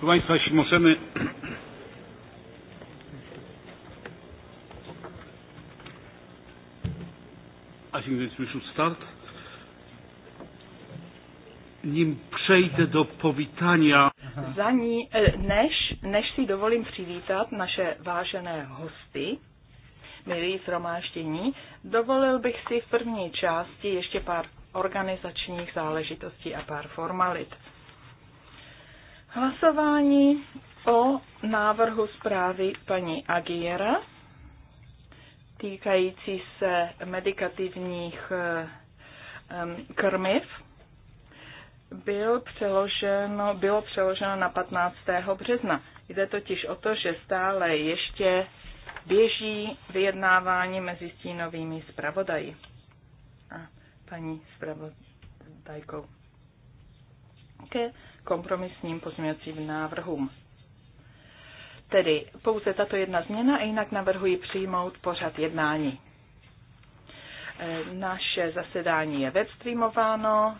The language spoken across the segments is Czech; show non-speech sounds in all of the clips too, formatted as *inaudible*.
Proszę Państwa, jeśli możemy. a więc już start. Nim przejdę do powitania. Za ní, e, než, než si dovolím přivítat naše vážené hosty, milí zhromáždění, dovolil bych si v první části ještě pár organizačních záležitostí a pár formalit. Hlasování o návrhu zprávy paní Agiera týkající se medikativních eh, krmiv byl přeloženo, bylo přeloženo na 15. března. Jde totiž o to, že stále ještě běží vyjednávání mezi stínovými zpravodaji a paní zpravodajkou. Okay kompromisním pozměňovacím návrhům. Tedy pouze tato jedna změna a jinak navrhuji přijmout pořad jednání. E, naše zasedání je webstreamováno,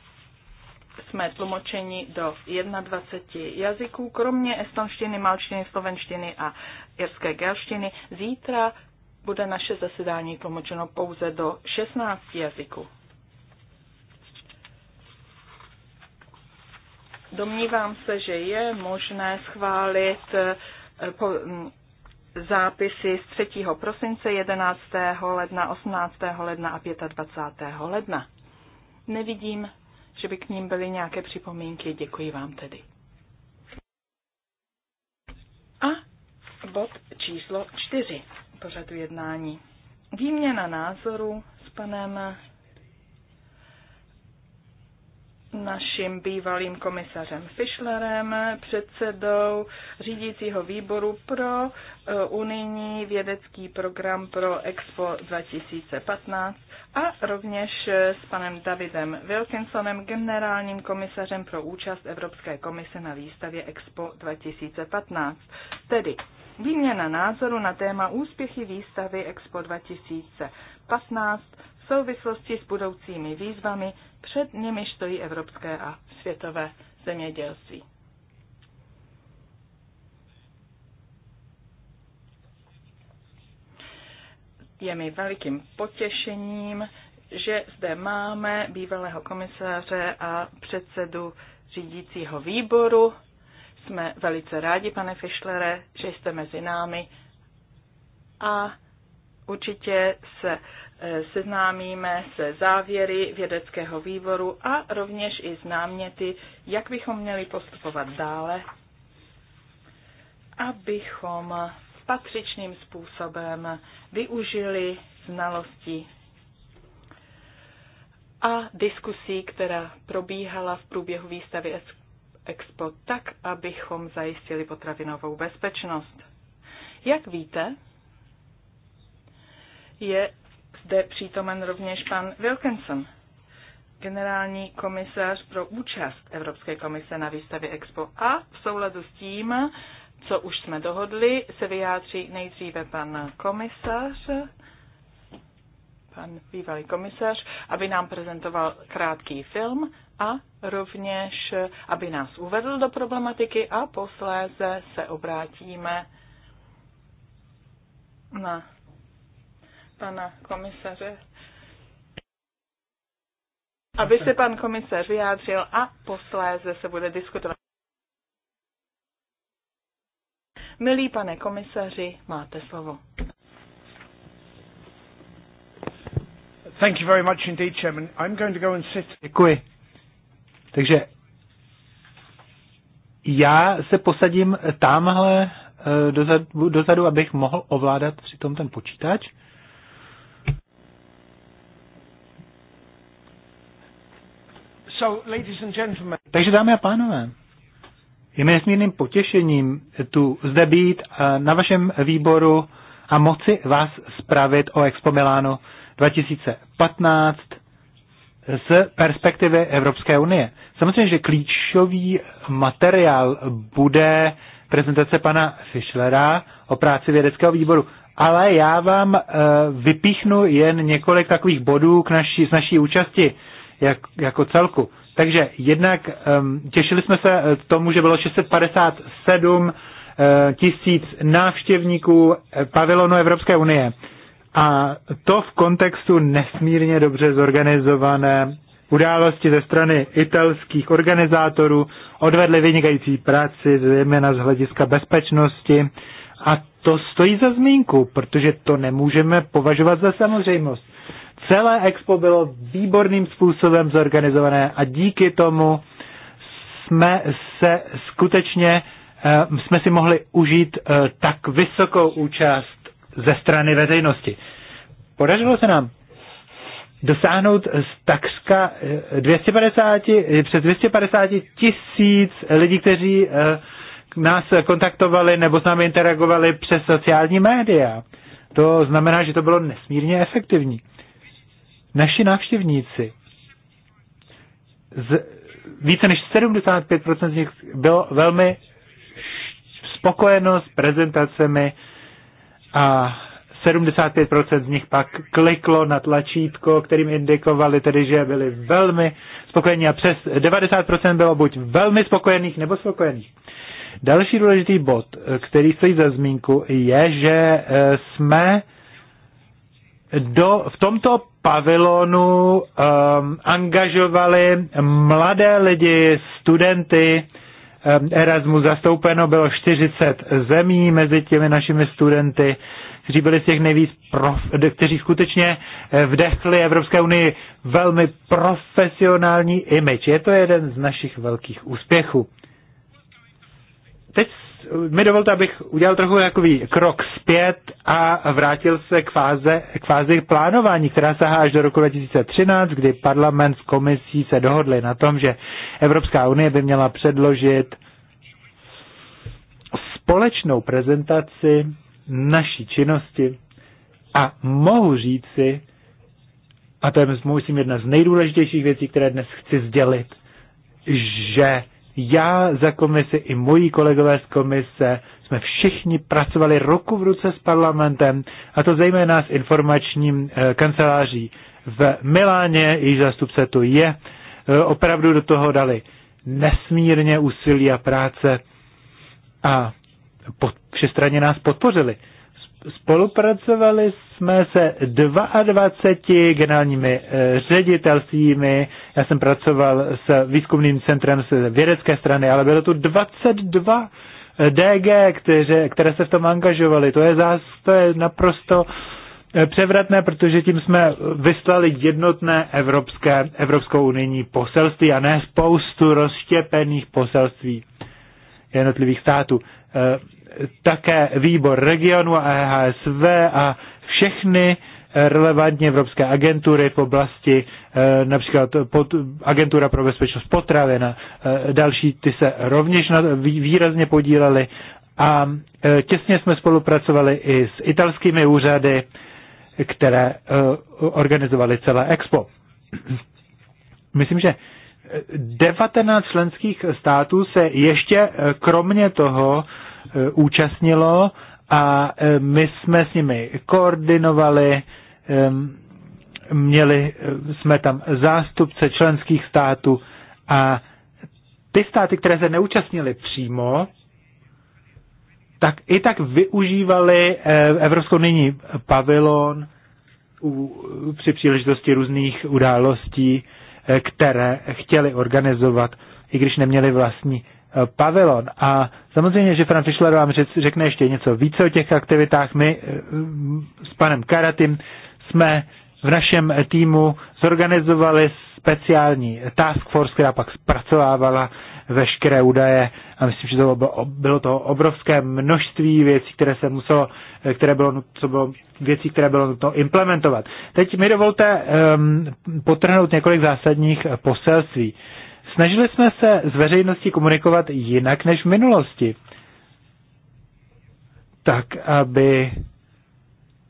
jsme tlumočeni do 21 jazyků, kromě estonštiny, malštiny, slovenštiny a irské gelštiny. Zítra bude naše zasedání tlumočeno pouze do 16 jazyků. Domnívám se, že je možné schválit eh, hm, zápisy z 3. prosince, 11. ledna, 18. ledna a 25. ledna. Nevidím, že by k ním byly nějaké připomínky. Děkuji vám tedy. A bod číslo 4 pořadu jednání. Výměna názoru s panem naším bývalým komisařem Fischlerem, předsedou řídícího výboru pro e, unijní vědecký program pro Expo 2015 a rovněž e, s panem Davidem Wilkinsonem, generálním komisařem pro účast Evropské komise na výstavě Expo 2015. Tedy výměna názoru na téma úspěchy výstavy Expo 2015 v souvislosti s budoucími výzvami před nimi stojí evropské a světové zemědělství. Je mi velikým potěšením, že zde máme bývalého komisáře a předsedu řídícího výboru. Jsme velice rádi, pane Fischlere, že jste mezi námi a určitě se Eh, seznámíme se závěry vědeckého výboru a rovněž i s náměty, jak bychom měli postupovat dále, abychom patřičným způsobem využili znalosti a diskusí, která probíhala v průběhu výstavy Expo, tak, abychom zajistili potravinovou bezpečnost. Jak víte, je zde přítomen rovněž pan Wilkinson, generální komisař pro účast Evropské komise na výstavě Expo a v souladu s tím, co už jsme dohodli, se vyjádří nejdříve pan komisař, pan bývalý komisař, aby nám prezentoval krátký film a rovněž, aby nás uvedl do problematiky a posléze se obrátíme na pana komisaře, aby se pan komisař vyjádřil a posléze se bude diskutovat. Milý pane komisaři, máte slovo. Thank you very much indeed, Chairman. I'm going to go and sit. Děkuji. Takže já se posadím tamhle eh, dozadu, dozadu, abych mohl ovládat přitom ten počítač. So, ladies and gentlemen. Takže dámy a pánové, je mi nesmírným potěšením tu zde být eh, na vašem výboru a moci vás spravit o Expo Milano 2015 z perspektivy Evropské unie. Samozřejmě, že klíčový materiál bude prezentace pana Fischlera o práci vědeckého výboru, ale já vám eh, vypíchnu jen několik takových bodů k naší, z naší účasti jak, jako celku. Takže jednak těšili jsme se eh, tomu, že bylo 657 eh, tisíc návštěvníků eh, pavilonu Evropské unie. A to v kontextu nesmírně dobře zorganizované události ze strany italských organizátorů odvedly vynikající práci, zejména z hlediska bezpečnosti. A to stojí za zmínku, protože to nemůžeme považovat za samozřejmost. Celé expo bylo výborným způsobem zorganizované a díky tomu jsme se skutečně eh, jsme si mohli užít eh, tak vysokou účast ze strany veřejnosti. Podařilo se nám dosáhnout z takřka 250, eh, přes 250 tisíc lidí, kteří nás kontaktovali nebo s námi interagovali přes sociální média. To znamená, že to bylo nesmírně efektivní naši návštěvníci, z, více než 75% z nich bylo velmi spokojeno s prezentacemi a 75% z nich pak kliklo na tlačítko, kterým indikovali tedy, že byli velmi spokojení a přes 90% bylo buď velmi spokojených nebo spokojených. Další důležitý bod, který stojí za zmínku, je, že eh, jsme do, v tomto pavilonu um, angažovali mladé lidi, studenty. Um, Erasmu zastoupeno bylo 40 zemí mezi těmi našimi studenty, kteří byli z těch nejvíc, prof, kteří skutečně eh, vdechli Evropské unii velmi profesionální image. Je to jeden z našich velkých úspěchů. Teď mi dovolte, abych udělal trochu takový krok zpět a vrátil se k, fáze, k fázi plánování, která sahá až do roku 2013, kdy parlament s komisí se dohodli na tom, že Evropská unie by měla předložit společnou prezentaci naší činnosti a mohu říci, a to je myslím jedna z nejdůležitějších věcí, které dnes chci sdělit, že já za komisi i moji kolegové z komise jsme všichni pracovali roku v ruce s parlamentem, a to zejména s informačním eh, kanceláří v Miláně, její zástupce tu je, eh, opravdu do toho dali nesmírně úsilí a práce a pod, všestranně nás podpořili spolupracovali jsme se 22 generálními eh, ředitelstvími. Já jsem pracoval s výzkumným centrem z vědecké strany, ale bylo tu 22 DG, které, které se v tom angažovaly. To je, zás, to je naprosto eh, převratné, protože tím jsme vyslali jednotné evropské, evropskou unijní poselství a ne spoustu rozštěpených poselství jednotlivých států eh, také výbor regionu a EHSV a všechny relevantní evropské agentury v oblasti eh, například pod, agentura pro bezpečnost potravin a eh, další, ty se rovněž na, výrazně podílely a eh, těsně jsme spolupracovali i s italskými úřady, které organizovaly celé expo. Myslím, že 19 členských států se ještě kromě toho Eh, účastnilo a eh, my jsme s nimi koordinovali, měli eh, jsme tam zástupce členských států a ty státy, které se neúčastnili přímo, tak i tak využívali Evropskou nyní pavilon u, při příležitosti různých událostí, které chtěli organizovat, i když neměli vlastní Eh, pavilon. A samozřejmě, že Fran Fischler vám řekne ještě něco více o těch aktivitách. My eh, mm, s panem Karatym jsme v našem týmu zorganizovali speciální task force, která pak zpracovávala veškeré údaje a myslím, že to bylo, bylo to obrovské množství věcí, které se muselo, eh, které bylo, co bylo věcí, které bylo nutno implementovat. Teď mi dovolte um, potrhnout několik zásadních poselství. Uh, Snažili jsme se s veřejností komunikovat jinak než v minulosti. Tak, aby...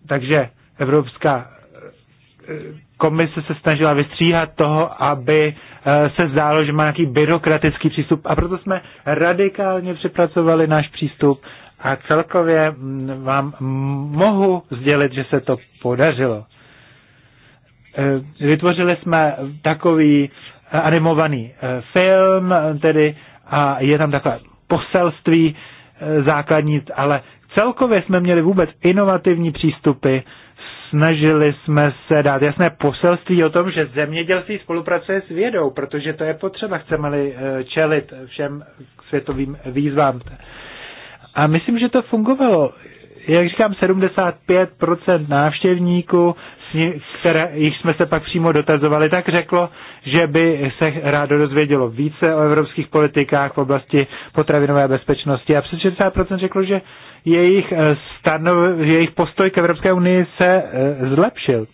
Takže Evropská eh, komise se snažila vystříhat toho, aby eh, se zdálo, že má nějaký byrokratický přístup a proto jsme radikálně přepracovali náš přístup a celkově mm, vám mohu sdělit, že se to podařilo. Eh, vytvořili jsme takový Eh, animovaný eh, film, eh, tedy a je tam takové poselství základní, ale celkově jsme měli vůbec inovativní přístupy, snažili jsme se dát jasné poselství o tom, že zemědělství spolupracuje s vědou, protože to je potřeba, chceme-li čelit všem světovým výzvám. A myslím, že to fungovalo. Jak říkám, 75% návštěvníků které, jich jsme se pak přímo dotazovali, tak řeklo, že by se rádo dozvědělo více o evropských politikách v oblasti potravinové bezpečnosti a přes 60% řeklo, že jejich, eh, stano, jejich postoj k Evropské unii se eh, zlepšil.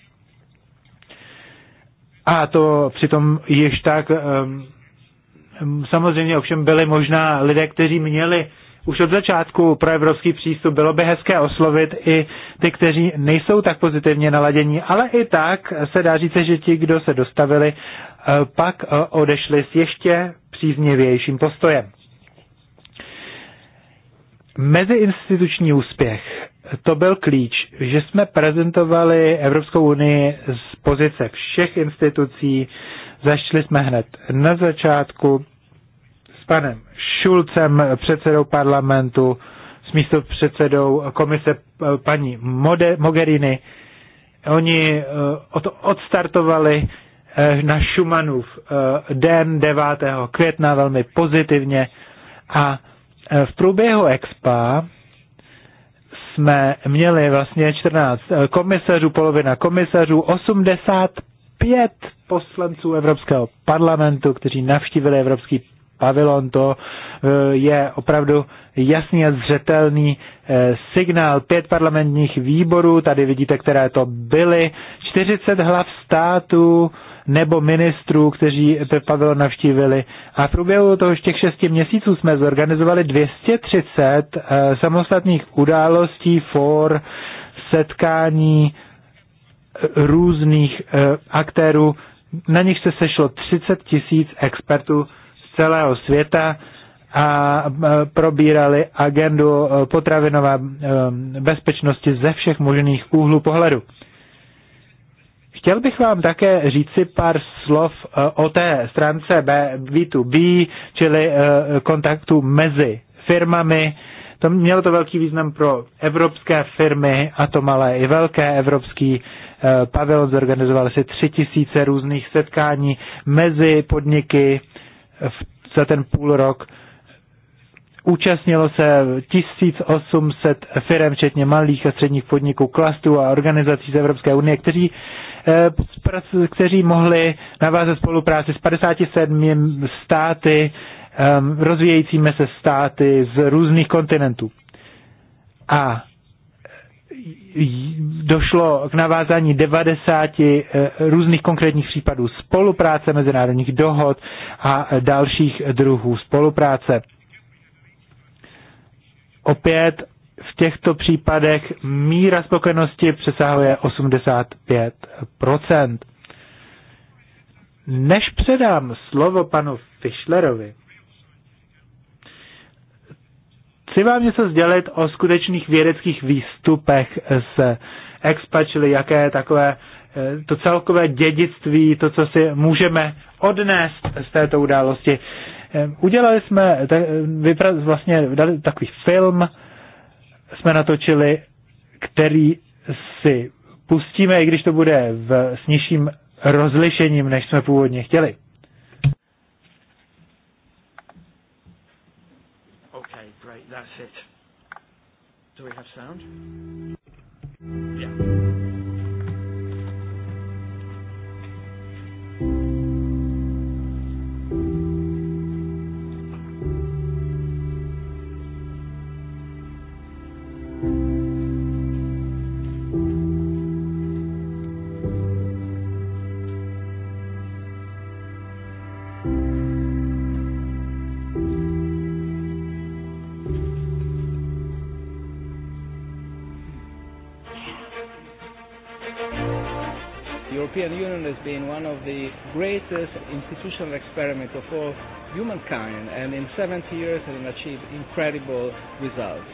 A to přitom již tak ehm, samozřejmě ovšem byli možná lidé, kteří měli už od začátku pro evropský přístup. Bylo by hezké oslovit i ty, kteří nejsou tak pozitivně naladění, ale i tak se dá říct, že ti, kdo se dostavili, eh, pak eh, odešli s ještě příznivějším postojem. Meziinstituční úspěch. To byl klíč, že jsme prezentovali Evropskou unii z pozice všech institucí, zašli jsme hned na začátku, panem Šulcem, předsedou parlamentu, s místo předsedou komise eh, paní Mogherini. Oni eh, odstartovali eh, na Šumanův den 9. května velmi pozitivně a v průběhu EXPA jsme měli vlastně 14 komisařů, polovina komisařů, 85 poslanců Evropského parlamentu, kteří navštívili Evropský pavilon, to eh, je opravdu jasný a zřetelný eh, signál. Pět parlamentních výborů, tady vidíte, které to byly, 40 hlav států nebo ministrů, kteří Pavel navštívili. A v průběhu toho těch šesti měsíců jsme zorganizovali 230 eh, samostatných událostí, for, setkání různých aktérů, na nich se sešlo 30 tisíc expertů celého světa a probírali agendu eh, potravinové eh, bezpečnosti ze všech možných úhlů pohledu. Chtěl bych vám také říci pár slov eh, o té stránce B2B, čili kontaktu mezi firmami. To mělo to velký význam pro evropské firmy, a to malé i velké. Evropský pavilon zorganizoval si tři tisíce různých setkání mezi podniky, za ten půl rok Účastnilo se 1800 firm, včetně malých a středních podniků, klastů a organizací z Evropské unie, kteří, eh, kteří mohli navázat spolupráci s 57 státy, eh, rozvíjejícími se státy z různých kontinentů. A došlo k navázání 90 eh, různých konkrétních případů spolupráce, mezinárodních dohod a dalších druhů spolupráce. Opět v těchto případech míra spokojenosti přesahuje 85 Než předám slovo panu Fischlerovi, Chci vám něco sdělit o skutečných vědeckých výstupech z EXPA, čili jaké takové eh, to celkové dědictví, to, co si můžeme odnést z této události. Eh, udělali jsme vlastně dali takový film, jsme natočili, který si pustíme, i když to bude v, s nižším rozlišením, než jsme původně chtěli. that's it. Do we have sound? Yeah. European Union has been one of the greatest institutional experiments of all humankind, and in 70 years has achieved incredible results.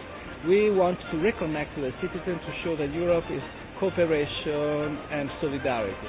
We want to reconnect to the citizens to show that Europe is cooperation and solidarity.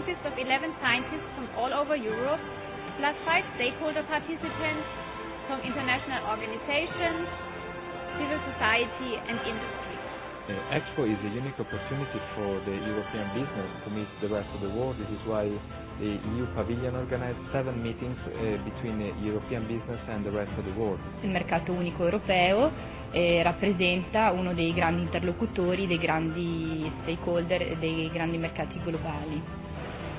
consists of 11 scientists from all over Europe, plus five stakeholder participants from international organizations, civil society, and industry. Uh, Expo is a unique opportunity for the European business to meet the rest of the world. This is why the EU Pavilion organized seven meetings uh, between the uh, European business and the rest of the world. Il mercato unico europeo eh, rappresenta uno dei grandi interlocutori, dei grandi stakeholder, e dei grandi mercati globali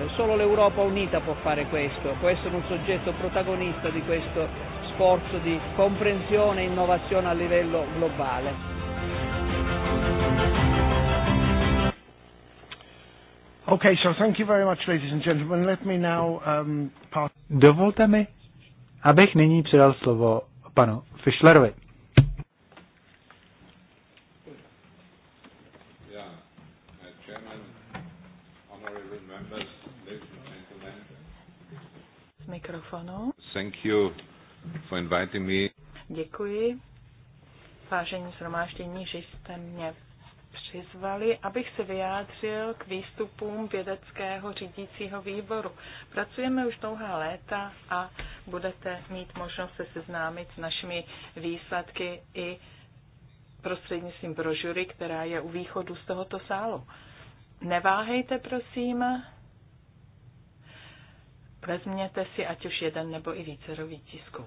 Eh, solo l'Europa unita può fare questo, può essere un soggetto protagonista di questo sforzo di comprensione e innovazione a livello globale. Okay, so thank you very much, ladies and gentlemen. Let me now um, pass. Dovolte mi, abych nyní předal slovo panu Fischlerovi. mikrofonu. Thank you for inviting me. Děkuji. Vážení zhromáždění, že jste mě přizvali, abych se vyjádřil k výstupům vědeckého řídícího výboru. Pracujeme už dlouhá léta a budete mít možnost se seznámit s našimi výsledky i prostřednictvím brožury, která je u východu z tohoto sálu. Neváhejte, prosím, Vezměte si ať už jeden nebo i vícero výtisků.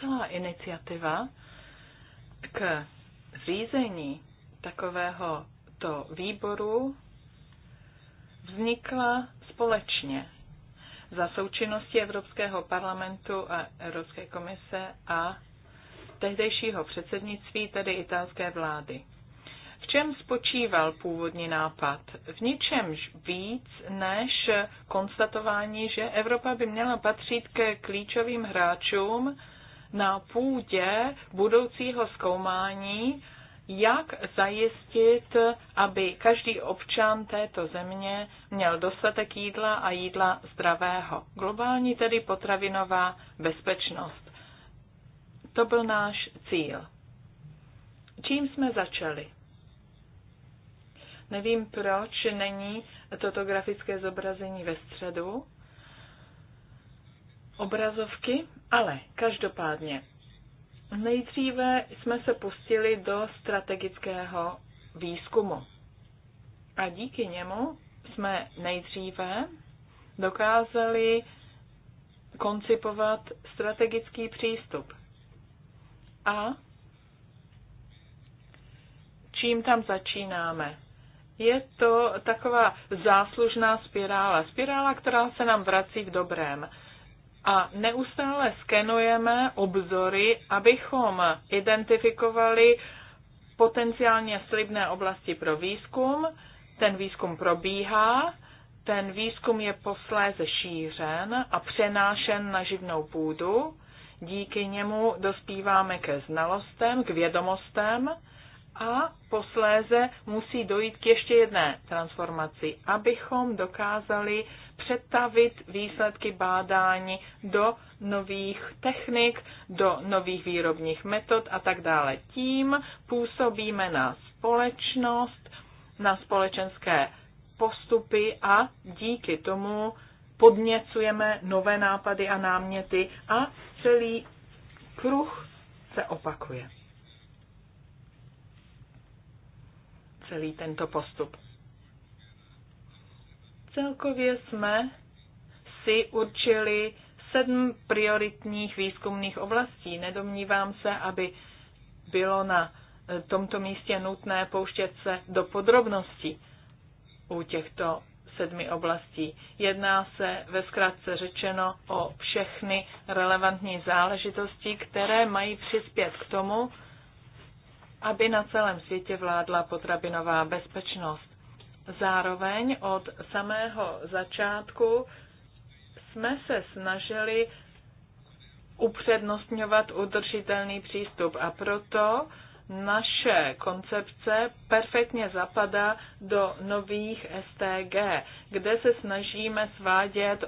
Celá iniciativa k řízení takového to výboru vznikla společně za součinnosti Evropského parlamentu a Evropské komise a tehdejšího předsednictví, tedy italské vlády čem spočíval původní nápad? V ničemž víc než konstatování, že Evropa by měla patřit ke klíčovým hráčům na půdě budoucího zkoumání, jak zajistit, aby každý občan této země měl dostatek jídla a jídla zdravého. Globální tedy potravinová bezpečnost. To byl náš cíl. Čím jsme začali? Nevím, proč není toto grafické zobrazení ve středu obrazovky, ale každopádně nejdříve jsme se pustili do strategického výzkumu. A díky němu jsme nejdříve dokázali koncipovat strategický přístup. A čím tam začínáme? je to taková záslužná spirála. Spirála, která se nám vrací v dobrém. A neustále skenujeme obzory, abychom identifikovali potenciálně slibné oblasti pro výzkum. Ten výzkum probíhá, ten výzkum je posléze šířen a přenášen na živnou půdu. Díky němu dospíváme ke znalostem, k vědomostem, a posléze musí dojít k ještě jedné transformaci, abychom dokázali přetavit výsledky bádání do nových technik, do nových výrobních metod a tak dále. Tím působíme na společnost, na společenské postupy a díky tomu podněcujeme nové nápady a náměty a celý kruh se opakuje. celý tento postup. Celkově jsme si určili sedm prioritních výzkumných oblastí. Nedomnívám se, aby bylo na eh, tomto místě nutné pouštět se do podrobností u těchto sedmi oblastí. Jedná se ve zkratce řečeno o všechny relevantní záležitosti, které mají přispět k tomu, aby na celém světě vládla potravinová bezpečnost. Zároveň od samého začátku jsme se snažili upřednostňovat udržitelný přístup a proto naše koncepce perfektně zapadá do nových STG, kde se snažíme svádět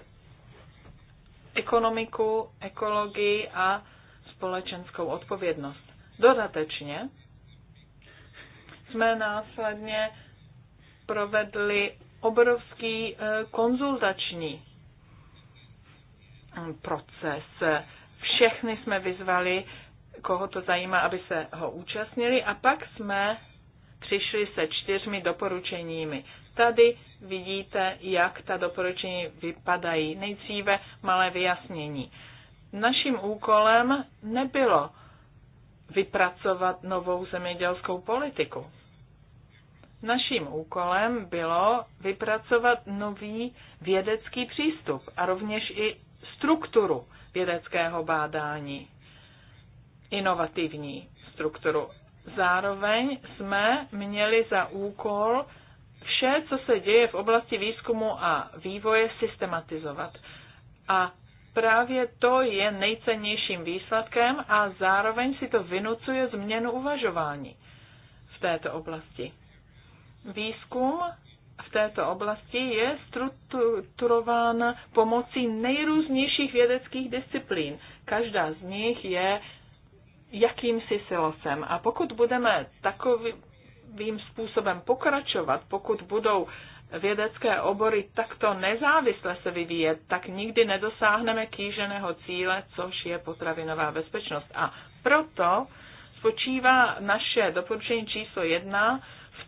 ekonomiku, ekologii a společenskou odpovědnost. Dodatečně jsme následně provedli obrovský eh, konzultační hm, proces. Všechny jsme vyzvali, koho to zajímá, aby se ho účastnili a pak jsme přišli se čtyřmi doporučeními. Tady vidíte, jak ta doporučení vypadají. Nejdříve malé vyjasnění. Naším úkolem nebylo vypracovat novou zemědělskou politiku. Naším úkolem bylo vypracovat nový vědecký přístup a rovněž i strukturu vědeckého bádání, inovativní strukturu. Zároveň jsme měli za úkol vše, co se děje v oblasti výzkumu a vývoje, systematizovat. A právě to je nejcennějším výsledkem a zároveň si to vynucuje změnu uvažování v této oblasti. Výzkum v této oblasti je strukturován pomocí nejrůznějších vědeckých disciplín. Každá z nich je jakýmsi silosem. A pokud budeme takovým způsobem pokračovat, pokud budou vědecké obory takto nezávisle se vyvíjet, tak nikdy nedosáhneme kýženého cíle, což je potravinová bezpečnost. A proto spočívá naše doporučení číslo jedna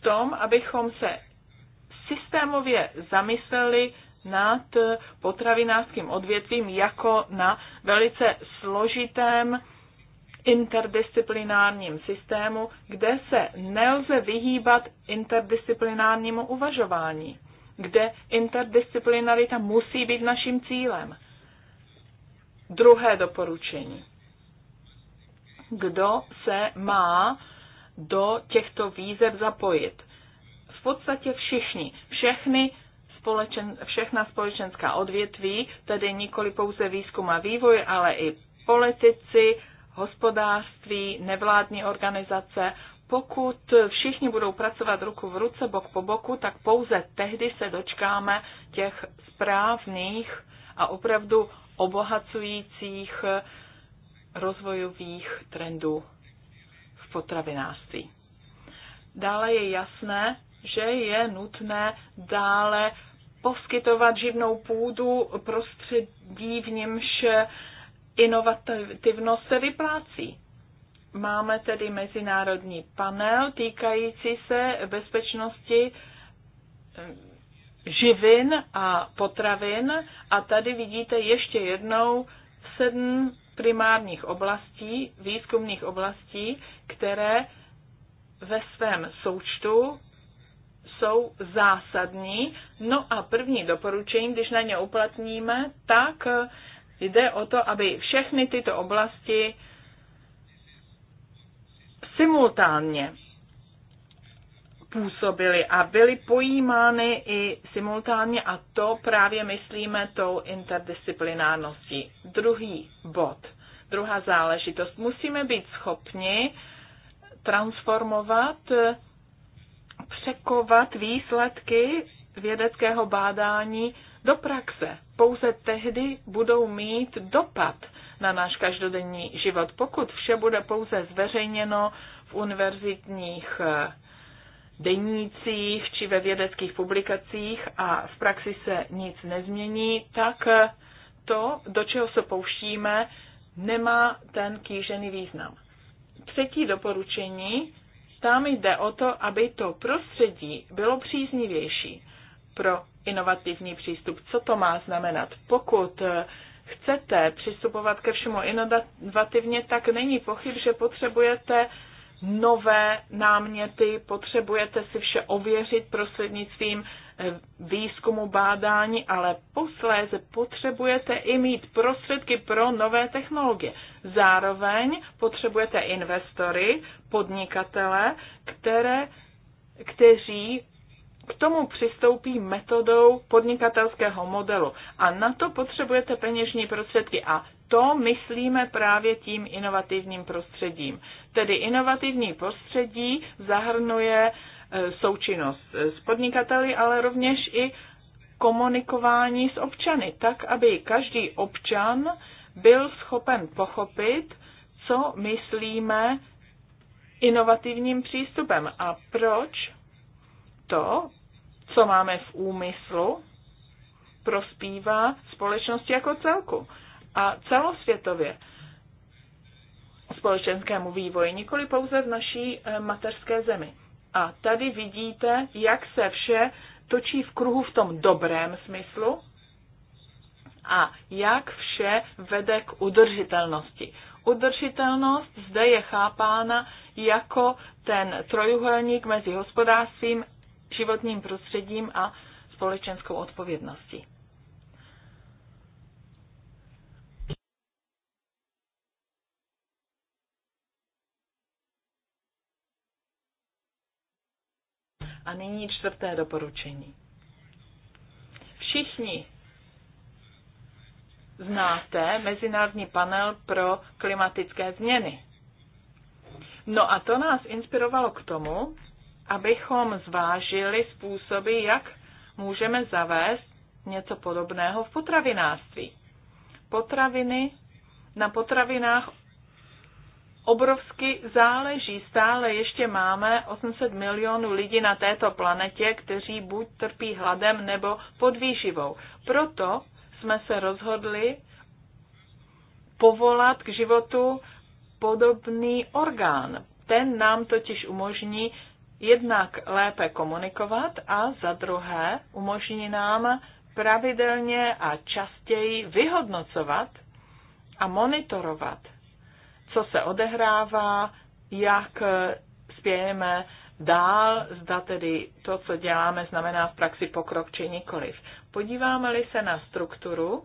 tom, abychom se systémově zamysleli nad potravinářským odvětvím jako na velice složitém interdisciplinárním systému, kde se nelze vyhýbat interdisciplinárnímu uvažování, kde interdisciplinarita musí být naším cílem. Druhé doporučení. Kdo se má do těchto výzev zapojit. V podstatě všichni, všechny společen, všechna společenská odvětví, tedy nikoli pouze výzkum a vývoj, ale i politici, hospodářství, nevládní organizace, pokud všichni budou pracovat ruku v ruce, bok po boku, tak pouze tehdy se dočkáme těch správných a opravdu obohacujících rozvojových trendů potravinářství. Dále je jasné, že je nutné dále poskytovat živnou půdu prostředí, v němž inovativnost se vyplácí. Máme tedy mezinárodní panel týkající se bezpečnosti eh, živin a potravin a tady vidíte ještě jednou sedm primárních oblastí, výzkumných oblastí, které ve svém součtu jsou zásadní. No a první doporučení, když na ně uplatníme, tak jde o to, aby všechny tyto oblasti simultánně působily a byly pojímány i simultánně a to právě myslíme tou interdisciplinárností. Druhý bod, druhá záležitost. Musíme být schopni transformovat, překovat výsledky vědeckého bádání do praxe. Pouze tehdy budou mít dopad na náš každodenní život. Pokud vše bude pouze zveřejněno v univerzitních denících či ve vědeckých publikacích a v praxi se nic nezmění, tak to, do čeho se pouštíme, nemá ten kýžený význam. Třetí doporučení, tam jde o to, aby to prostředí bylo příznivější pro inovativní přístup. Co to má znamenat? Pokud chcete přistupovat ke všemu inovativně, tak není pochyb, že potřebujete nové náměty, potřebujete si vše ověřit prostřednictvím eh, výzkumu bádání, ale posléze potřebujete i mít prostředky pro nové technologie. Zároveň potřebujete investory, podnikatele, které, kteří k tomu přistoupí metodou podnikatelského modelu. A na to potřebujete peněžní prostředky. A to myslíme právě tím inovativním prostředím. Tedy inovativní prostředí zahrnuje e, součinnost s podnikateli, ale rovněž i komunikování s občany, tak aby každý občan byl schopen pochopit, co myslíme inovativním přístupem a proč to, co máme v úmyslu, prospívá společnosti jako celku a celosvětově společenskému vývoji, nikoli pouze v naší eh, mateřské zemi. A tady vidíte, jak se vše točí v kruhu v tom dobrém smyslu a jak vše vede k udržitelnosti. Udržitelnost zde je chápána jako ten trojuhelník mezi hospodářstvím, životním prostředím a společenskou odpovědností. A nyní čtvrté doporučení. Všichni znáte Mezinárodní panel pro klimatické změny. No a to nás inspirovalo k tomu, abychom zvážili způsoby, jak můžeme zavést něco podobného v potravinářství. Potraviny na potravinách obrovsky záleží. Stále ještě máme 800 milionů lidí na této planetě, kteří buď trpí hladem nebo podvýživou. Proto jsme se rozhodli povolat k životu podobný orgán. Ten nám totiž umožní jednak lépe komunikovat a za druhé umožní nám pravidelně a častěji vyhodnocovat a monitorovat co se odehrává, jak spějeme dál, zda tedy to, co děláme, znamená v praxi pokrok či nikoliv. Podíváme-li se na strukturu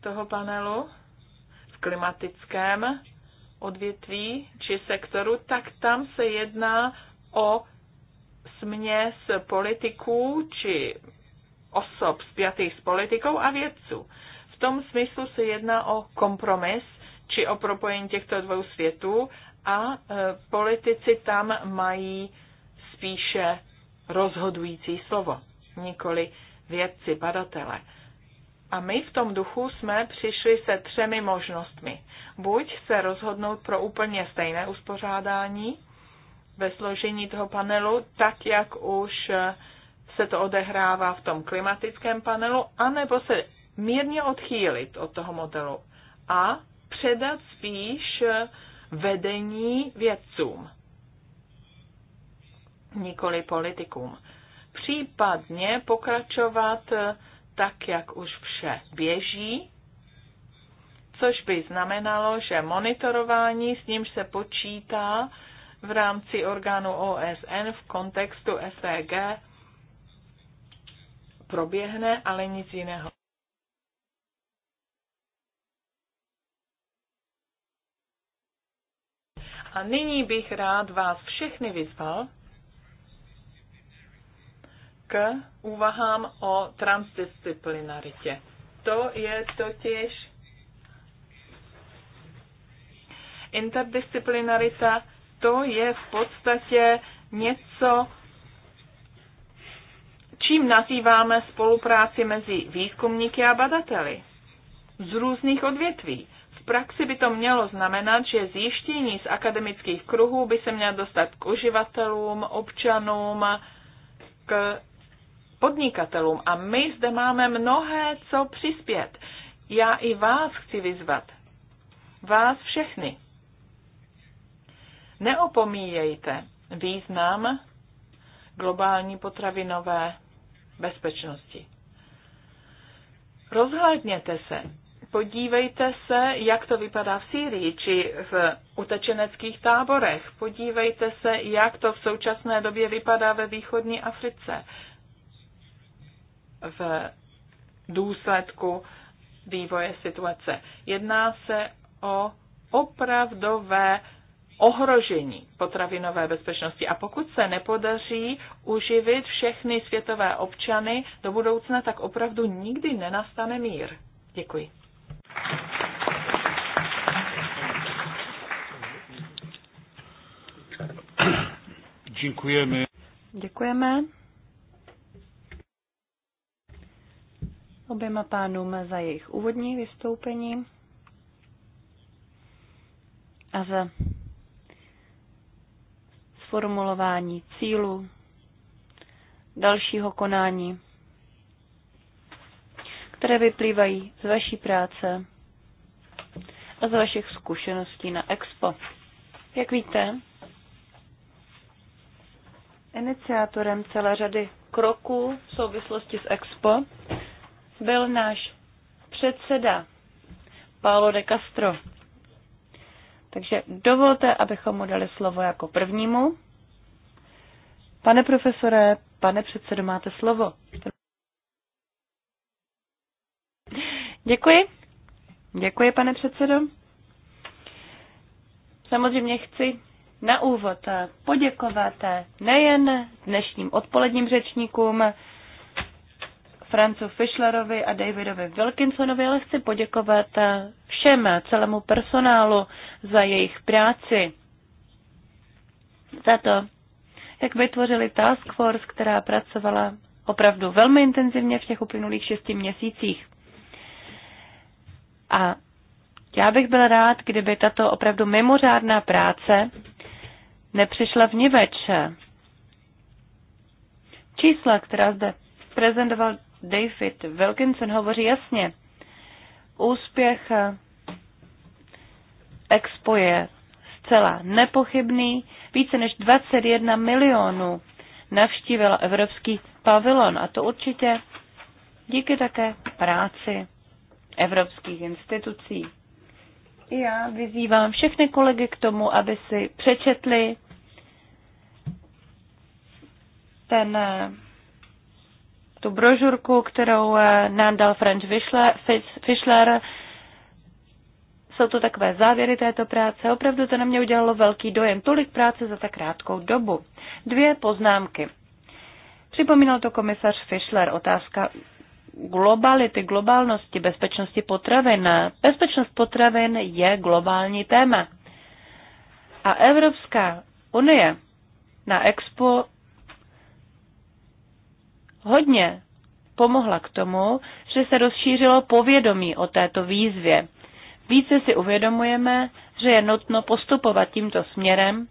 toho panelu v klimatickém odvětví či sektoru, tak tam se jedná o směs politiků či osob spjatých s politikou a vědců. V tom smyslu se jedná o kompromis, či o propojení těchto dvou světů a e, politici tam mají spíše rozhodující slovo, nikoli vědci, badatele. A my v tom duchu jsme přišli se třemi možnostmi. Buď se rozhodnout pro úplně stejné uspořádání ve složení toho panelu, tak jak už e, se to odehrává v tom klimatickém panelu, anebo se mírně odchýlit od toho modelu a předat spíš vedení vědcům, nikoli politikům. Případně pokračovat tak, jak už vše běží, což by znamenalo, že monitorování, s nímž se počítá v rámci orgánu OSN v kontextu SEG, proběhne, ale nic jiného. A nyní bych rád vás všechny vyzval k úvahám o transdisciplinaritě. To je totiž interdisciplinarita, to je v podstatě něco, čím nazýváme spolupráci mezi výzkumníky a badateli z různých odvětví praxi by to mělo znamenat, že zjištění z akademických kruhů by se měla dostat k uživatelům, občanům, k podnikatelům. A my zde máme mnohé, co přispět. Já i vás chci vyzvat. Vás všechny. Neopomíjejte význam globální potravinové bezpečnosti. Rozhlédněte se, podívejte se, jak to vypadá v Sýrii či v utečeneckých táborech. Podívejte se, jak to v současné době vypadá ve východní Africe v důsledku vývoje situace. Jedná se o opravdové ohrožení potravinové bezpečnosti. A pokud se nepodaří uživit všechny světové občany do budoucna, tak opravdu nikdy nenastane mír. Děkuji. Děkujeme. Děkujeme. oběma pánům za jejich úvodní vystoupení a za sformulování cílu dalšího konání které vyplývají z vaší práce a z vašich zkušeností na Expo. Jak víte, iniciátorem celé řady kroků v souvislosti s Expo byl náš předseda Paolo de Castro. Takže dovolte, abychom mu dali slovo jako prvnímu. Pane profesore, pane předsedo, máte slovo. Děkuji. Děkuji, pane předsedo. Samozřejmě chci na úvod poděkovat nejen dnešním odpoledním řečníkům, Francu Fischlerovi a Davidovi Wilkinsonovi, ale chci poděkovat všem, celému personálu za jejich práci. Za to, jak vytvořili task force, která pracovala opravdu velmi intenzivně v těch uplynulých šesti měsících. A já bych byl rád, kdyby tato opravdu mimořádná práce nepřišla v niveče. Čísla, která zde prezentoval David Wilkinson, hovoří jasně. Úspěch Expo je zcela nepochybný. Více než 21 milionů navštívila Evropský pavilon a to určitě díky také práci evropských institucí. Já vyzývám všechny kolegy k tomu, aby si přečetli ten, eh, tu brožurku, kterou eh, nám dal Franz Fischler. Jsou to takové závěry této práce. Opravdu to na mě udělalo velký dojem. Tolik práce za tak krátkou dobu. Dvě poznámky. Připomínal to komisař Fischler. Otázka globality, globálnosti, bezpečnosti potravin. Bezpečnost potravin je globální téma. A Evropská unie na Expo hodně pomohla k tomu, že se rozšířilo povědomí o této výzvě. Více si uvědomujeme, že je nutno postupovat tímto směrem.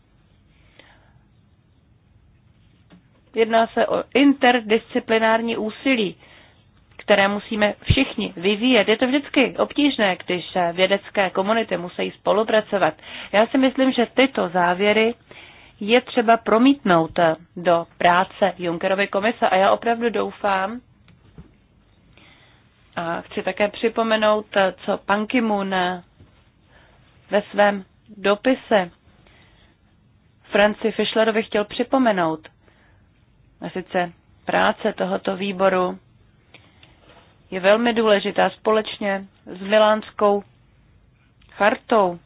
Jedná se o interdisciplinární úsilí, které musíme všichni vyvíjet. Je to vždycky obtížné, když vědecké komunity musí spolupracovat. Já si myslím, že tyto závěry je třeba promítnout do práce Junckerovy komise a já opravdu doufám, a chci také připomenout, co Pan Kimun ve svém dopise Franci Fischlerovi chtěl připomenout. A sice práce tohoto výboru je velmi důležitá společně s Milánskou chartou,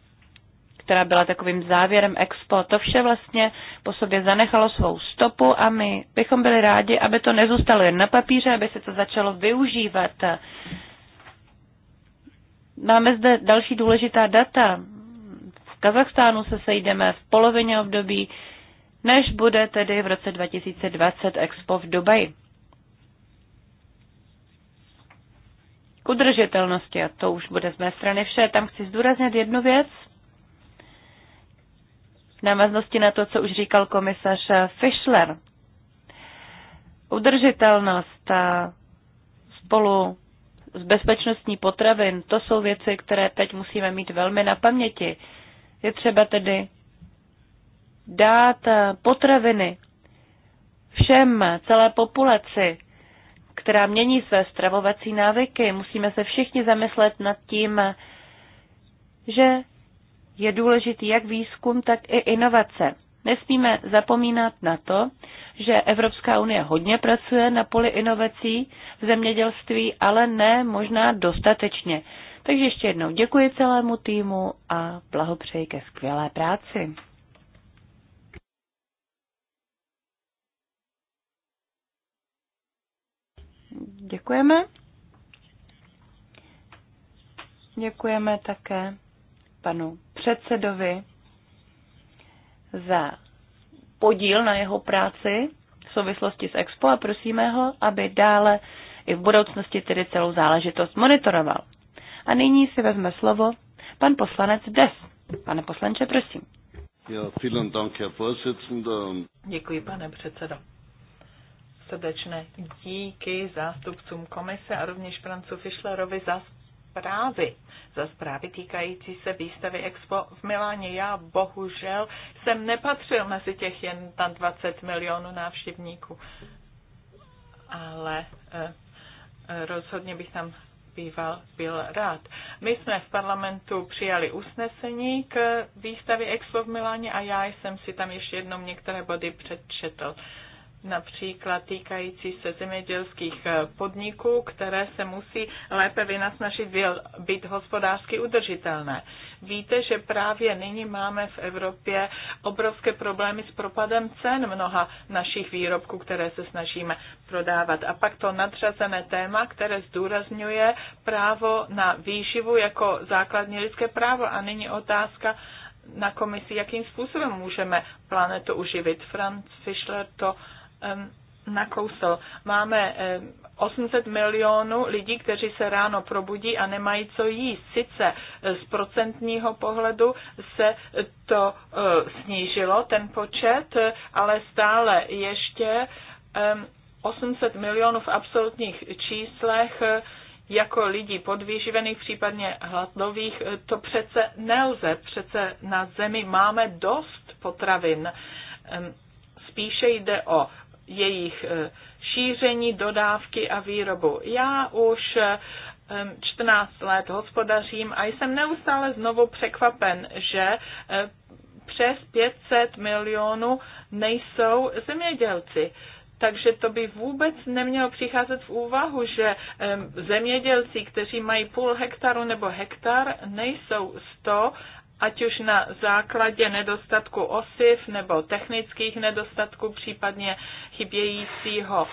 která byla takovým závěrem Expo. To vše vlastně po sobě zanechalo svou stopu a my bychom byli rádi, aby to nezůstalo jen na papíře, aby se to začalo využívat. Máme zde další důležitá data. V Kazachstánu se sejdeme v polovině období, než bude tedy v roce 2020 Expo v Dubaji. k udržitelnosti a to už bude z mé strany vše. Tam chci zdůraznit jednu věc. V návaznosti na to, co už říkal komisař Fischler. Udržitelnost a spolu s bezpečnostní potravin, to jsou věci, které teď musíme mít velmi na paměti. Je třeba tedy dát potraviny všem, celé populaci, která mění své stravovací návyky. Musíme se všichni zamyslet nad tím, že je důležitý jak výzkum, tak i inovace. Nesmíme zapomínat na to, že Evropská unie hodně pracuje na poli inovací v zemědělství, ale ne možná dostatečně. Takže ještě jednou děkuji celému týmu a blahopřeji ke skvělé práci. Děkujeme. Děkujeme také panu předsedovi za podíl na jeho práci v souvislosti s Expo a prosíme ho, aby dále i v budoucnosti tedy celou záležitost monitoroval. A nyní si vezme slovo pan poslanec Des. Pane poslanče, prosím. Děkuji, pane předsedo srdečné díky zástupcům komise a rovněž Francu Fischlerovi za zprávy, za zprávy týkající se výstavy Expo v Miláně. Já bohužel jsem nepatřil mezi těch jen tam 20 milionů návštěvníků, ale eh, rozhodně bych tam býval, byl rád. My jsme v parlamentu přijali usnesení k výstavě Expo v Miláně a já jsem si tam ještě jednou některé body přečetl. Eh, například týkající se zemědělských eh, podniků, které se musí lépe vynasnažit být hospodářsky udržitelné. Víte, že právě nyní máme v Evropě obrovské problémy s propadem cen mnoha našich výrobků, které se snažíme prodávat. A pak to nadřazené téma, které zdůrazňuje právo na výživu jako základní lidské právo. A nyní otázka, na komisi, jakým způsobem můžeme planetu uživit. Franz Fischler to uh, nakousl. Máme 800 milionů lidí, kteří se ráno probudí a nemají co jíst. Sice e, z procentního pohledu se to e, snížilo, ten počet, e, ale stále ještě 800 milionů v absolutních číslech jako lidí podvýživených, případně hladových, to přece nelze. Přece na zemi máme dost potravin. Spíše jde o jejich eh, šíření, dodávky a výrobu. Já už 14 eh, let hospodařím a jsem neustále znovu překvapen, že eh, přes 500 milionů nejsou zemědělci. Takže to by vůbec nemělo přicházet v úvahu, že zemědělci, kteří mají půl hektaru nebo hektar, nejsou 100 ať už na základě nedostatku osiv nebo technických nedostatků, případně chybějícího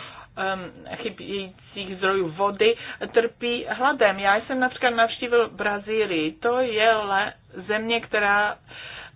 chybějících zdrojů vody, trpí hladem. Já jsem například navštívil Brazílii. To je le, země, která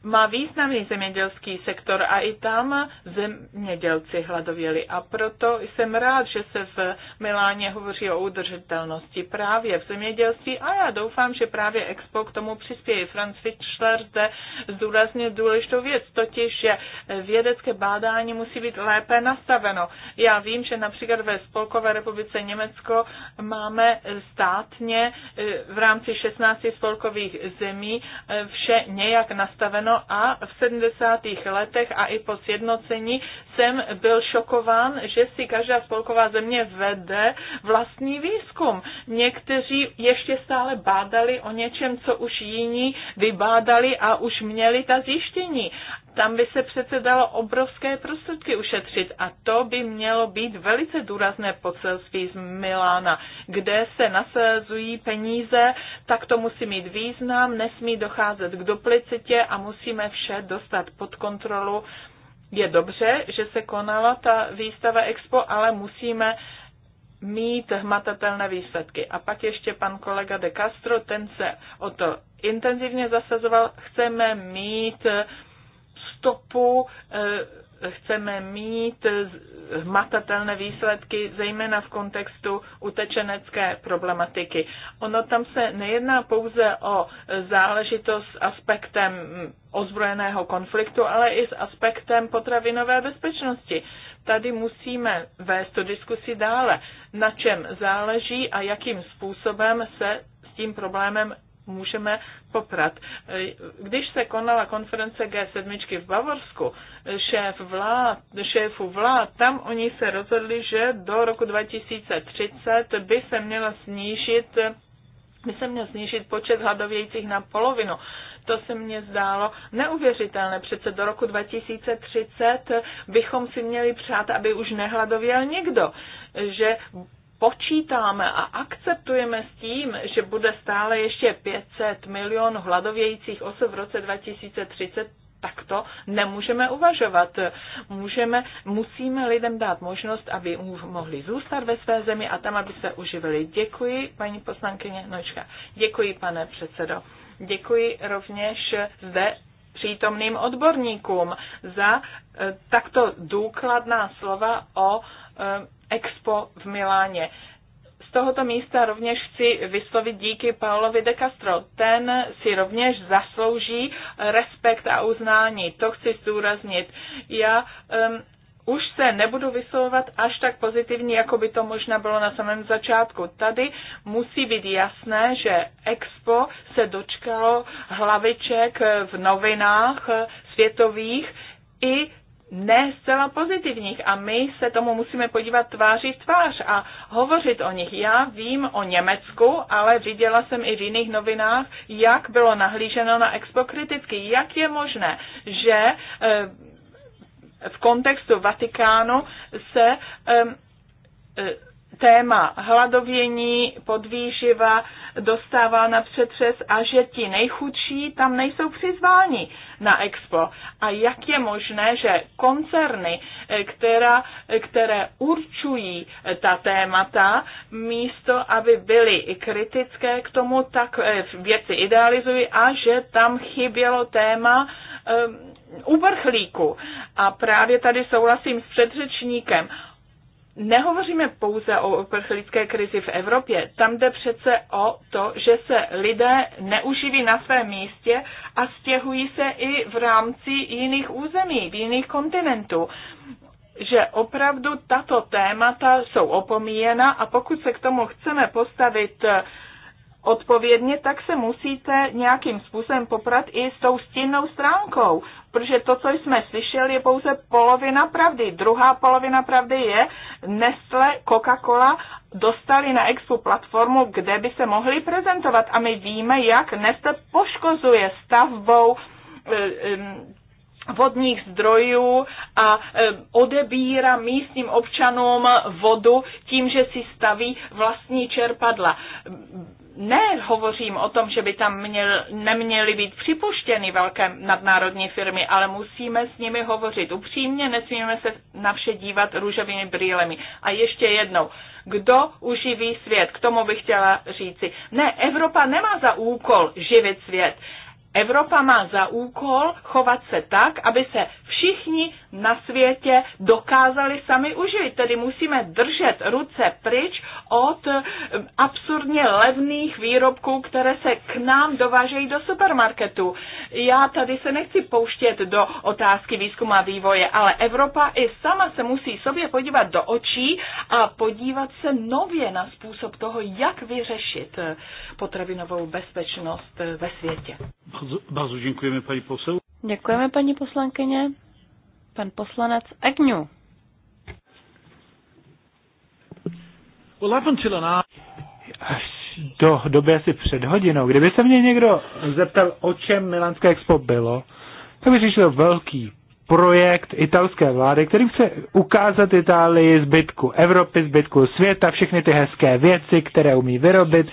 má významný zemědělský sektor a i tam zemědělci hladověli. A proto jsem rád, že se v Miláně hovoří o udržitelnosti právě v zemědělství a já doufám, že právě Expo k tomu přispěje. Franz Fischler zde zdůraznil důležitou věc, totiž, že vědecké bádání musí být lépe nastaveno. Já vím, že například ve Spolkové republice Německo máme státně eh, v rámci 16 spolkových zemí eh, vše nějak nastaveno a v 70. letech a i po sjednocení jsem byl šokován, že si každá spolková země vede vlastní výzkum. Někteří ještě stále bádali o něčem, co už jiní vybádali a už měli ta zjištění tam by se přece dalo obrovské prostředky ušetřit a to by mělo být velice důrazné poselství z Milána, kde se nasazují peníze, tak to musí mít význam, nesmí docházet k duplicitě a musíme vše dostat pod kontrolu. Je dobře, že se konala ta výstava Expo, ale musíme mít hmatatelné výsledky. A pak ještě pan kolega De Castro, ten se o to intenzivně zasazoval. Chceme mít uh, stopu eh, chceme mít hmatatelné výsledky, zejména v kontextu utečenecké problematiky. Ono tam se nejedná pouze o záležitost s aspektem ozbrojeného konfliktu, ale i s aspektem potravinové bezpečnosti. Tady musíme vést tu diskusi dále, na čem záleží a jakým způsobem se s tím problémem můžeme poprat. Když se konala konference G7 v Bavorsku, šéf vlád, šéfu vlád, tam oni se rozhodli, že do roku 2030 by se měla snížit by se měl snížit počet hladovějících na polovinu. To se mně zdálo neuvěřitelné. Přece do roku 2030 bychom si měli přát, aby už nehladověl nikdo. Že počítáme a akceptujeme s tím, že bude stále ještě 500 milionů hladovějících osob v roce 2030, tak to nemůžeme uvažovat. Můžeme, musíme lidem dát možnost, aby mohli zůstat ve své zemi a tam, aby se uživili. Děkuji, paní poslankyně Nočka. Děkuji, pane předsedo. Děkuji rovněž zde přítomným odborníkům za eh, takto důkladná slova o eh, Expo v Miláně. Z tohoto místa rovněž chci vyslovit díky Paolovi de Castro. Ten si rovněž zaslouží respekt a uznání. To chci zdůraznit. Já um, už se nebudu vyslovovat až tak pozitivní, jako by to možná bylo na samém začátku. Tady musí být jasné, že Expo se dočkalo hlaviček v novinách světových i ne zcela pozitivních a my se tomu musíme podívat tváří v tvář a hovořit o nich. Já vím o Německu, ale viděla jsem i v jiných novinách, jak bylo nahlíženo na Expo kriticky. Jak je možné, že eh, v kontextu Vatikánu se eh, téma hladovění, podvýživa dostává na přetřes a že ti nejchudší tam nejsou přizváni na expo. A jak je možné, že koncerny, eh, která, eh, které určují eh, ta témata, místo, aby byly kritické k tomu, tak věci idealizují a že tam chybělo téma um, uprchlíku. A právě tady souhlasím s předřečníkem nehovoříme pouze o uprchlické krizi v Evropě. Tam jde přece o to, že se lidé neuživí na svém místě a stěhují se i v rámci jiných území, v jiných kontinentů že opravdu tato témata jsou opomíjena a pokud se k tomu chceme postavit eh, odpovědně, tak se musíte nějakým způsobem poprat i s tou stinnou stránkou, protože to, co jsme slyšeli, je pouze polovina pravdy. Druhá polovina pravdy je, Nestle, Coca-Cola dostali na Expo platformu, kde by se mohli prezentovat a my víme, jak Nestle poškozuje stavbou eh, vodních zdrojů a eh, odebírá místním občanům vodu tím, že si staví vlastní čerpadla ne hovořím o tom, že by tam měl, neměly být připuštěny velké nadnárodní firmy, ale musíme s nimi hovořit upřímně, nesmíme se na vše dívat růžovými brýlemi. A ještě jednou, kdo uživí svět? K tomu bych chtěla říci. Ne, Evropa nemá za úkol živit svět. Evropa má za úkol chovat se tak, aby se všichni na světě dokázali sami užít. Tedy musíme držet ruce pryč od eh, absurdně levných výrobků, které se k nám dovážejí do supermarketu. Já tady se nechci pouštět do otázky výzkumu a vývoje, ale Evropa i sama se musí sobě podívat do očí a podívat se nově na způsob toho, jak vyřešit eh, potravinovou bezpečnost eh, ve světě. Bardzo děkujeme, paní posel. Děkujeme, paní poslankyně. Pan poslanec Agňu. Až do doby asi před hodinou, kdyby se mě někdo zeptal, o čem Milánské expo bylo, tak bych řešil velký projekt italské vlády, který chce ukázat Itálii zbytku Evropy, zbytku světa, všechny ty hezké věci, které umí vyrobit,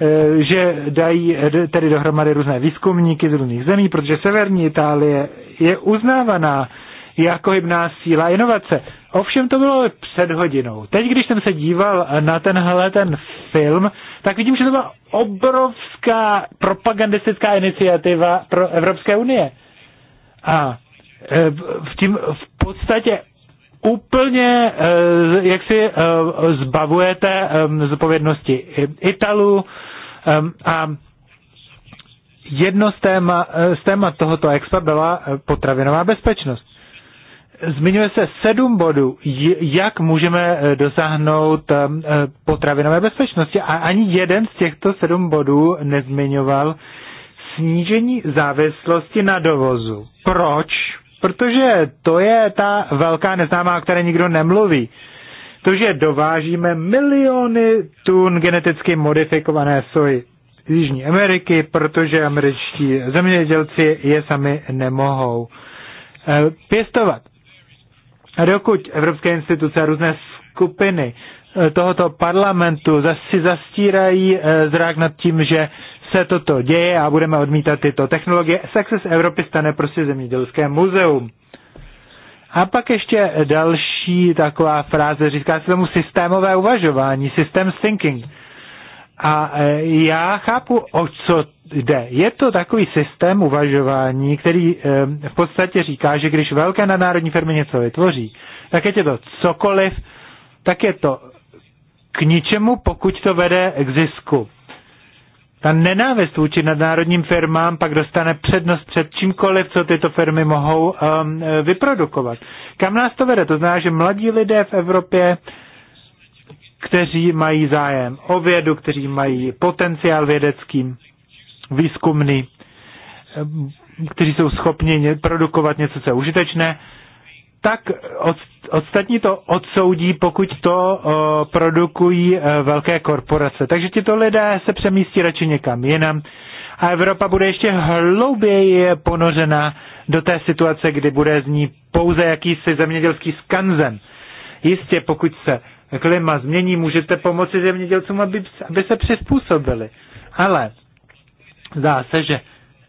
Eh, že dají eh, tedy dohromady různé výzkumníky z různých zemí, protože severní Itálie je uznávaná jako hybná síla inovace. Ovšem to bylo před hodinou. Teď, když jsem se díval na tenhle ten film, tak vidím, že to byla obrovská propagandistická iniciativa pro Evropské unie. A eh, v, tím, v podstatě úplně jak si zbavujete zodpovědnosti Italu, Ehm, a jedno z, téma, eh, z témat tohoto expa byla eh, potravinová bezpečnost. Zmiňuje se sedm bodů, jak můžeme eh, dosáhnout ehm, potravinové bezpečnosti. A ani jeden z těchto sedm bodů nezmiňoval snížení závislosti na dovozu. Proč? Protože to je ta velká neznámá, o které nikdo nemluví protože dovážíme miliony tun geneticky modifikované soji z Jižní Ameriky, protože američtí zemědělci je sami nemohou eh, pěstovat. A Dokud evropské instituce a různé skupiny eh, tohoto parlamentu si zastírají eh, zrák nad tím, že se toto děje a budeme odmítat tyto technologie, tak se z Evropy stane prostě zemědělské muzeum. A pak ještě další taková fráze, říká se tomu systémové uvažování, systems thinking. A e, já chápu, o co jde. Je to takový systém uvažování, který e, v podstatě říká, že když velké nadnárodní firmy něco vytvoří, tak je to cokoliv, tak je to k ničemu, pokud to vede k zisku ta nenávist vůči nadnárodním firmám pak dostane přednost před čímkoliv, co tyto firmy mohou um, vyprodukovat. Kam nás to vede? To znamená, že mladí lidé v Evropě, kteří mají zájem o vědu, kteří mají potenciál vědecký, výzkumný, um, kteří jsou schopni produkovat něco, co je užitečné, tak od ostatní to odsoudí, pokud to eh, produkují eh, velké korporace. Takže tito lidé se přemístí radši někam jinam a Evropa bude ještě hlouběji ponořena do té situace, kdy bude z ní pouze jakýsi zemědělský skanzen. Jistě, pokud se klima změní, můžete pomoci zemědělcům, aby, aby se přizpůsobili. Ale zdá se, že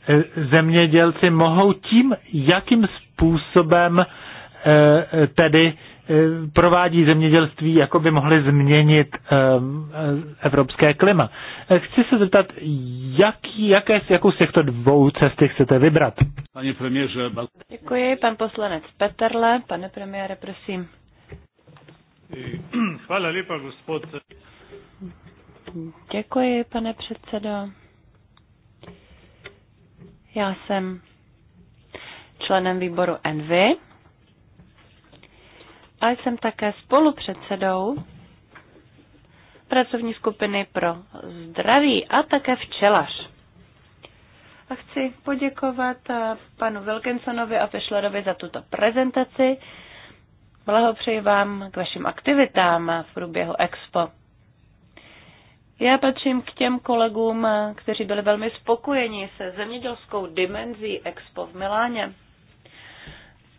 eh, zemědělci mohou tím, jakým způsobem Eh, eh, tedy eh, provádí zemědělství, jako by mohly změnit ehm, evropské klima. Chci se zeptat, jak, jaké, jakou z těchto dvou cesty chcete vybrat? Pane premiére, Děkuji, pan poslanec Peterle. Pane premiére, prosím. *clears throat* Hvala lípa, gospod. Děkuji, pane předsedo. Já jsem členem výboru Envy a jsem také spolupředsedou pracovní skupiny pro zdraví a také včelař. A chci poděkovat eh, panu Wilkinsonovi a Fischlerovi za tuto prezentaci. Blahopřeji vám k vašim aktivitám v průběhu Expo. Já patřím k těm kolegům, eh, kteří byli velmi spokojeni se zemědělskou dimenzí Expo v Miláně.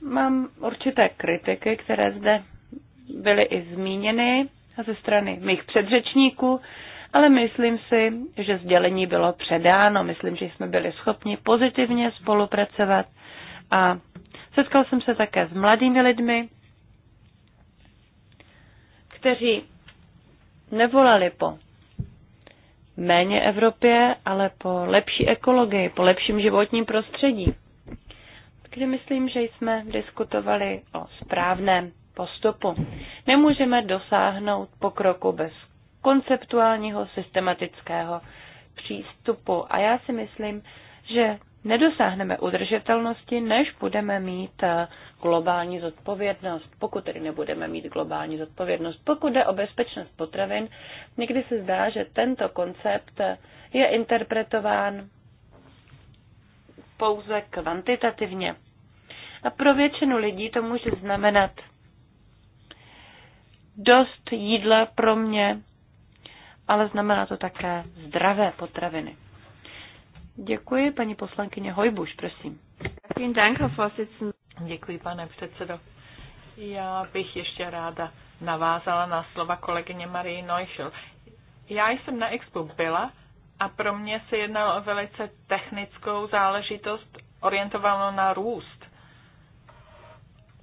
Mám určité kritiky, které zde byly i zmíněny ze strany mých předřečníků, ale myslím si, že sdělení bylo předáno. Myslím, že jsme byli schopni pozitivně spolupracovat a setkal jsem se také s mladými lidmi, kteří nevolali po méně Evropě, ale po lepší ekologii, po lepším životním prostředí kdy myslím, že jsme diskutovali o správném postupu. Nemůžeme dosáhnout pokroku bez konceptuálního systematického přístupu. A já si myslím, že nedosáhneme udržitelnosti, než budeme mít eh, globální zodpovědnost. Pokud tedy nebudeme mít globální zodpovědnost, pokud jde o bezpečnost potravin, někdy se zdá, že tento koncept eh, je interpretován pouze kvantitativně. A pro většinu lidí to může znamenat dost jídla pro mě, ale znamená to také zdravé potraviny. Děkuji, paní poslankyně Hojbuš, prosím. Děkuji, pane předsedo. Já bych ještě ráda navázala na slova kolegyně Marie Neuschel. Já jsem na expo byla a pro mě se jednalo o velice technickou záležitost orientovanou na růst.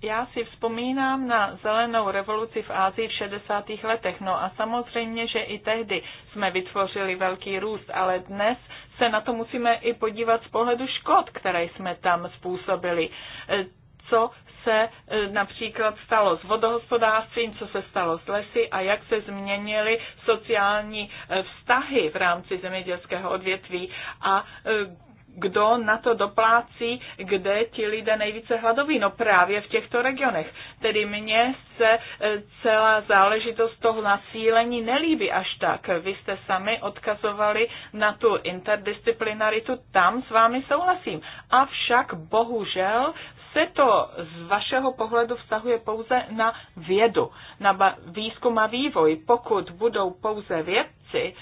Já si vzpomínám na zelenou revoluci v Ázii v 60. letech, no a samozřejmě, že i tehdy jsme vytvořili velký růst, ale dnes se na to musíme i podívat z pohledu škod, které jsme tam způsobili. E, co se e, například stalo s vodohospodářstvím, co se stalo s lesy a jak se změnily sociální e, vztahy v rámci zemědělského odvětví a e, kdo na to doplácí, kde ti lidé nejvíce hladoví. No právě v těchto regionech. Tedy mně se celá záležitost toho nasílení nelíbí až tak. Vy jste sami odkazovali na tu interdisciplinaritu, tam s vámi souhlasím. Avšak bohužel se to z vašeho pohledu vztahuje pouze na vědu, na výzkum a vývoj. Pokud budou pouze vědci,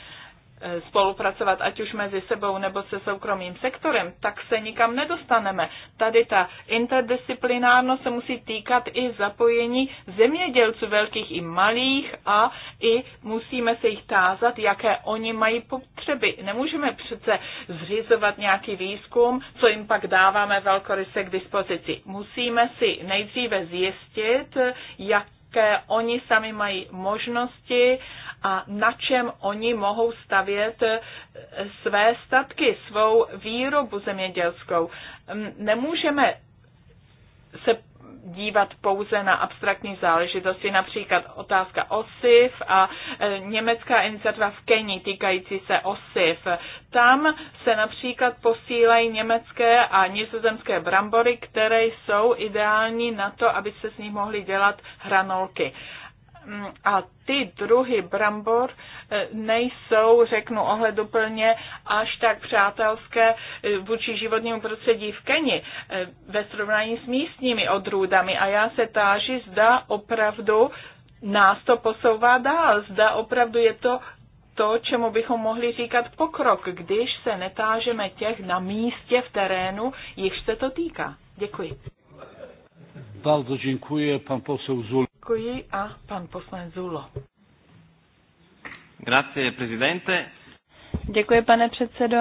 E, spolupracovat, ať už mezi sebou nebo se soukromým sektorem, tak se nikam nedostaneme. Tady ta interdisciplinárnost se musí týkat i zapojení zemědělců velkých i malých a i musíme se jich tázat, jaké oni mají potřeby. Nemůžeme přece zřizovat nějaký výzkum, co jim pak dáváme velkoryse k dispozici. Musíme si nejdříve zjistit, jak jaké oni sami mají možnosti a na čem oni mohou stavět eh, své statky, svou výrobu zemědělskou. Mm, nemůžeme se dívat pouze na abstraktní záležitosti, například otázka OSIF a eh, německá iniciativa v Keni týkající se OSIF. Tam se například posílají německé a nizozemské brambory, které jsou ideální na to, aby se z nich mohly dělat hranolky a ty druhy brambor eh, nejsou, řeknu ohleduplně, až tak přátelské eh, vůči životnímu prostředí v Keni eh, ve srovnání s místními odrůdami. A já se táži, zda opravdu nás to posouvá dál, zda opravdu je to to, čemu bychom mohli říkat pokrok, když se netážeme těch na místě v terénu, jichž se to týká. Děkuji. Bardzo dziękuję. Pan poseł Zulo. Dziękuję. a pan poseł Zulo. Grazie, prezydente. Děkuji, pane předsedo.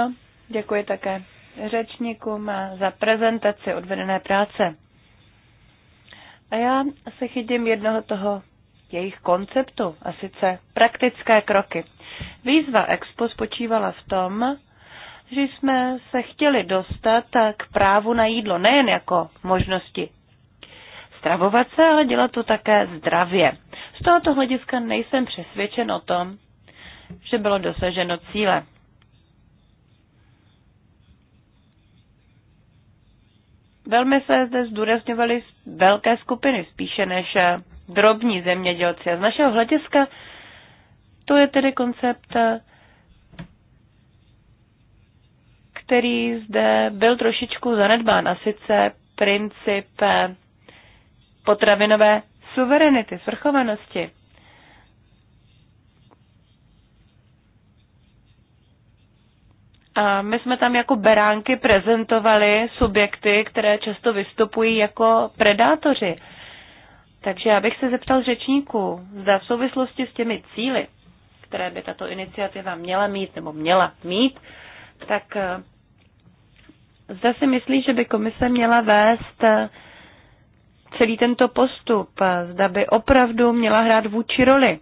Děkuji také řečníkům za prezentaci odvedené práce. A já se chytím jednoho toho jejich konceptu, a sice praktické kroky. Výzva Expo spočívala v tom, že jsme se chtěli dostat k právu na jídlo nejen jako možnosti stravovat se, ale dělat to také zdravě. Z tohoto hlediska nejsem přesvědčen o tom, že bylo dosaženo cíle. Velmi se zde zdůrazňovaly velké skupiny, spíše než drobní zemědělci. A z našeho hlediska to je tedy koncept, který zde byl trošičku zanedbán, a sice princip potravinové suverenity, svrchovanosti. A my jsme tam jako beránky prezentovali subjekty, které často vystupují jako predátoři. Takže já bych se zeptal řečníků, zda v souvislosti s těmi cíly, které by tato iniciativa měla mít nebo měla mít, tak eh, zda si myslí, že by komise měla vést eh, celý tento postup, zda by opravdu měla hrát vůči roli,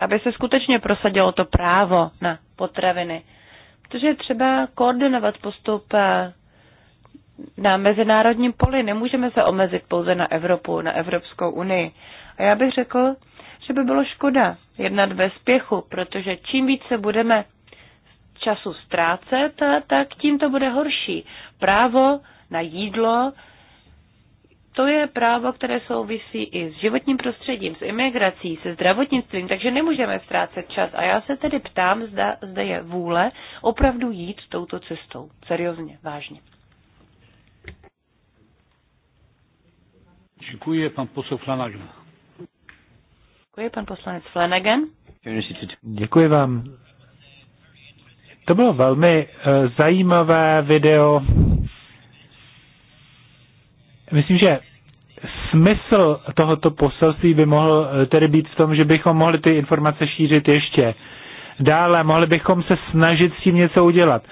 aby se skutečně prosadilo to právo na potraviny. Protože je třeba koordinovat postup eh, na mezinárodním poli. Nemůžeme se omezit pouze na Evropu, na Evropskou unii. A já bych řekl, že by bylo škoda jednat ve spěchu, protože čím více budeme času ztrácet, tak tím to bude horší. Právo na jídlo to je právo, které souvisí i s životním prostředím, s imigrací, se zdravotnictvím, takže nemůžeme ztrácet čas. A já se tedy ptám, zda zda je vůle opravdu jít touto cestou. Seriózně, vážně. Děkuji, pan poslanec Flanagan. Děkuji, pan poslanec Flanagan. Děkuji vám. To bylo velmi eh, zajímavé video myslím, že smysl tohoto poselství by mohl eh, tedy být v tom, že bychom mohli ty informace šířit ještě dále, mohli bychom se snažit s tím něco udělat.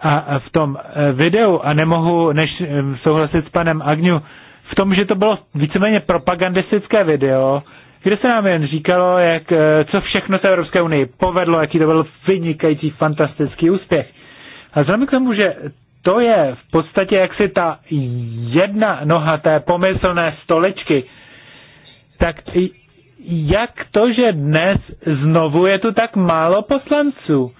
A v tom eh, videu, a nemohu než eh, souhlasit s panem Agňu, v tom, že to bylo víceméně propagandistické video, kde se nám jen říkalo, jak, co všechno se Evropské unii povedlo, jaký to byl vynikající, fantastický úspěch. A vzhledem k tomu, že to je v podstatě jaksi ta jedna noha té pomyslné stoličky, tak jak to, že dnes znovu je tu tak málo poslanců?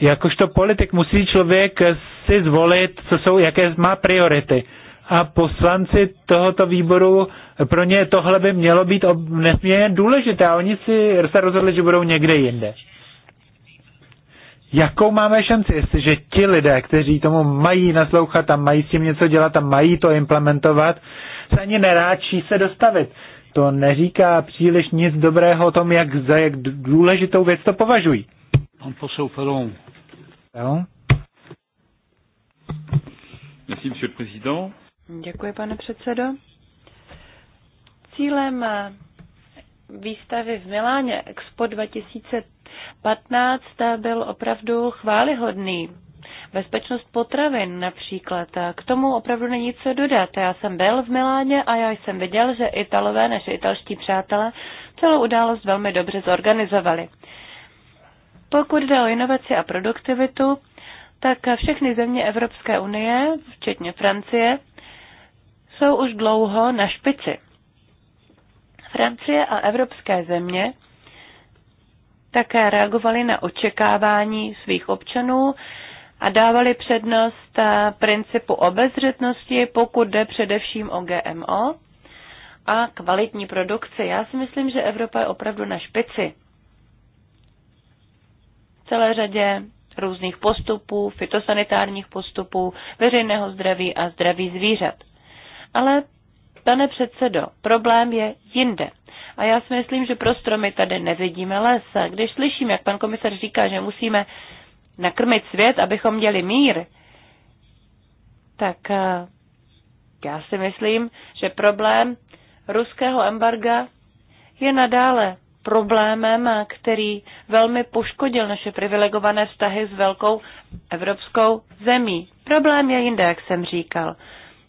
Jakožto politik musí člověk si zvolit, co jsou, jaké má priority. A poslanci tohoto výboru, pro ně tohle by mělo být nesmírně důležité. A oni si se rozhodli, že budou někde jinde jakou máme šanci, jestliže ti lidé, kteří tomu mají naslouchat a mají s tím něco dělat a mají to implementovat, se ani neráčí se dostavit. To neříká příliš nic dobrého o tom, jak za jak důležitou věc to považují. Pan posou Ferron. Merci, monsieur le président. Děkuji, pane předsedo. Cílem výstavy v Miláně Expo 2000. 15 eh, byl opravdu chválihodný. Bezpečnost potravin například. Eh, k tomu opravdu není co dodat. Já jsem byl v Miláně a já jsem viděl, že Italové, naše italští přátelé, celou událost velmi dobře zorganizovali. Pokud jde o inovaci a produktivitu, tak všechny země Evropské unie, včetně Francie, jsou už dlouho na špici. Francie a evropské země také reagovali na očekávání svých občanů a dávali přednost eh, principu obezřetnosti, pokud jde především o GMO a kvalitní produkci. Já si myslím, že Evropa je opravdu na špici. V celé řadě různých postupů, fitosanitárních postupů, veřejného zdraví a zdraví zvířat. Ale, pane předsedo, problém je jinde. A já si myslím, že pro stromy tady nevidíme les. když slyším, jak pan komisař říká, že musíme nakrmit svět, abychom měli mír, tak eh, já si myslím, že problém ruského embarga je nadále problémem, eh, který velmi poškodil naše privilegované vztahy s velkou evropskou zemí. Problém je jinde, jak jsem říkal.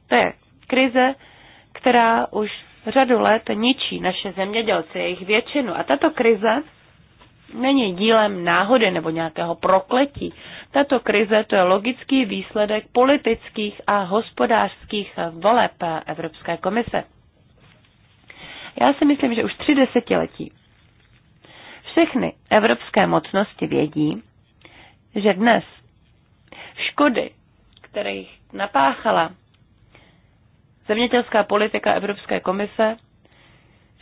To je krize, která už řadu let ničí naše zemědělce, jejich většinu. A tato krize není dílem náhody nebo nějakého prokletí. Tato krize to je logický výsledek politických a hospodářských voleb Evropské komise. Já si myslím, že už tři desetiletí všechny evropské mocnosti vědí, že dnes škody, jich napáchala zemědělská politika Evropské komise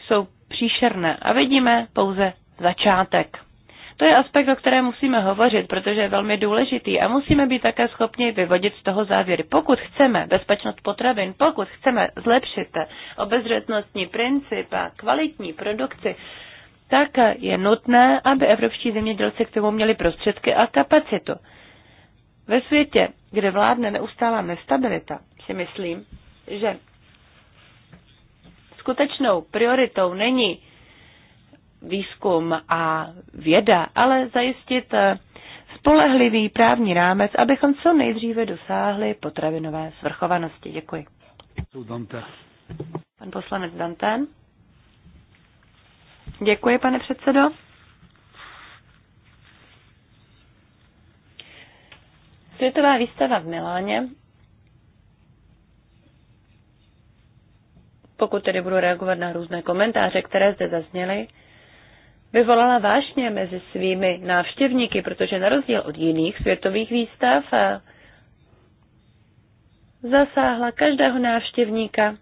jsou příšerné a vidíme pouze začátek. To je aspekt, o kterém musíme hovořit, protože je velmi důležitý a musíme být také schopni vyvodit z toho závěry. Pokud chceme bezpečnost potravin, pokud chceme zlepšit obezřetnostní princip a kvalitní produkci, tak je nutné, aby evropští zemědělci k tomu měli prostředky a kapacitu. Ve světě, kde vládne neustálá nestabilita, si myslím, že skutečnou prioritou není výzkum a věda, ale zajistit eh, spolehlivý právní rámec, abychom co nejdříve dosáhli potravinové svrchovanosti. Děkuji. Pan poslanec Danten. Děkuji, pane předsedo. Světová výstava v Miláně pokud tedy budu reagovat na různé komentáře, které zde zazněly, vyvolala vášně mezi svými návštěvníky, protože na rozdíl od jiných světových výstav eh, zasáhla každého návštěvníka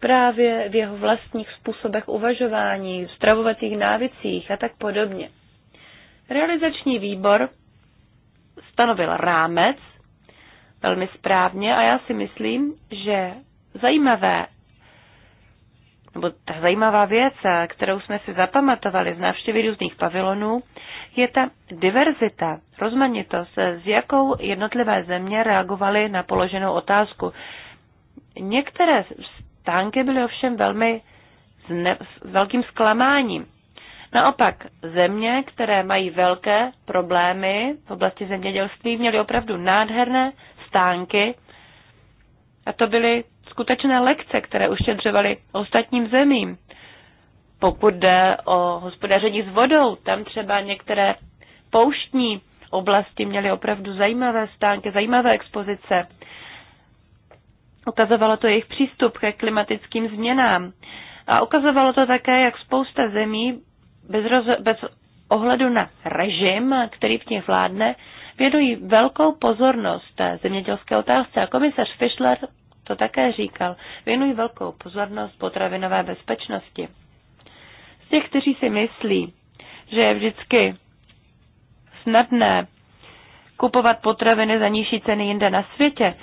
právě v jeho vlastních způsobech uvažování, stravovacích návicích a tak podobně. Realizační výbor stanovil rámec velmi správně a já si myslím, že zajímavé nebo ta zajímavá věc, kterou jsme si zapamatovali z návštěvy různých pavilonů, je ta diverzita, rozmanitost, s jakou jednotlivé země reagovaly na položenou otázku. Některé stánky byly ovšem velmi zne, s velkým zklamáním. Naopak, země, které mají velké problémy v oblasti zemědělství, měly opravdu nádherné stánky. A to byly skutečné lekce, které uštědřovaly ostatním zemím. Pokud jde o hospodaření s vodou, tam třeba některé pouštní oblasti měly opravdu zajímavé stánky, zajímavé expozice. Ukazovalo to jejich přístup ke klimatickým změnám. A ukazovalo to také, jak spousta zemí bez, roz- bez ohledu na režim, který v nich vládne, věnují velkou pozornost té zemědělské otázce a komisař Fischler to také říkal, věnují velkou pozornost potravinové bezpečnosti. Z těch, kteří si myslí, že je vždycky snadné kupovat potraviny za nižší ceny jinde na světě,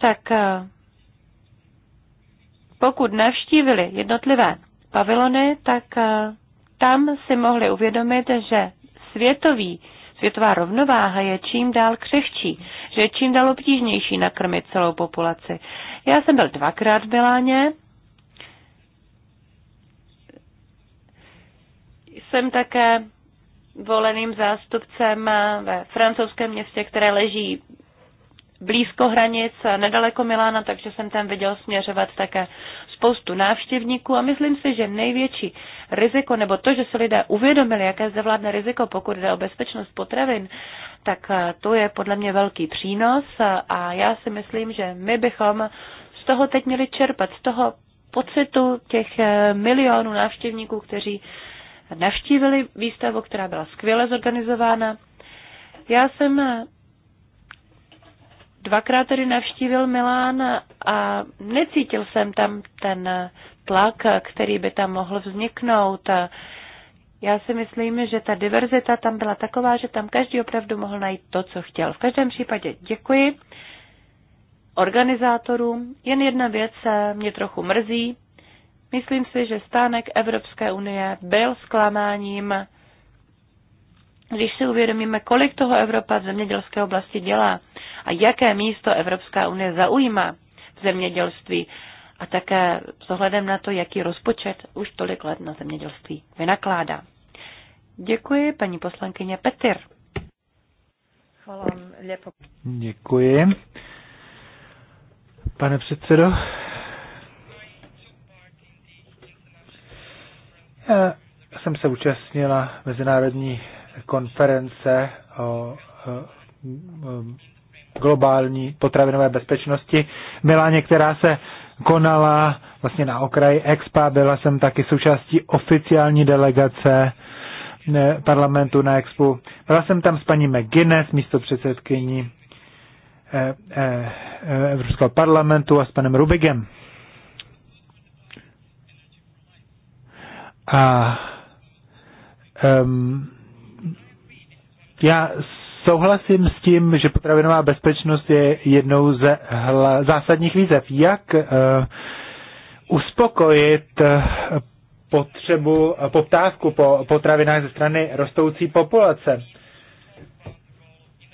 tak eh, pokud navštívili jednotlivé pavilony, tak eh, tam si mohli uvědomit, že světový světová rovnováha je čím dál křehčí, že je čím dál obtížnější nakrmit celou populaci. Já jsem byl dvakrát v Miláně, jsem také voleným zástupcem ve francouzském městě, které leží blízko hranic, nedaleko Milána, takže jsem tam viděl směřovat také spoustu návštěvníků a myslím si, že největší riziko, nebo to, že se lidé uvědomili, jaké zde vládne riziko, pokud jde o bezpečnost potravin, tak eh, to je podle mě velký přínos a já si myslím, že my bychom z toho teď měli čerpat, z toho pocitu těch eh, milionů návštěvníků, kteří navštívili výstavu, která byla skvěle zorganizována. Já jsem eh, Dvakrát tedy navštívil Milán a necítil jsem tam ten tlak, který by tam mohl vzniknout. Já si myslím, že ta diverzita tam byla taková, že tam každý opravdu mohl najít to, co chtěl. V každém případě děkuji organizátorům. Jen jedna věc mě trochu mrzí. Myslím si, že stánek Evropské unie byl zklamáním, když si uvědomíme, kolik toho Evropa v zemědělské oblasti dělá a jaké místo Evropská unie zaujímá v zemědělství a také s ohledem na to, jaký rozpočet už tolik let na zemědělství vynakládá. Děkuji, paní poslankyně Petr. Děkuji. Pane předsedo, já jsem se účastnila mezinárodní konference o globální potravinové bezpečnosti Miláně, která se konala vlastně na okraji Expa. Byla jsem taky součástí oficiální delegace eh, parlamentu na Expu. Byla jsem tam s paní McGuinness, místo předsedkyní eh, eh, Evropského parlamentu a s panem Rubigem. A um, já Souhlasím s tím, že potravinová bezpečnost je jednou ze hla, zásadních výzev. Jak uh, uspokojit eh, potřebu, eh, poptávku po potravinách ze strany rostoucí populace?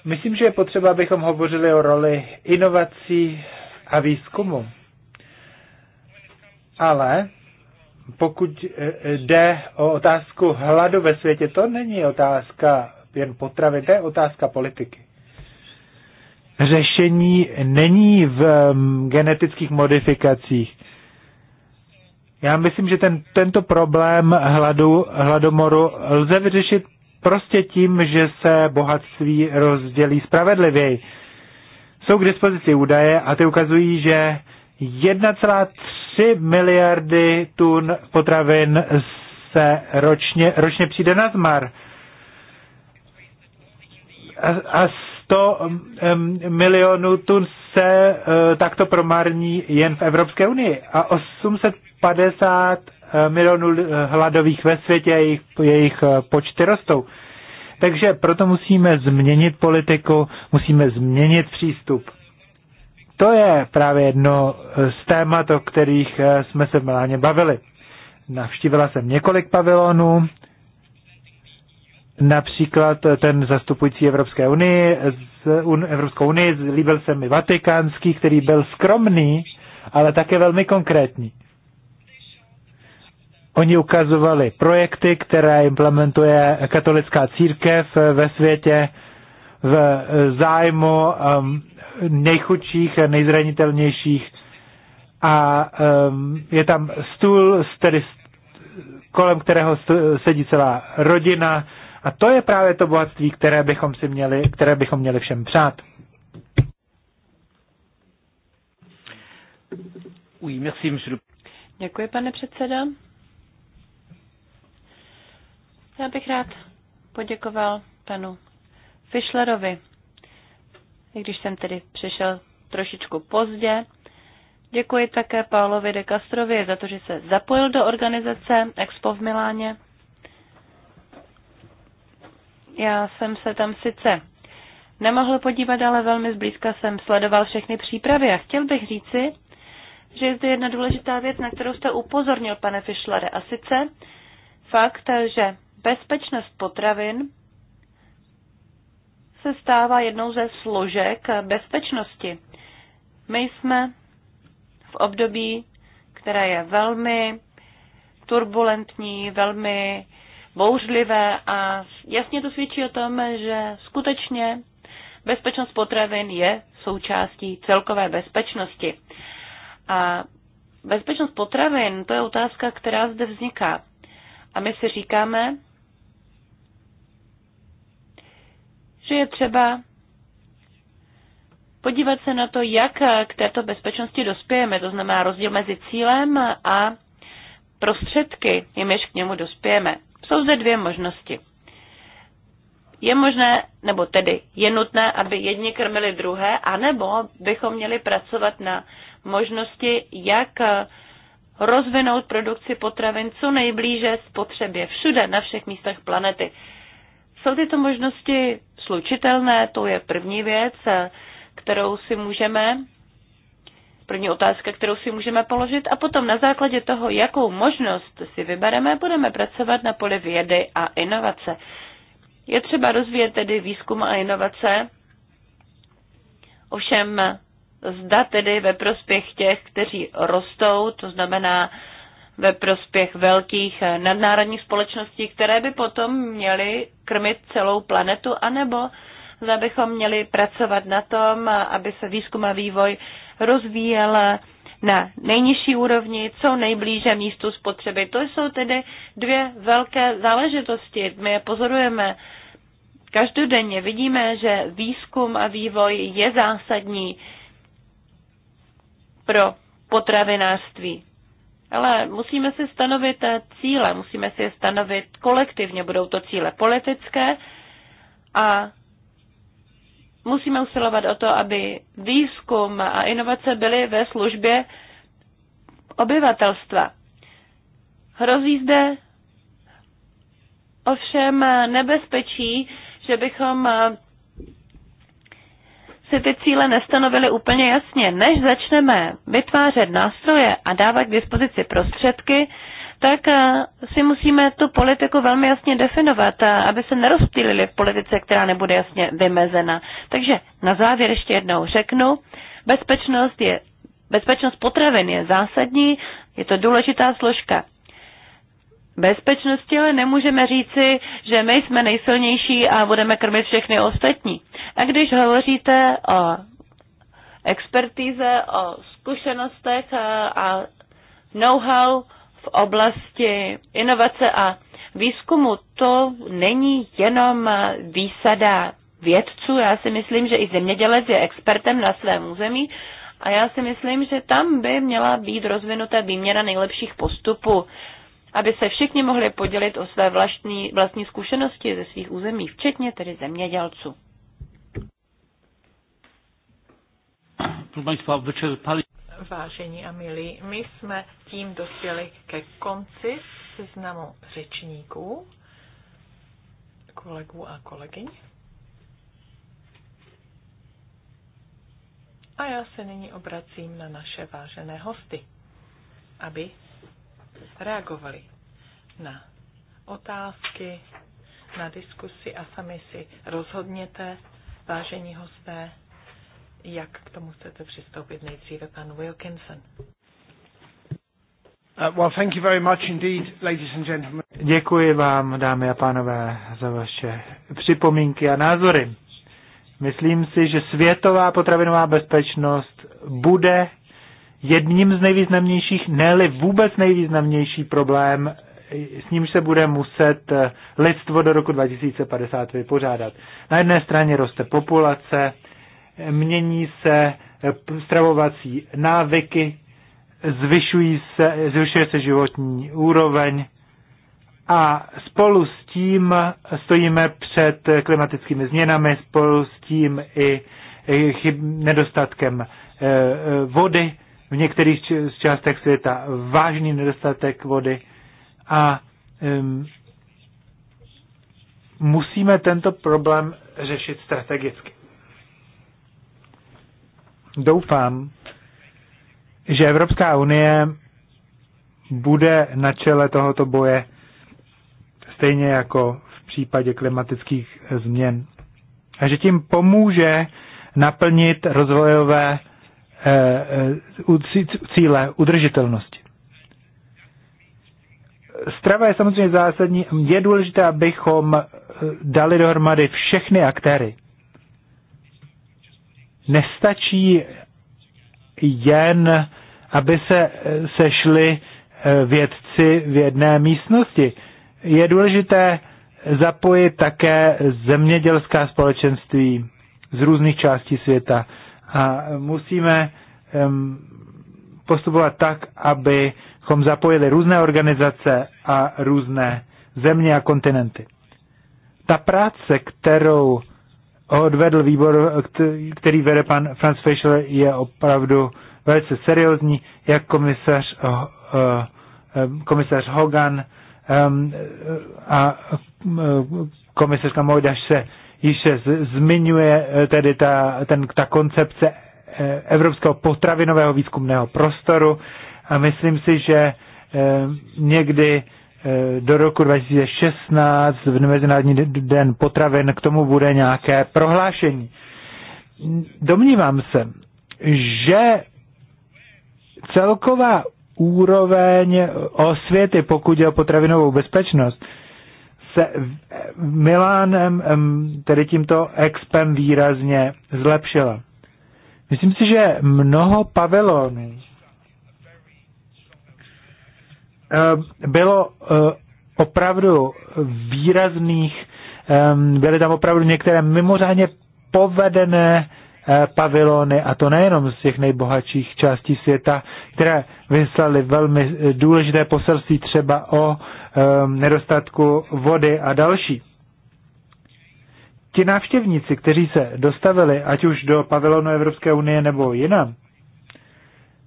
Myslím, že je potřeba, abychom hovořili o roli inovací a výzkumu. Ale pokud jde o otázku hladu ve světě, to není otázka jen potravy, to je otázka politiky. Řešení není v mm, genetických modifikacích. Já myslím, že ten, tento problém hladu, hladomoru lze vyřešit prostě tím, že se bohatství rozdělí spravedlivěji. Jsou k dispozici údaje a ty ukazují, že 1,3 miliardy tun potravin se ročně, ročně přijde na zmar a 100 mm, mm, milionů tun se eh, takto promarní jen v Evropské unii a 850 eh, milionů hladových ve světě, jejich, jejich eh, počty rostou. Takže proto musíme změnit politiku, musíme změnit přístup. To je právě jedno z témat, o kterých jsme se v Miláně bavili. Navštívila jsem několik pavilonů, například ten zastupující Evropské unii, z un, Evropskou unii, líbil se mi Vatikánský, který byl skromný, ale také velmi konkrétní. Oni ukazovali projekty, které implementuje katolická církev ve světě v zájmu um, nejchudších, nejzranitelnějších. A um, je tam stůl, tedy kolem kterého sedí celá rodina, a to je právě to bohatství, které bychom, si měli, které bychom měli všem přát. Oui, merci, monsieur. Děkuji, pane předseda. Já bych rád poděkoval panu Fischlerovi, i když jsem tedy přišel trošičku pozdě. Děkuji také Paulovi de Castrovi za to, že se zapojil do organizace Expo v Miláně. Já jsem se tam sice nemohl podívat, ale velmi zblízka jsem sledoval všechny přípravy a chtěl bych říci, že je zde jedna důležitá věc, na kterou jste upozornil, pane Fischlere, a sice fakt, že bezpečnost potravin se stává jednou ze složek bezpečnosti. My jsme v období, které je velmi turbulentní, velmi bouřlivé a jasně to svědčí o tom, že skutečně bezpečnost potravin je součástí celkové bezpečnosti. A bezpečnost potravin, to je otázka, která zde vzniká. A my si říkáme, že je třeba podívat se na to, jak k této bezpečnosti dospějeme, to znamená rozdíl mezi cílem a prostředky, jimž k němu dospějeme. Jsou zde dvě možnosti. Je možné, nebo tedy je nutné, aby jedni krmili druhé, anebo bychom měli pracovat na možnosti, jak rozvinout produkci potravin co nejblíže spotřebě, všude, na všech místech planety. Jsou tyto možnosti slučitelné? To je první věc, kterou si můžeme první otázka, kterou si můžeme položit a potom na základě toho, jakou možnost si vybereme, budeme pracovat na poli vědy a inovace. Je třeba rozvíjet tedy výzkum a inovace, ovšem zda tedy ve prospěch těch, kteří rostou, to znamená ve prospěch velkých nadnárodních společností, které by potom měly krmit celou planetu, anebo zda bychom měli pracovat na tom, aby se výzkum a vývoj rozvíjel na nejnižší úrovni, co nejblíže místu spotřeby. To jsou tedy dvě velké záležitosti. My je pozorujeme každodenně. Vidíme, že výzkum a vývoj je zásadní pro potravinářství. Ale musíme si stanovit cíle, musíme si je stanovit kolektivně. Budou to cíle politické a musíme usilovat o to, aby výzkum a inovace byly ve službě obyvatelstva. Hrozí zde ovšem nebezpečí, že bychom si ty cíle nestanovili úplně jasně. Než začneme vytvářet nástroje a dávat k dispozici prostředky, tak eh, si musíme tu politiku velmi jasně definovat, eh, aby se nerozptýlili v politice, která nebude jasně vymezena. Takže na závěr ještě jednou řeknu, bezpečnost je Bezpečnost potravin je zásadní, je to důležitá složka bezpečnosti, ale nemůžeme říci, že my jsme nejsilnější a budeme krmit všechny ostatní. A když hovoříte o expertíze, o zkušenostech eh, a know-how, v oblasti inovace a výzkumu, to není jenom výsada vědců. Já si myslím, že i zemědělec je expertem na svém území a já si myslím, že tam by měla být rozvinuta výměna nejlepších postupů, aby se všichni mohli podělit o své vlastní, vlastní zkušenosti ze svých území, včetně tedy zemědělců. Proszę Państwa, wyczerpali vážení a milí, my jsme tím dospěli ke konci seznamu řečníků, kolegů a kolegyň. A já se nyní obracím na naše vážené hosty, aby reagovali na otázky, na diskusy a sami si rozhodněte, vážení hosté, jak k tomu chcete přistoupit nejdříve pan Wilkinson. Uh, well, thank you very much indeed, ladies and gentlemen. Děkuji vám, dámy a pánové, za vaše připomínky a názory. Myslím si, že světová potravinová bezpečnost bude jedním z nejvýznamnějších, ne vůbec nejvýznamnější problém, s nímž se bude muset eh, lidstvo do roku 2050 vypořádat. Na jedné straně roste populace, mění se eh, stravovací návyky, zvyšují se, zvyšuje se životní úroveň a spolu s tím stojíme před klimatickými změnami, spolu s tím i nedostatkem eh, eh, vody, v některých částech světa vážný nedostatek vody a musíme tento problém řešit strategicky doufám, že Evropská unie bude na čele tohoto boje stejně jako v případě klimatických změn. A že tím pomůže naplnit rozvojové eh, eh, cíle udržitelnosti. Strava je samozřejmě zásadní. Je důležité, abychom eh, dali dohromady všechny aktéry nestačí jen, aby se sešli eh, vědci v jedné místnosti. Je důležité zapojit také zemědělská společenství z různých částí světa a musíme postupovat tak, abychom zapojili různé organizace a různé země a kontinenty. Ta práce, kterou odvedl výbor, který vede pan Franz Fischler, je opravdu velice seriózní, jak komisař, eh, eh, komisař Hogan a eh, komisařka Mojdaš se již zmiňuje tedy ta, ten, ta koncepce evropského potravinového výzkumného prostoru a myslím si, že někdy Eh, do roku 2016 v Mezinárodní den potravin k tomu bude nějaké prohlášení. Domnívám se, že celková úroveň osvěty, pokud je o potravinovou bezpečnost, se Milánem, tedy tímto expem výrazně zlepšila. Myslím si, že mnoho pavilonů Eh, bylo eh, opravdu výrazných, byly tam opravdu některé mimořádně povedené eh, pavilony, a to nejenom z těch nejbohatších částí světa, které vyslali velmi důležité poselství třeba o nedostatku vody a další. Ti návštěvníci, kteří se dostavili, ať už do pavilonu Evropské unie nebo jinam,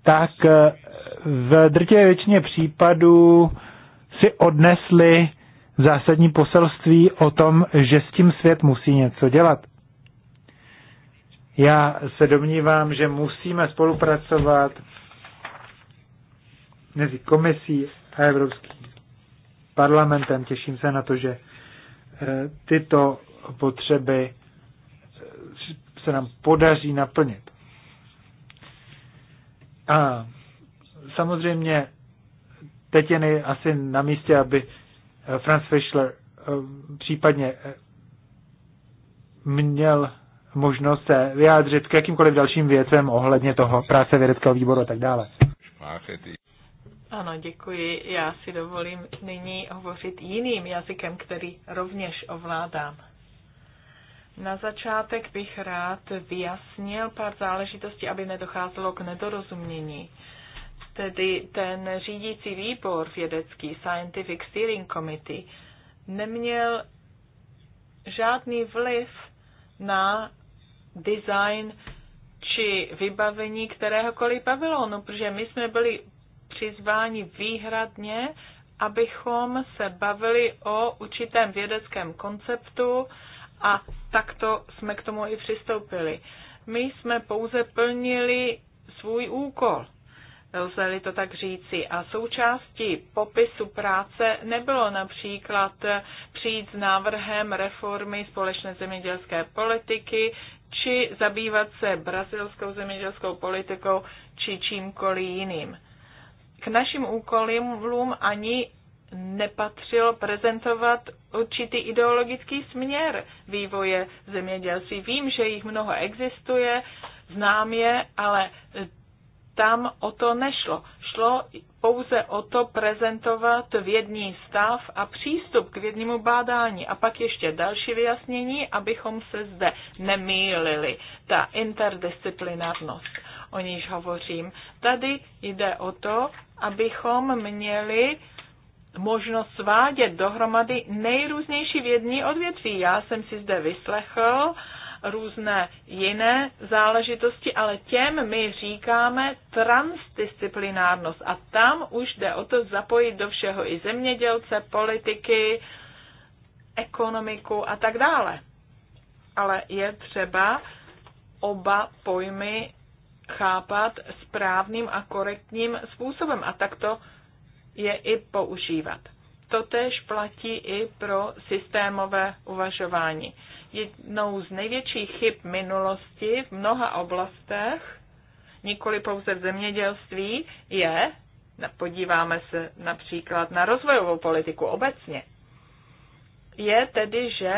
tak v drtě většině případů si odnesli zásadní poselství o tom, že s tím svět musí něco dělat. Já se domnívám, že musíme spolupracovat mezi komisí a Evropským parlamentem. Těším se na to, že eh, tyto potřeby eh, se nám podaří naplnit. A samozřejmě teď je asi na místě, aby eh, Franz Fischler eh, případně eh, měl možnost se vyjádřit k jakýmkoliv dalším věcem ohledně toho práce vědeckého výboru a tak dále. Ano, děkuji. Já si dovolím nyní hovořit jiným jazykem, který rovněž ovládám. Na začátek bych rád vyjasnil pár záležitostí, aby nedocházelo k nedorozumění tedy ten řídící výbor vědecký, Scientific Steering Committee, neměl žádný vliv na design či vybavení kteréhokoliv pavilonu, protože my jsme byli přizváni výhradně, abychom se bavili o určitém vědeckém konceptu a takto jsme k tomu i přistoupili. My jsme pouze plnili svůj úkol lze-li to tak říci. A součástí popisu práce nebylo například přijít s návrhem reformy společné zemědělské politiky, či zabývat se brazilskou zemědělskou politikou, či čímkoliv jiným. K našim úkolům ani nepatřilo prezentovat určitý ideologický směr vývoje zemědělství. Vím, že jich mnoho existuje, znám je, ale tam o to nešlo. Šlo pouze o to prezentovat vědní stav a přístup k vědnímu bádání. A pak ještě další vyjasnění, abychom se zde nemýlili. Ta interdisciplinárnost, o níž hovořím. Tady jde o to, abychom měli možnost svádět dohromady nejrůznější vědní odvětví. Já jsem si zde vyslechl uh, různé jiné záležitosti, ale těm my říkáme transdisciplinárnost. A tam už jde o to zapojit do všeho i zemědělce, politiky, ekonomiku a tak dále. Ale je třeba oba pojmy chápat správným a korektním způsobem a tak to je i používat. Totež platí i pro systémové uvažování jednou z největších chyb minulosti v mnoha oblastech, nikoli pouze v zemědělství, je, podíváme se například na rozvojovou politiku obecně, je tedy, že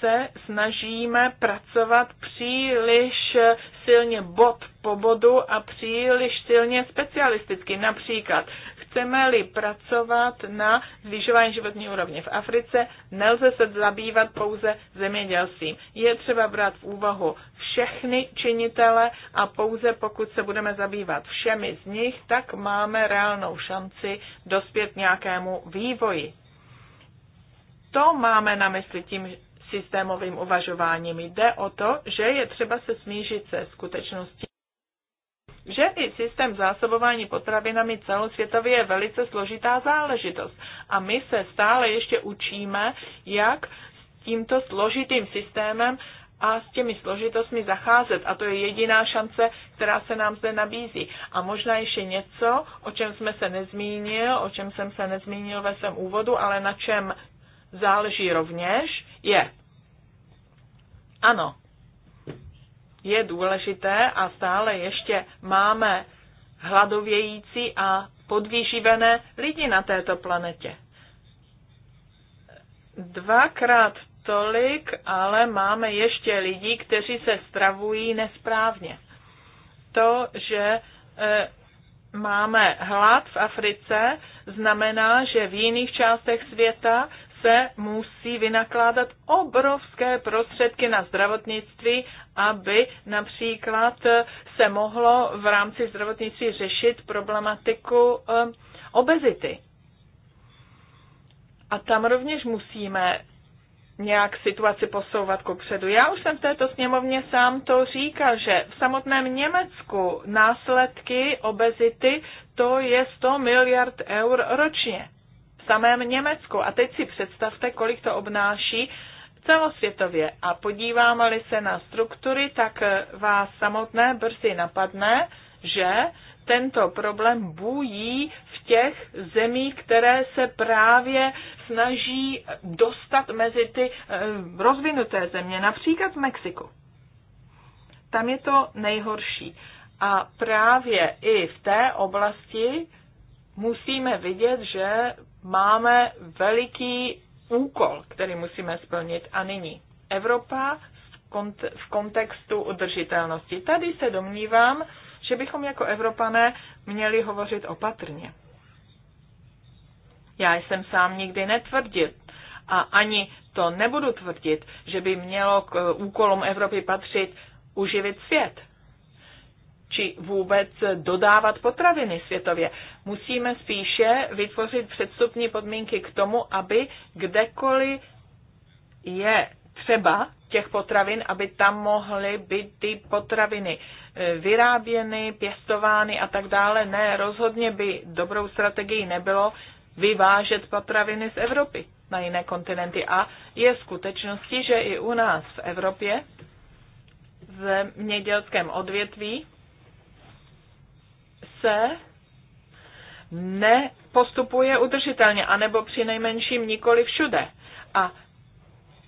se snažíme pracovat příliš silně bod po bodu a příliš silně specialisticky. Například Chceme-li pracovat na zvyšování životní úrovně v Africe, nelze se zabývat pouze zemědělstvím. Je třeba brát v úvahu všechny činitele a pouze pokud se budeme zabývat všemi z nich, tak máme reálnou šanci dospět nějakému vývoji. To máme na mysli tím, systémovým uvažováním. Jde o to, že je třeba se smížit se skutečností, že i systém zásobování potravinami celosvětově je velice složitá záležitost. A my se stále ještě učíme, jak s tímto složitým systémem a s těmi složitostmi zacházet. A to je jediná šance, která se nám zde nabízí. A možná ještě něco, o čem jsme se nezmínil, o čem jsem se nezmínil ve svém úvodu, ale na čem záleží rovněž, je ano, je důležité a stále ještě máme hladovějící a podvýživené lidi na této planetě. Dvakrát tolik, ale máme ještě lidí, kteří se stravují nesprávně. To, že e, máme hlad v Africe, znamená, že v jiných částech světa se musí vynakládat obrovské prostředky na zdravotnictví, aby například se mohlo v rámci zdravotnictví řešit problematiku eh, obezity. A tam rovněž musíme nějak situaci posouvat ku předu. Já už jsem v této sněmovně sám to říkal, že v samotném Německu následky obezity to je 100 miliard eur ročně samém Německu. A teď si představte, kolik to obnáší celosvětově. A podíváme-li se na struktury, tak eh, vás samotné brzy napadne, že tento problém bují v těch zemích, které se právě snaží dostat mezi ty eh, rozvinuté země, například Mexiku. Tam je to nejhorší. A právě i v té oblasti musíme vidět, že máme veliký úkol, který musíme splnit a nyní. Evropa v kontextu udržitelnosti. Tady se domnívám, že bychom jako Evropané měli hovořit opatrně. Já jsem sám nikdy netvrdil a ani to nebudu tvrdit, že by mělo k úkolům Evropy patřit uživit svět či vůbec dodávat potraviny světově. Musíme spíše vytvořit předstupní podmínky k tomu, aby kdekoliv je třeba těch potravin, aby tam mohly být ty potraviny eh, vyráběny, pěstovány a tak dále. Ne, rozhodně by dobrou strategií nebylo vyvážet potraviny z Evropy na jiné kontinenty. A je skutečností, že i u nás v Evropě v mědělském odvětví se nepostupuje udržitelně, anebo při nejmenším nikoli všude. A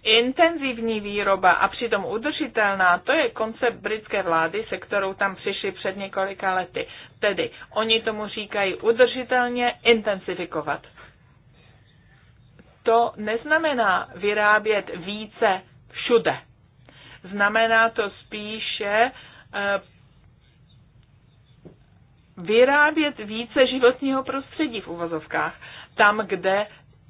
intenzivní výroba a přitom udržitelná, to je koncept britské vlády, se kterou tam přišli před několika lety. Tedy oni tomu říkají udržitelně intensifikovat. To neznamená vyrábět více všude. Znamená to spíše eh, vyrábět více životního prostředí v uvozovkách, tam, kde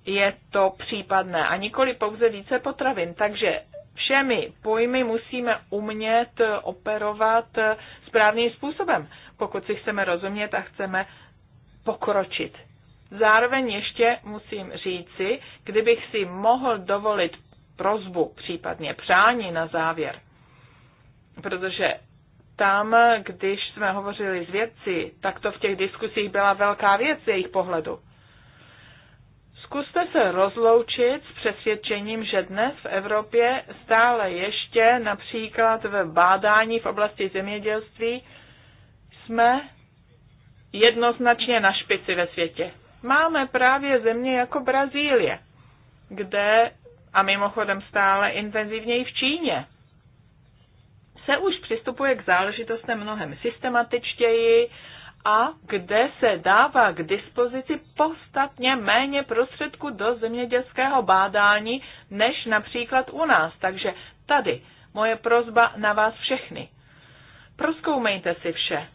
je to případné a nikoli pouze více potravin. Takže všemi pojmy musíme umět operovat správným způsobem, pokud si chceme rozumět a chceme pokročit. Zároveň ještě musím říci, kdybych si mohl dovolit prozbu, případně přání na závěr, protože tam, když jsme hovořili s vědci, tak to v těch diskusích byla velká věc z jejich pohledu. Zkuste se rozloučit s přesvědčením, že dnes v Evropě stále ještě například ve bádání v oblasti zemědělství jsme jednoznačně na špici ve světě. Máme právě země jako Brazílie, kde, a mimochodem stále intenzivněji v Číně, se už přistupuje k záležitostem mnohem systematičtěji a kde se dává k dispozici podstatně méně prostředků do zemědělského bádání než například u nás. Takže tady moje prozba na vás všechny. Proskoumejte si vše,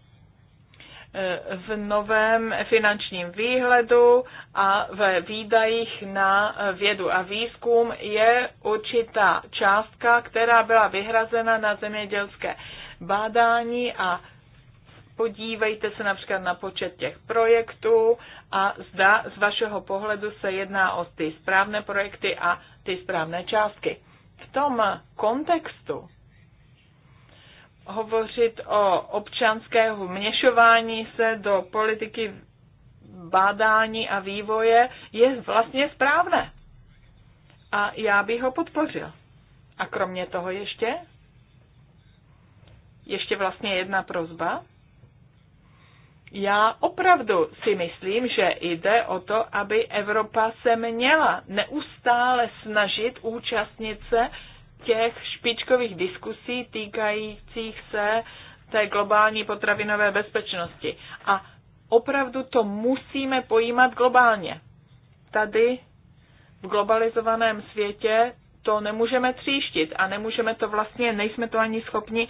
v novém finančním výhledu a ve výdajích na vědu a výzkum je určitá částka, která byla vyhrazena na zemědělské bádání a podívejte se například na počet těch projektů a zda z vašeho pohledu se jedná o ty správné projekty a ty správné částky. V tom kontextu hovořit o občanského vměšování se do politiky bádání a vývoje je vlastně správné. A já bych ho podpořil. A kromě toho ještě? Ještě vlastně jedna prozba. Já opravdu si myslím, že jde o to, aby Evropa se měla neustále snažit účastnit se těch špičkových diskusí týkajících se té globální potravinové bezpečnosti. A opravdu to musíme pojímat globálně. Tady v globalizovaném světě to nemůžeme tříštit a nemůžeme to vlastně, nejsme to ani schopni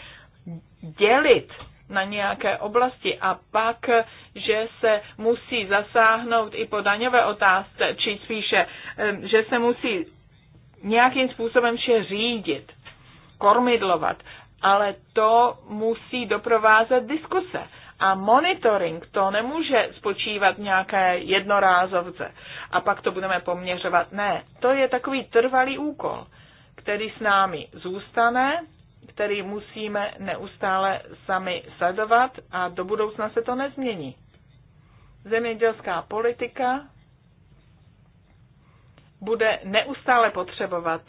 dělit na nějaké oblasti a pak, že se musí zasáhnout i po daňové otázce, či spíše, že se musí nějakým způsobem vše řídit, kormidlovat, ale to musí doprovázet diskuse. A monitoring to nemůže spočívat nějaké jednorázovce a pak to budeme poměřovat. Ne, to je takový trvalý úkol, který s námi zůstane, který musíme neustále sami sledovat a do budoucna se to nezmění. Zemědělská politika bude neustále potřebovat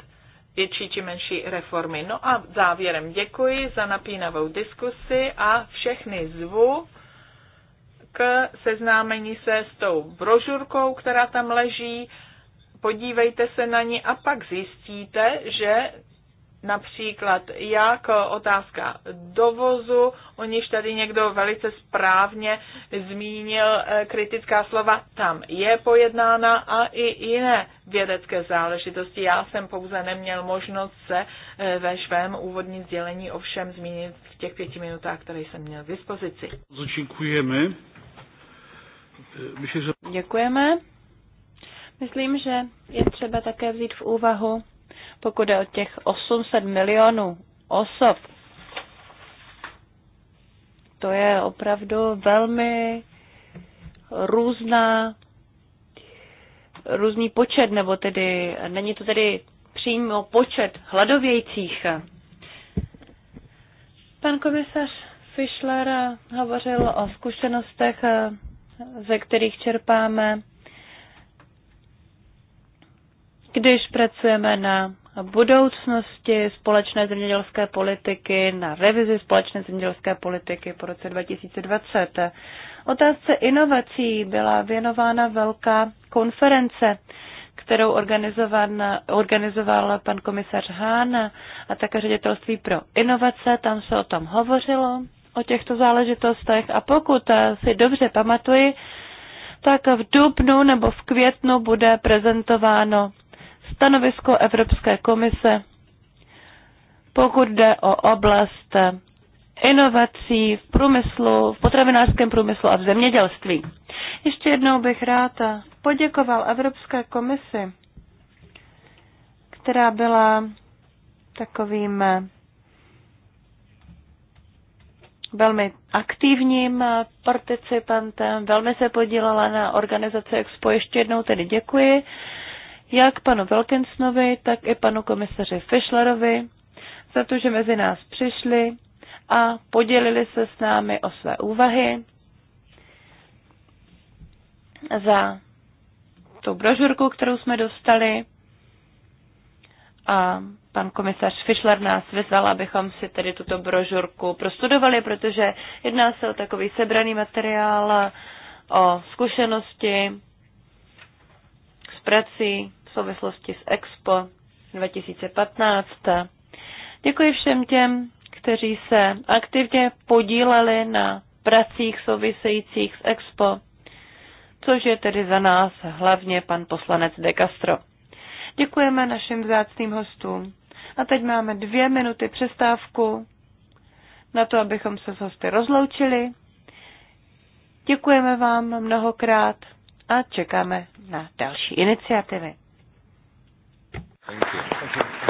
větší či menší reformy. No a závěrem děkuji za napínavou diskusi a všechny zvu k seznámení se s tou brožurkou, která tam leží. Podívejte se na ní a pak zjistíte, že Například jak otázka dovozu, o níž tady někdo velice správně zmínil eh, kritická slova, tam je pojednána a i jiné vědecké záležitosti. Já jsem pouze neměl možnost se eh, ve švém úvodním sdělení ovšem zmínit v těch pěti minutách, které jsem měl k dispozici. Děkujeme. Děkujeme. Myslím, že je třeba také vzít v úvahu pokud je o těch 800 milionů osob, to je opravdu velmi různá, různý počet, nebo tedy není to tedy přímo počet hladovějících. Pan komisař Fischler hovořil o zkušenostech, ze kterých čerpáme, když pracujeme na budoucnosti společné zemědělské politiky, na revizi společné zemědělské politiky po roce 2020. Otázce inovací byla věnována velká konference, kterou organizoval pan komisař Hán a také ředitelství pro inovace. Tam se o tom hovořilo, o těchto záležitostech a pokud si dobře pamatuji, tak v dubnu nebo v květnu bude prezentováno stanovisko Evropské komise, pokud jde o oblast inovací v průmyslu, v potravinářském průmyslu a v zemědělství. Ještě jednou bych rád poděkoval Evropské komisi, která byla takovým velmi aktivním participantem, velmi se podílela na organizaci Expo. Ještě jednou tedy děkuji jak panu Velkensnovi, tak i panu komisaři Fischlerovi za to, že mezi nás přišli a podělili se s námi o své úvahy, za tu brožurku, kterou jsme dostali. A pan komisař Fischler nás vyzval, abychom si tedy tuto brožurku prostudovali, protože jedná se o takový sebraný materiál, o zkušenosti prací v souvislosti s Expo 2015. Děkuji všem těm, kteří se aktivně podíleli na pracích souvisejících s Expo, což je tedy za nás hlavně pan poslanec De Castro. Děkujeme našim vzácným hostům. A teď máme dvě minuty přestávku na to, abychom se s hosty rozloučili. Děkujeme vám mnohokrát a čekáme na další iniciativy. Thank you. Thank you.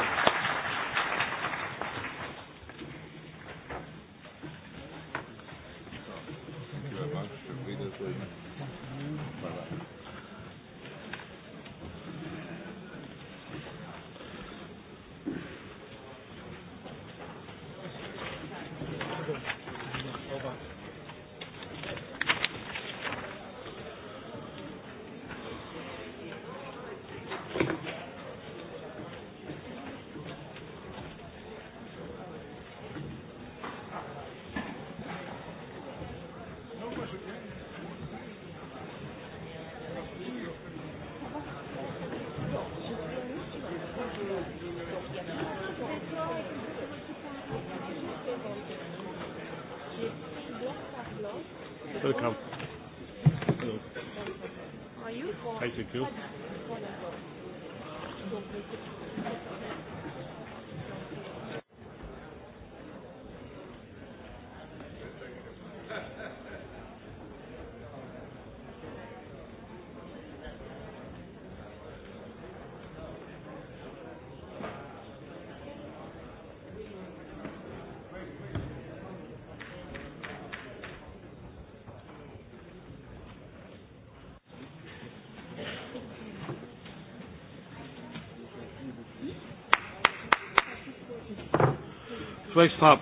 Państwa,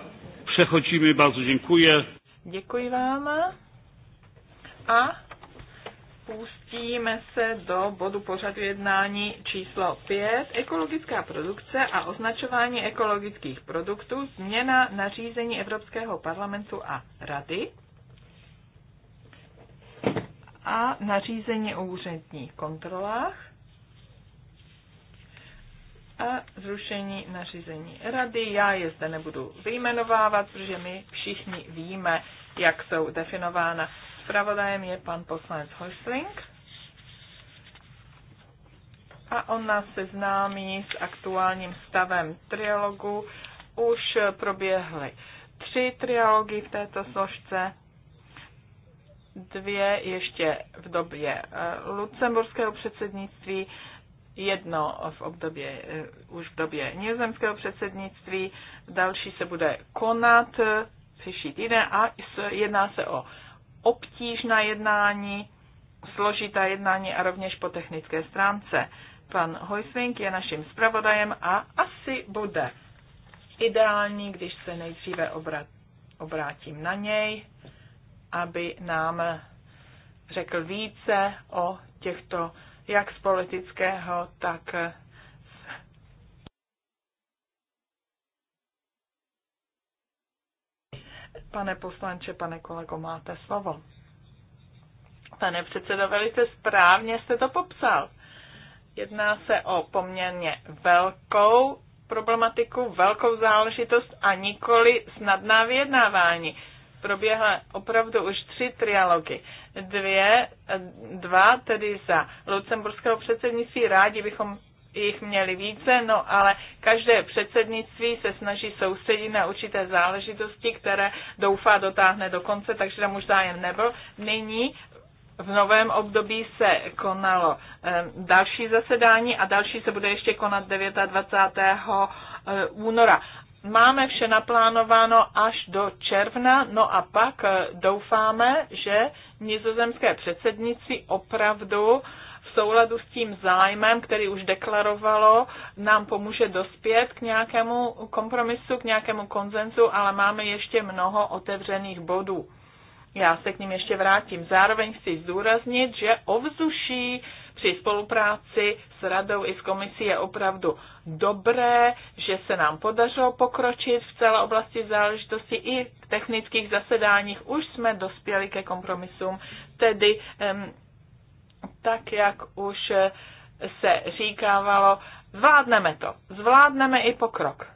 przechodzimy, bardzo dziękuję. Děkuji vám. A pustíme se do bodu pořadu jednání číslo 5. Ekologická produkce a označování ekologických produktů, změna nařízení Evropského parlamentu a rady a nařízení o úředních kontrolách a zrušení nařízení rady. Já je zde nebudu vyjmenovávat, protože my všichni víme, jak jsou definována. Spravodajem je pan poslanec Hoisling. a on nás seznámí s aktuálním stavem trialogu. Už proběhly tři trialogy v této složce, dvě ještě v době eh, lucemburského předsednictví jedno v obdobě, eh, už v době nizozemského předsednictví, další se bude konat eh, příští týden a jedná se o obtížná jednání, složitá jednání a rovněž po technické stránce. Pan Hojsvink je naším zpravodajem a asi bude ideální, když se nejdříve obrátím na něj, aby nám řekl více o těchto jak z politického, tak Pane poslanče, pane kolego, máte slovo. Pane předsedo, velice správně jste to popsal. Jedná se o poměrně velkou problematiku, velkou záležitost a nikoli snadná vyjednávání proběhla opravdu už tři trialogy. Dvě, dva tedy za lucemburského předsednictví. Rádi bychom jich měli více, no ale každé předsednictví se snaží soustředit na určité záležitosti, které doufá dotáhne do konce, takže tam už zájem nebyl. Nyní v novém období se konalo ehm, další zasedání a další se bude ještě konat 29. Eh, února máme vše naplánováno až do června, no a pak eh, doufáme, že nizozemské předsednici opravdu v souladu s tím zájmem, který už deklarovalo, nám pomůže dospět k nějakému kompromisu, k nějakému konzenzu, ale máme ještě mnoho otevřených bodů. Já se k ním ještě vrátím. Zároveň chci zdůraznit, že ovzduší při spolupráci radou i s komisí je opravdu dobré, že se nám podařilo pokročit v celé oblasti záležitosti i v technických zasedáních. Už jsme dospěli ke kompromisům, tedy tak, jak už se říkávalo, zvládneme to, zvládneme i pokrok.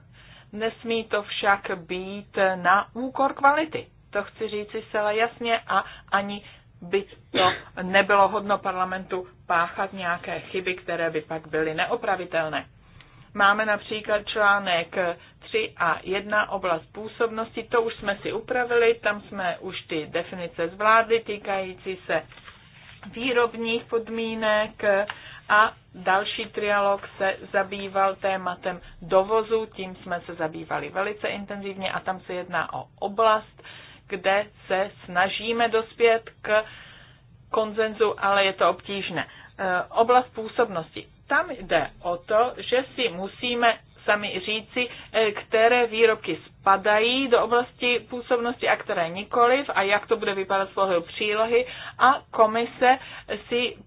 Nesmí to však být na úkor kvality. To chci říci zcela jasně a ani byť to nebylo hodno parlamentu páchat nějaké chyby, které by pak byly neopravitelné. Máme například článek 3 a 1 oblast působnosti, to už jsme si upravili, tam jsme už ty definice zvládli týkající se výrobních podmínek a další trialog se zabýval tématem dovozu, tím jsme se zabývali velice intenzivně a tam se jedná o oblast, kde se snažíme dospět k konzenzu, ale je to obtížné. E, oblast působnosti. Tam jde o to, že si musíme sami říci, e, které výrobky spadají do oblasti působnosti a které nikoliv a jak to bude vypadat z pohledu přílohy a komise si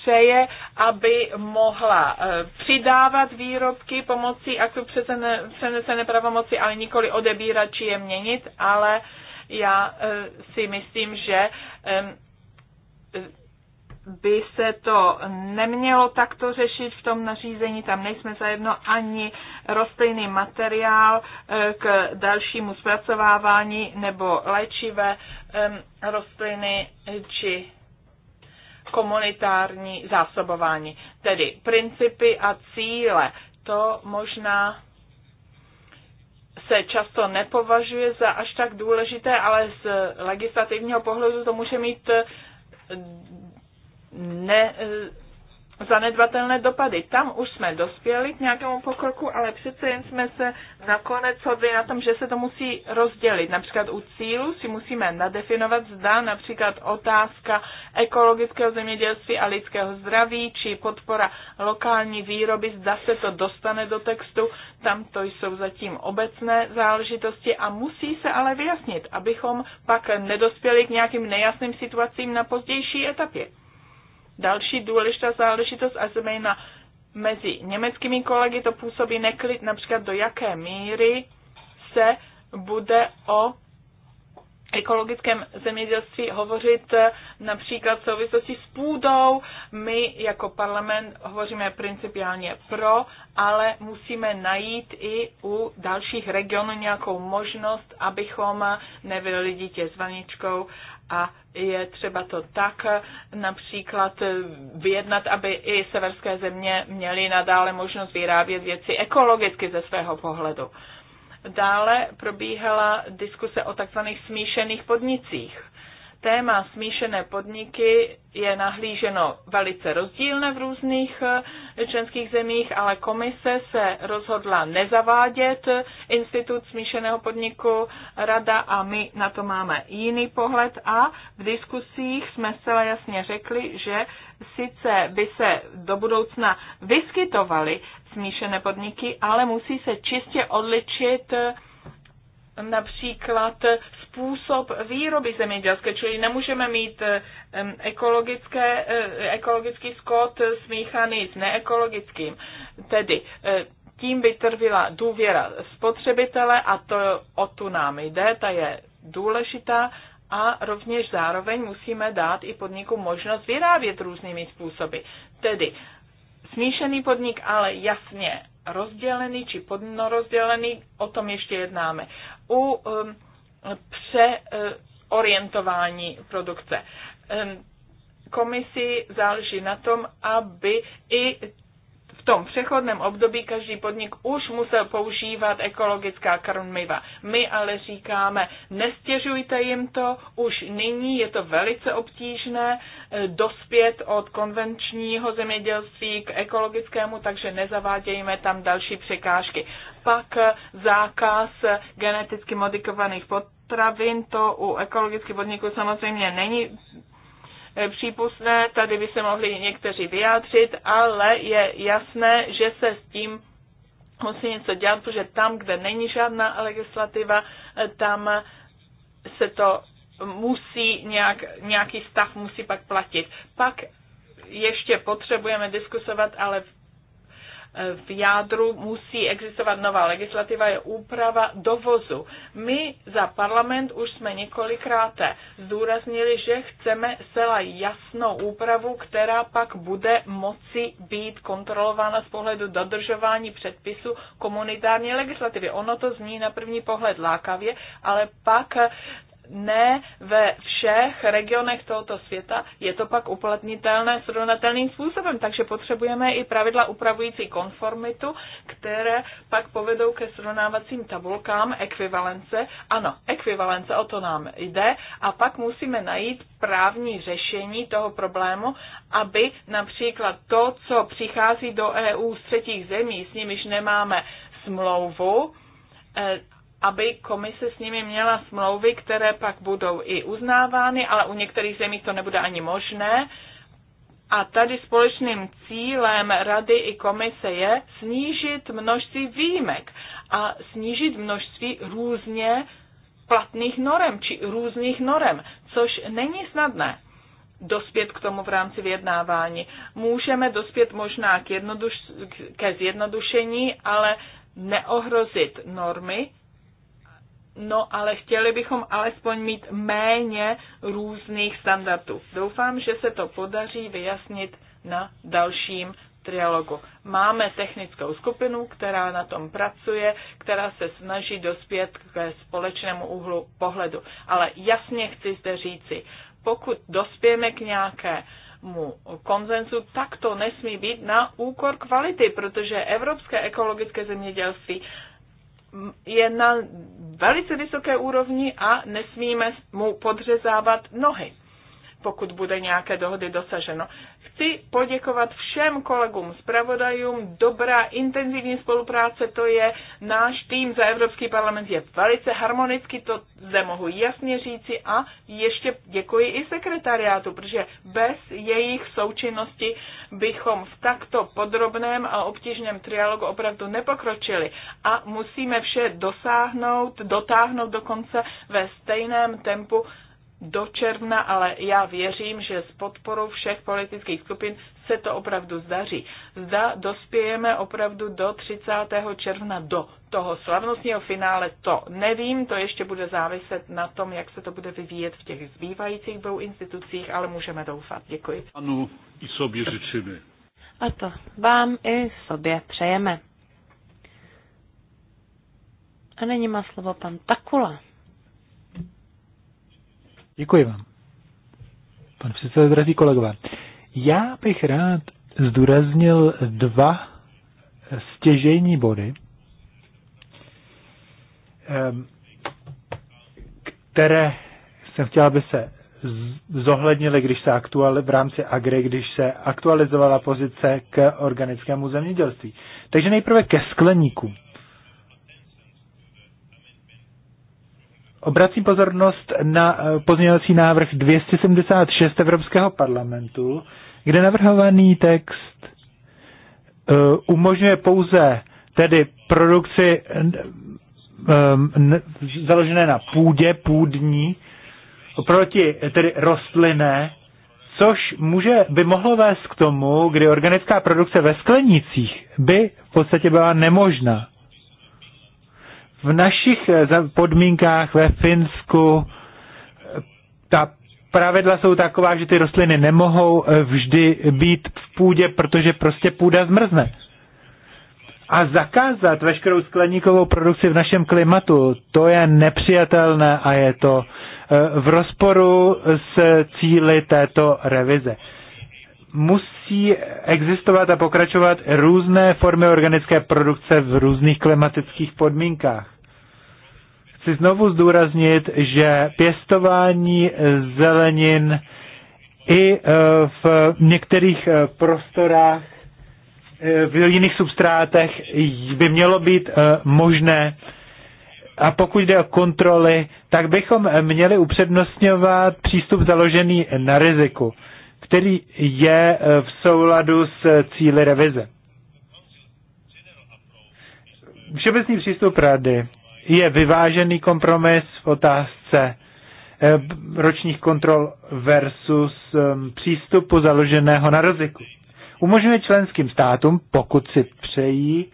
přeje, aby mohla eh, přidávat výrobky pomocí aktu přenesené pravomoci, ale nikoli odebírat či je měnit, ale já eh, si myslím, že eh, by se to nemělo takto řešit v tom nařízení, tam nejsme zajedno ani rostlinný materiál k dalšímu zpracovávání nebo léčivé rostliny či komunitární zásobování. Tedy principy a cíle. To možná se často nepovažuje za až tak důležité, ale z legislativního pohledu to může mít ne, zanedbatelné dopady. Tam už jsme dospěli k nějakému pokroku, ale přece jen jsme se nakonec shodli na tom, že se to musí rozdělit. Například u cílu si musíme nadefinovat, zda například otázka ekologického zemědělství a lidského zdraví, či podpora lokální výroby, zda se to dostane do textu. Tam to jsou zatím obecné záležitosti a musí se ale vyjasnit, abychom pak nedospěli k nějakým nejasným situacím na pozdější etapě. Další důležitá záležitost a zejména mezi německými kolegy to působí neklid, například do jaké míry se bude o ekologickém zemědělství hovořit eh, například v souvislosti s půdou. My jako parlament hovoříme principiálně pro, ale musíme najít i u dalších regionů nějakou možnost, abychom eh, nevylili dítě s vaničkou a je třeba to tak například eh, vyjednat, aby i severské země měly nadále možnost vyrábět věci ekologicky ze svého pohledu. Dále probíhala diskuse o takzvaných smíšených podnicích téma smíšené podniky je nahlíženo velice rozdílně v různých eh, členských zemích, ale komise se rozhodla nezavádět institut smíšeného podniku rada a my na to máme jiný pohled a v diskusích jsme zcela jasně řekli, že sice by se do budoucna vyskytovaly smíšené podniky, ale musí se čistě odličit eh, například způsob výroby zemědělské, čili nemůžeme mít ekologické, eh, ekologický skot smíchaný s neekologickým. Tedy eh, tím by trvila důvěra spotřebitele a to o tu nám jde, ta je důležitá a rovněž zároveň musíme dát i podniku možnost vyrábět různými způsoby. Tedy smíšený podnik, ale jasně rozdělený či podnorozdělený, o tom ještě jednáme u um, přeorientování produkce. Um, komisi záleží na tom, aby i tom přechodném období každý podnik už musel používat ekologická krmiva. My ale říkáme, nestěžujte jim to, už nyní je to velice obtížné eh, dospět od konvenčního zemědělství k ekologickému, takže nezavádějme tam další překážky. Pak eh, zákaz eh, geneticky modifikovaných potravin, to u ekologických podniků samozřejmě není Eh, přípustné, tady by se mohli někteří vyjádřit, ale je jasné, že se s tím musí něco dělat, protože tam, kde není žádná legislativa, eh, tam se to musí nějak, nějaký stav musí pak platit. Pak ještě potřebujeme diskusovat, ale v v jádru musí existovat nová legislativa, je úprava dovozu. My za parlament už jsme několikrát zdůraznili, že chceme zcela jasnou úpravu, která pak bude moci být kontrolována z pohledu dodržování předpisu komunitární legislativy. Ono to zní na první pohled lákavě, ale pak ne ve všech regionech tohoto světa je to pak uplatnitelné srovnatelným způsobem, takže potřebujeme i pravidla upravující konformitu, které pak povedou ke srovnávacím tabulkám ekvivalence. Ano, ekvivalence, o to nám jde a pak musíme najít právní řešení toho problému, aby například to, co přichází do EU z třetích zemí, s nimiž nemáme smlouvu, eh, aby komise s nimi měla smlouvy, které pak budou i uznávány, ale u některých zemí to nebude ani možné. A tady společným cílem rady i komise je snížit množství výjimek a snížit množství různě platných norem či různých norem, což není snadné dospět k tomu v rámci vyjednávání. Můžeme dospět možná k jednoduš- ke zjednodušení, ale neohrozit normy, No ale chtěli bychom alespoň mít méně různých standardů. Doufám, že se to podaří vyjasnit na dalším trialogu. Máme technickou skupinu, která na tom pracuje, která se snaží dospět ke společnému úhlu pohledu. Ale jasně chci zde říci, pokud dospějeme k nějakému konzenzu, tak to nesmí být na úkor kvality, protože evropské ekologické zemědělství je na velice vysoké úrovni a nesmíme mu podřezávat nohy pokud bude nějaké dohody dosaženo. Chci poděkovat všem kolegům, zpravodajům, dobrá, intenzivní spolupráce, to je náš tým za Evropský parlament, je velice harmonicky, to zde mohu jasně říci a ještě děkuji i sekretariátu, protože bez jejich součinnosti bychom v takto podrobném a obtížném trialogu opravdu nepokročili a musíme vše dosáhnout, dotáhnout dokonce ve stejném tempu, do června, ale já věřím, že s podporou všech politických skupin se to opravdu zdaří. Zda dospějeme opravdu do 30. června, do toho slavnostního finále, to nevím, to ještě bude záviset na tom, jak se to bude vyvíjet v těch zbývajících dvou institucích, ale můžeme doufat. Děkuji. Ano, i sobě řečeme. A to vám i sobě přejeme. A není má slovo pan Takula. Děkuji vám. Pan předseda, zdraví, kolegové. Já bych rád zdůraznil dva stěžejní body, ehm, které jsem chtěl, aby se zohlednili, když se aktuali, v rámci agry, když se aktualizovala pozice k organickému zemědělství. Takže nejprve ke skleníku. Obracím pozornost na eh, pozměňovací návrh 276 Evropského parlamentu, kde navrhovaný text eh, umožňuje pouze tedy produkci eh, založené na půdě, půdní, oproti tedy rostlinné, což může, by mohlo vést k tomu, kdy organická produkce ve sklenicích by v podstatě byla nemožná v našich eh, podmínkách ve Finsku eh, ta pravidla jsou taková, že ty rostliny nemohou eh, vždy být v půdě, protože prostě půda zmrzne. A zakázat veškerou skleníkovou produkci v našem klimatu, to je nepřijatelné a je to v rozporu s cíly této revize. Musí musí existovat a pokračovat různé formy organické produkce v různých klimatických podmínkách. Chci znovu zdůraznit, že pěstování zelenin i eh, v některých eh, prostorách eh, v jiných substrátech by mělo být možné. A pokud jde o kontroly, tak bychom měli upřednostňovat přístup založený na riziku který je eh, v souladu s eh, cíly revize. Všeobecný přístup rady je vyvážený kompromis v otázce eh, ročních kontrol versus ehm, přístupu založeného na riziku. Umožňuje členským státům, pokud si přejí,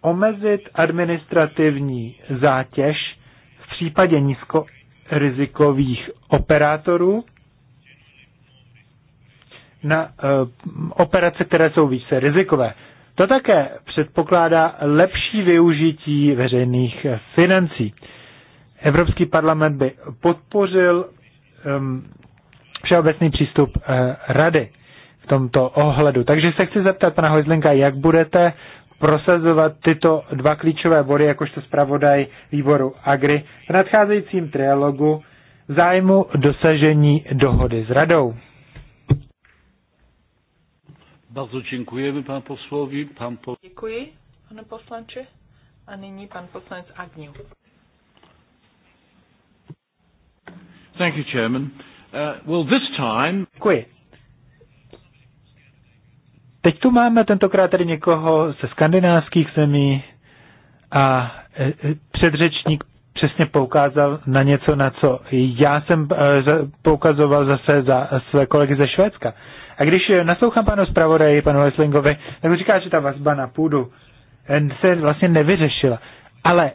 omezit administrativní zátěž v případě nízkorizikových operátorů na eh, operace, které jsou více rizikové. To také předpokládá lepší využití veřejných eh, financí. Evropský parlament by podpořil um, všeobecný přístup uh, rady v tomto ohledu. Takže se chci zeptat pana Hojzlinka, jak budete prosazovat tyto dva klíčové body, jakožto zpravodaj výboru Agri v nadcházejícím trialogu zájmu dosažení dohody s radou. Bardzo dziękujemy panu posłowi. Pan po... Děkuji, pane posłanczy. A nyní pan poslanec Agniu. Thank you, Chairman. Uh, well, this time... Děkuji. Teď tu máme tentokrát tady někoho ze skandinávských zemí a e, e, předřečník přesně poukázal na něco, na co já jsem e, poukazoval zase za své kolegy ze Švédska. A když eh, naslouchám panu zpravodaji, panu Leslingovi, tak mu říká, že ta vazba na půdu eh, se vlastně nevyřešila. Ale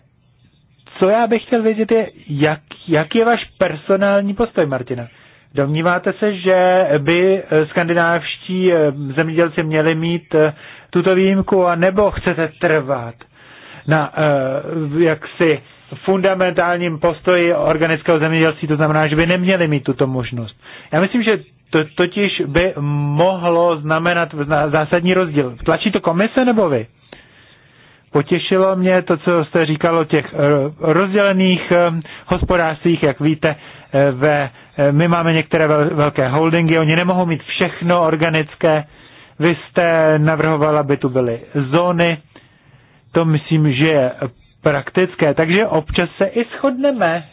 co já bych chtěl vědět je, jak, jak je váš personální postoj, Martina? Domníváte se, že by eh, skandinávští zemědělci měli mít tuto výjimku, a nebo chcete trvat na jaksi fundamentálním postoji organického zemědělství, to znamená, že by neměli mít tuto možnost. Já myslím, že to totiž by mohlo znamenat zásadní rozdíl. Tlačí to komise nebo vy? Potěšilo mě to, co jste říkal o těch eh, rozdělených eh, hospodářstvích, jak víte, eh, ve, my máme některé velké holdingy, oni nemohou mít všechno organické. Vy jste navrhoval, aby tu byly zóny, to myslím, že je praktické, takže občas se i shodneme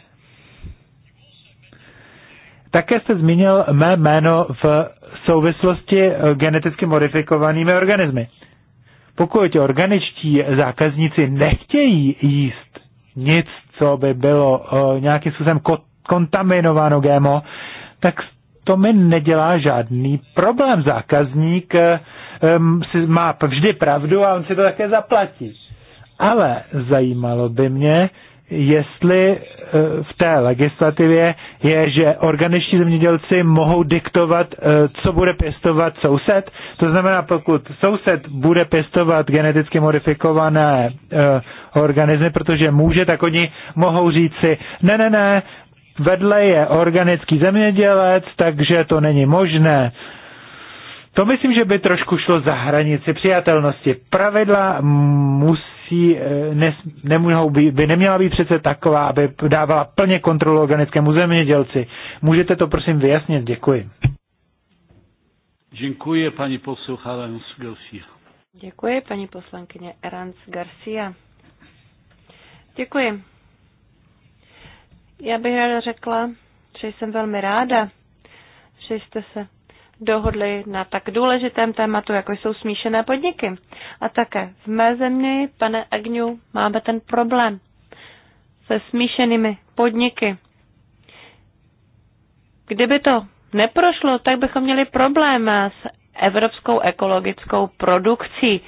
také jste zmínil mé jméno v souvislosti eh, geneticky modifikovanými organismy. Pokud organičtí zákazníci nechtějí jíst nic, co by bylo eh, nějakým způsobem kontaminováno GMO, tak to mi nedělá žádný problém. Zákazník um, si má vždy pravdu a on si to také zaplatí. Ale zajímalo by mě, jestli eh, v té legislativě je, že organiční zemědělci mohou diktovat, eh, co bude pěstovat soused. To znamená, pokud soused bude pěstovat geneticky modifikované eh, organismy, protože může, tak oni mohou říci, ne, ne, ne, vedle je organický zemědělec, takže to není možné. To myslím, že by trošku šlo za hranici přijatelnosti. Pravidla musí musí, eh, ne, nemůžou být, by neměla být přece taková, aby dávala plně kontrolu organickému zemědělci. Můžete to prosím vyjasnit? Děkuji. Děkuji, paní poslu Garcia. Děkuji, paní poslankyně Erans Garcia. Děkuji. Já bych ráda řekla, že jsem velmi ráda, že jste se dohodli na tak důležitém tématu, jako jsou smíšené podniky. A také v mé zemi, pane Agňu, máme ten problém se smíšenými podniky. Kdyby to neprošlo, tak bychom měli problém s evropskou ekologickou produkcí.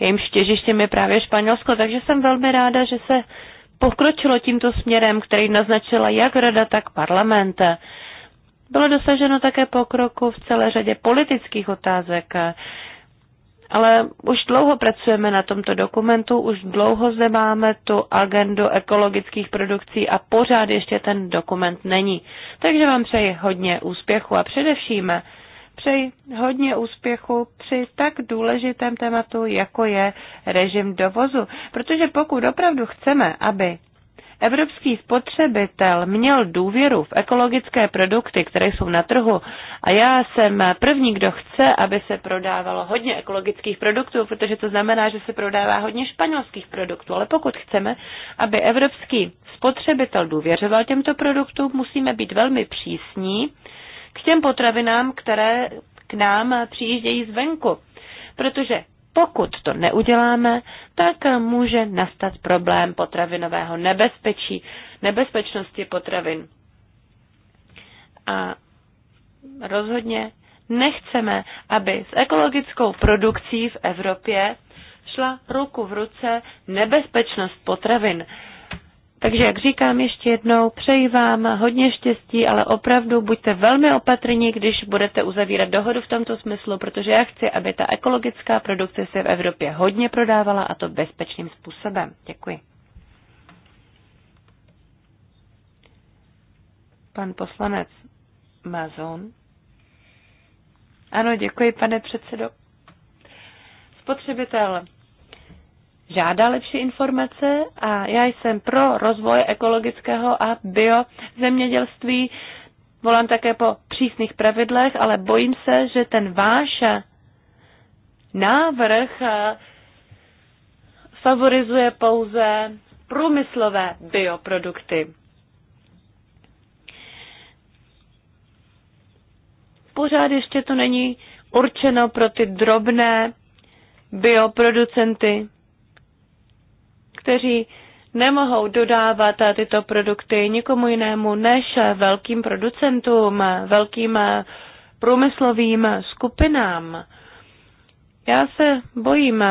Jejím štěžištěm je právě Španělsko, takže jsem velmi ráda, že se pokročilo tímto směrem, který naznačila jak rada, tak parlament. Bylo dosaženo také pokroku v celé řadě politických otázek, ale už dlouho pracujeme na tomto dokumentu, už dlouho zde máme tu agendu ekologických produkcí a pořád ještě ten dokument není. Takže vám přeji hodně úspěchu a především přeji hodně úspěchu při tak důležitém tématu, jako je režim dovozu. Protože pokud opravdu chceme, aby evropský spotřebitel měl důvěru v ekologické produkty, které jsou na trhu, a já jsem první, kdo chce, aby se prodávalo hodně ekologických produktů, protože to znamená, že se prodává hodně španělských produktů, ale pokud chceme, aby evropský spotřebitel důvěřoval těmto produktům, musíme být velmi přísní k těm potravinám, které k nám přijíždějí zvenku. Protože pokud to neuděláme, tak může nastat problém potravinového nebezpečí, nebezpečnosti potravin. A rozhodně nechceme, aby s ekologickou produkcí v Evropě šla ruku v ruce nebezpečnost potravin. Takže, jak říkám ještě jednou, přeji vám hodně štěstí, ale opravdu buďte velmi opatrní, když budete uzavírat dohodu v tomto smyslu, protože já chci, aby ta ekologická produkce se v Evropě hodně prodávala a to bezpečným způsobem. Děkuji. Pan poslanec Mazon. Ano, děkuji, pane předsedo. Spotřebitel žádá lepší informace a já jsem pro rozvoj ekologického a biozemědělství. Volám také po přísných pravidlech, ale bojím se, že ten váš návrh favorizuje pouze průmyslové bioprodukty. Pořád ještě to není určeno pro ty drobné bioproducenty, kteří nemohou dodávat tyto produkty nikomu jinému než velkým producentům, velkým průmyslovým skupinám. Já se bojím,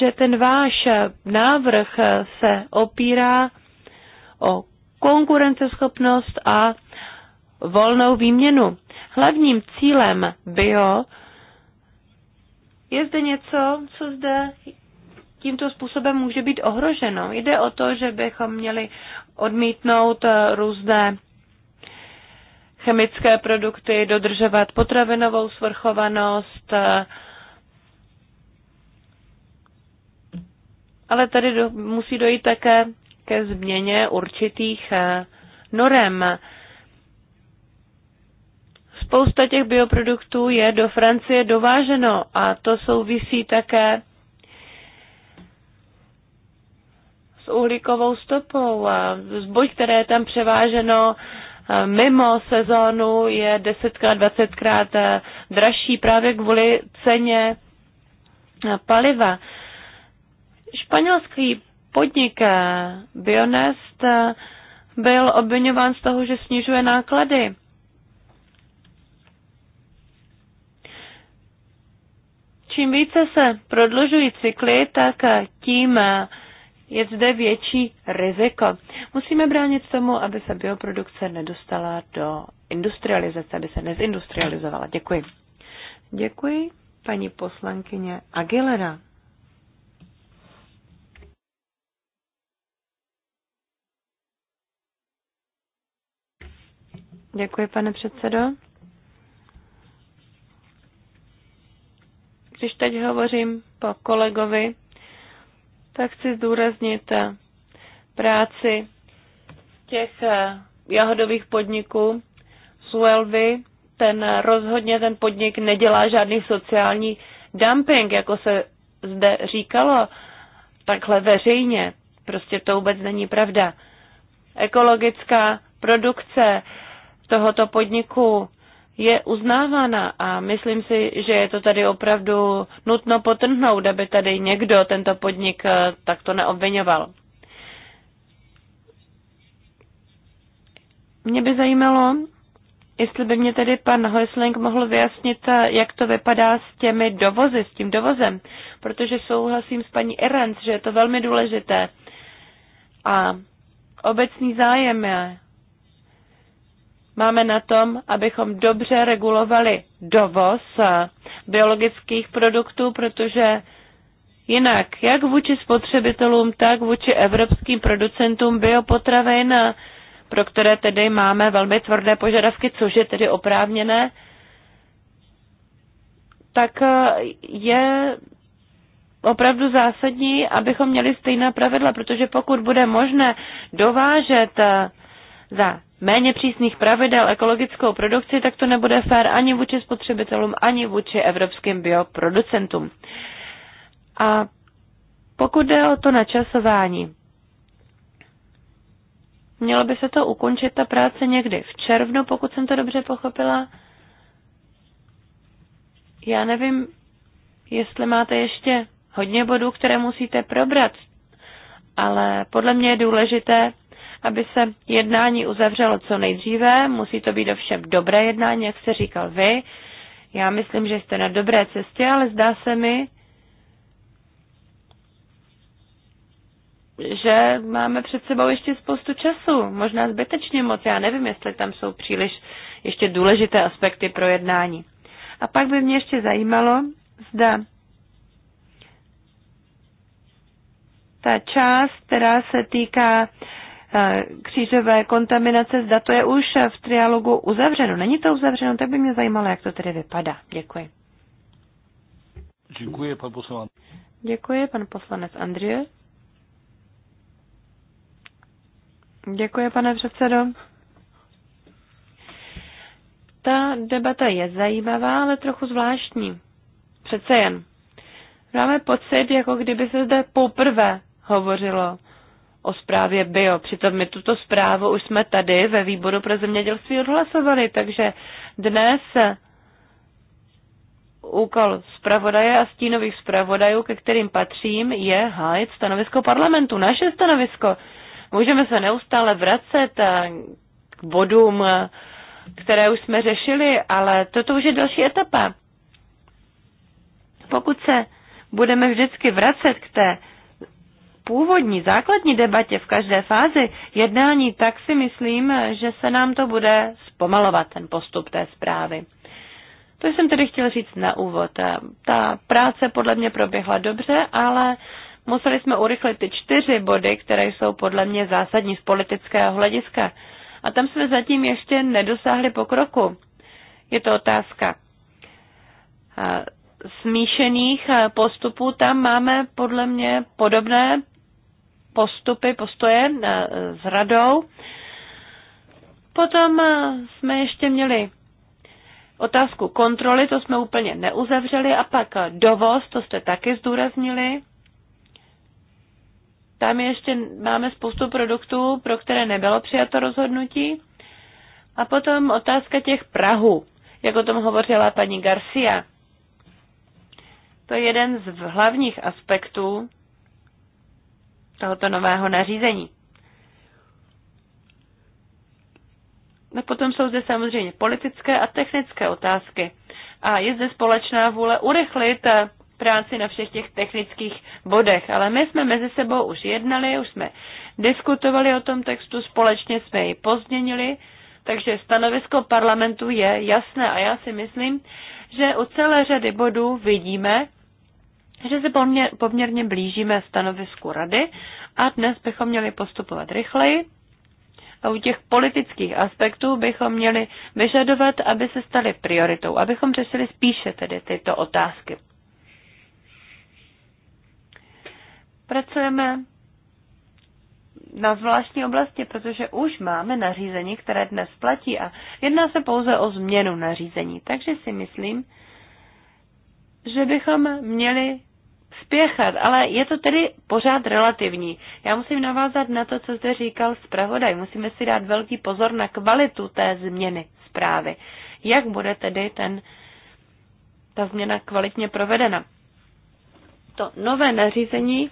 že ten váš návrh se opírá o konkurenceschopnost a volnou výměnu. Hlavním cílem bio je zde něco, co zde tímto způsobem může být ohroženo. Jde o to, že bychom měli odmítnout eh, různé chemické produkty, dodržovat potravinovou svrchovanost, eh, ale tady do, musí dojít také ke změně určitých eh, norem. Spousta těch bioproduktů je do Francie dováženo a to souvisí také uhlíkovou stopou. zboj, které je tam převáženo mimo sezónu, je 10 x 20krát dražší právě kvůli ceně paliva. Španělský podnik Bionest byl obvinován z toho, že snižuje náklady. Čím více se prodlužují cykly, tak tím je zde větší riziko. Musíme bránit tomu, aby se bioprodukce nedostala do industrializace, aby se nezindustrializovala. Děkuji. Děkuji, paní poslankyně Aguilera. Děkuji, pane předsedo. Když teď hovořím po kolegovi, tak chci zdůraznit eh, práci těch eh, jahodových podniků z Ten eh, rozhodně ten podnik nedělá žádný sociální dumping, jako se zde říkalo, takhle veřejně. Prostě to vůbec není pravda. Ekologická produkce tohoto podniku je uznávána a myslím si, že je to tady opravdu nutno potrhnout, aby tady někdo tento podnik eh, takto neobvinoval. Mě by zajímalo, jestli by mě tedy pan Hoisling mohl vyjasnit, eh, jak to vypadá s těmi dovozy, s tím dovozem, protože souhlasím s paní Erens, že je to velmi důležité. A obecný zájem je máme na tom, abychom dobře regulovali dovoz eh, biologických produktů, protože jinak, jak vůči spotřebitelům, tak vůči evropským producentům biopotravin, eh, pro které tedy máme velmi tvrdé požadavky, což je tedy oprávněné, tak eh, je opravdu zásadní, abychom měli stejná pravidla, protože pokud bude možné dovážet za méně přísných pravidel ekologickou produkci, tak to nebude fér ani vůči spotřebitelům, ani vůči evropským bioproducentům. A pokud jde o to načasování, mělo by se to ukončit ta práce někdy v červnu, pokud jsem to dobře pochopila. Já nevím, jestli máte ještě hodně bodů, které musíte probrat, ale podle mě je důležité aby se jednání uzavřelo co nejdříve. Musí to být ovšem dobré jednání, jak jste říkal vy. Já myslím, že jste na dobré cestě, ale zdá se mi, že máme před sebou ještě spoustu času, možná zbytečně moc, já nevím, jestli tam jsou příliš ještě důležité aspekty pro jednání. A pak by mě ještě zajímalo, zda ta část, která se týká Eh, křížové kontaminace, zda to je už v trialogu uzavřeno. Není to uzavřeno, tak by mě zajímalo, jak to tedy vypadá. Děkuji. Děkuji, pan poslanec. Děkuji, pan poslanec Andrie. Děkuji, pane předsedo. Ta debata je zajímavá, ale trochu zvláštní. Přece jen. Máme pocit, jako kdyby se zde poprvé hovořilo o zprávě bio. Přitom my tuto zprávu už jsme tady ve výboru pro zemědělství odhlasovali, takže dnes úkol zpravodaje a stínových zpravodajů, ke kterým patřím, je hájit stanovisko parlamentu, naše stanovisko. Můžeme se neustále vracet eh, k bodům, eh, které už jsme řešili, ale toto už je další etapa. Pokud se budeme vždycky vracet k té původní základní debatě v každé fázi jednání, tak si myslím, že se nám to bude zpomalovat ten postup té zprávy. To jsem tedy chtěl říct na úvod. Ta práce podle mě proběhla dobře, ale museli jsme urychlit ty čtyři body, které jsou podle mě zásadní z politického hlediska. A tam jsme zatím ještě nedosáhli pokroku. Je to otázka eh, smíšených eh, postupů. Tam máme podle mě podobné postupy, postoje eh, s radou. Potom eh, jsme ještě měli otázku kontroly, to jsme úplně neuzavřeli, a pak eh, dovoz, to jste taky zdůraznili. Tam ještě máme spoustu produktů, pro které nebylo přijato rozhodnutí. A potom otázka těch Prahů, jak o tom hovořila paní Garcia. To je jeden z hlavních aspektů, tohoto nového nařízení. No potom jsou zde samozřejmě politické a technické otázky. A je zde společná vůle urychlit eh, práci na všech těch technických bodech. Ale my jsme mezi sebou už jednali, už jsme diskutovali o tom textu, společně jsme ji pozměnili, takže stanovisko parlamentu je jasné a já si myslím, že u celé řady bodů vidíme, že se poměrně blížíme stanovisku rady a dnes bychom měli postupovat rychleji. A u těch politických aspektů bychom měli vyžadovat, aby se staly prioritou, abychom řešili spíše tedy tyto otázky. Pracujeme na zvláštní oblasti, protože už máme nařízení, které dnes platí a jedná se pouze o změnu nařízení. Takže si myslím, že bychom měli spěchat, ale je to tedy pořád relativní. Já musím navázat na to, co zde říkal zpravodaj. Musíme si dát velký pozor na kvalitu té změny zprávy. Jak bude tedy ten, ta změna kvalitně provedena? To nové nařízení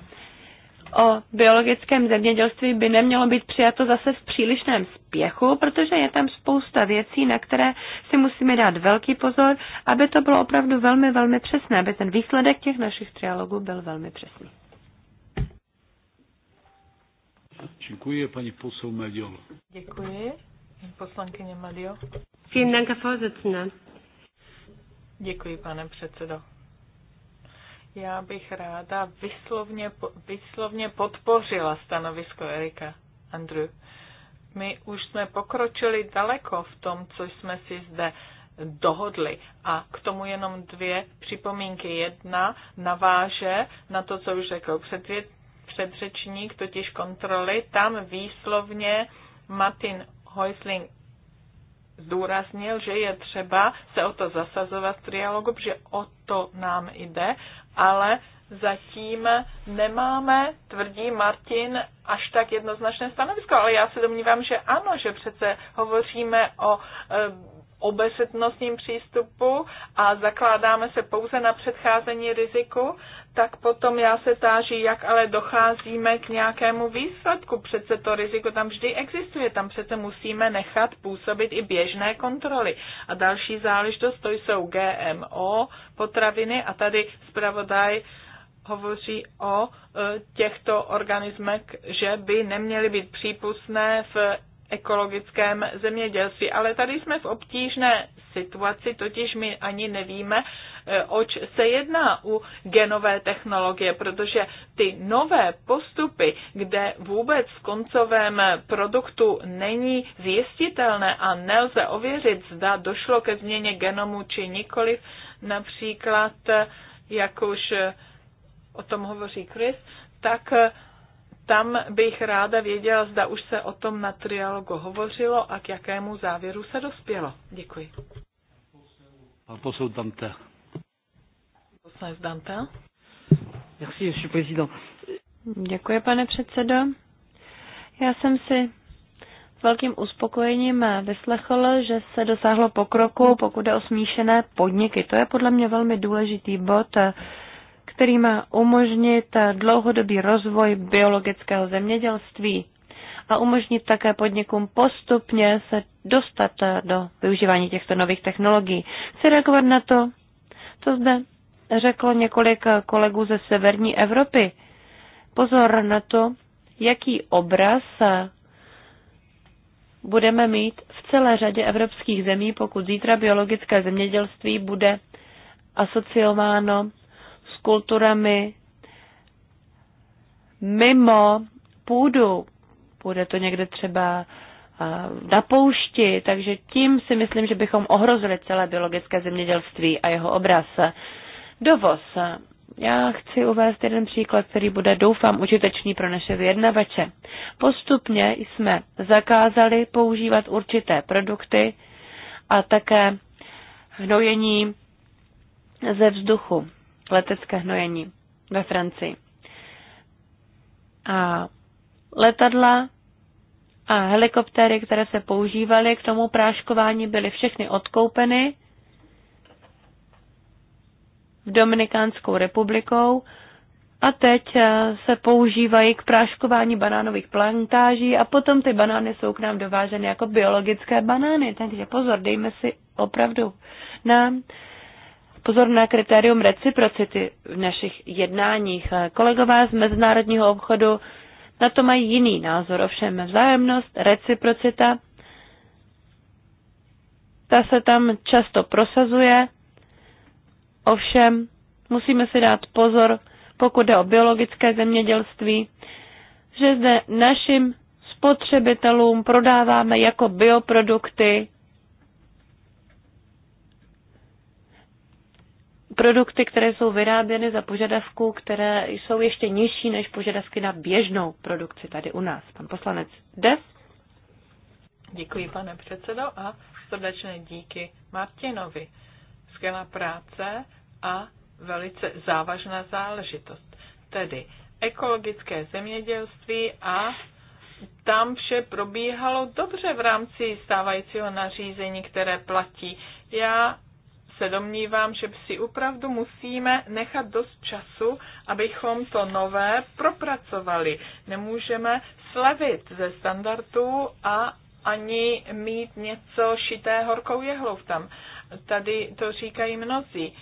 o biologickém zemědělství by nemělo být přijato zase v přílišném spěchu, protože je tam spousta věcí, na které si musíme dát velký pozor, aby to bylo opravdu velmi, velmi přesné, aby ten výsledek těch našich trialogů byl velmi přesný. Děkuji, paní posel Medio. Děkuji, poslankyně Medio. Děkuji, pane předsedo. Já bych ráda vyslovně, vyslovně podpořila stanovisko Erika Andrew. My už jsme pokročili daleko v tom, co jsme si zde dohodli. A k tomu jenom dvě připomínky. Jedna naváže na to, co už řekl předřečník, totiž kontroly. Tam výslovně Martin Heusling zdůraznil, že je třeba se o to zasazovat v trialogu, protože o to nám jde ale zatím nemáme, tvrdí Martin, až tak jednoznačné stanovisko, ale já se domnívám, že ano, že přece hovoříme o eh, obezřetnostním přístupu a zakládáme se pouze na předcházení riziku, tak potom já se táží, jak ale docházíme k nějakému výsledku. Přece to riziko tam vždy existuje, tam přece musíme nechat působit i běžné kontroly. A další záležitost, to jsou GMO potraviny a tady zpravodaj hovoří o e, těchto organismech, že by neměly být přípustné v ekologickém zemědělství. Ale tady jsme v obtížné situaci, totiž my ani nevíme, eh, oč se jedná u genové technologie, protože ty nové postupy, kde vůbec v koncovém produktu není zjistitelné a nelze ověřit, zda došlo ke změně genomu či nikoliv, například, eh, jak už eh, o tom hovoří Chris, tak tam bych ráda věděla, zda už se o tom na trialogu hovořilo a k jakému závěru se dospělo. Děkuji. Pan posel Dante. Poslanec Dante. Merci, monsieur président. Děkuji, pane předsedo. Já jsem si s velkým uspokojením vyslechl, že se dosáhlo pokroku, pokud je o smíšené podniky. To je podle mě velmi důležitý bod, který má umožnit dlouhodobý rozvoj biologického zemědělství a umožnit také podnikům postupně se dostat do využívání těchto nových technologií. Chci reagovat na to, co zde řeklo několik kolegů ze severní Evropy. Pozor na to, jaký obraz budeme mít v celé řadě evropských zemí, pokud zítra biologické zemědělství bude asociováno kulturami mimo půdu. Bude to někde třeba na poušti, takže tím si myslím, že bychom ohrozili celé biologické zemědělství a jeho obraz. Dovoz. Já chci uvést jeden příklad, který bude, doufám, užitečný pro naše vyjednavače. Postupně jsme zakázali používat určité produkty a také hnojení ze vzduchu letecké hnojení ve Francii. A letadla a helikoptéry, které se používaly k tomu práškování, byly všechny odkoupeny v Dominikánskou republikou a teď eh, se používají k práškování banánových plantáží a potom ty banány jsou k nám dováženy jako biologické banány. Takže pozor, dejme si opravdu na pozor na kritérium reciprocity v našich jednáních. Kolegové z mezinárodního obchodu na to mají jiný názor, ovšem vzájemnost, reciprocita, ta se tam často prosazuje, ovšem musíme si dát pozor, pokud jde o biologické zemědělství, že zde našim spotřebitelům prodáváme jako bioprodukty produkty, které jsou vyráběny za požadavku, které jsou ještě nižší než požadavky na běžnou produkci tady u nás. Pan poslanec Des. Děkuji, pane předsedo, a srdečné díky Martinovi. Skvělá práce a velice závažná záležitost. Tedy ekologické zemědělství a tam vše probíhalo dobře v rámci stávajícího nařízení, které platí. Já se domnívám, že si opravdu musíme nechat dost času, abychom to nové propracovali. Nemůžeme slevit ze standardů a ani mít něco šité horkou jehlou tam. Tady to říkají mnozí.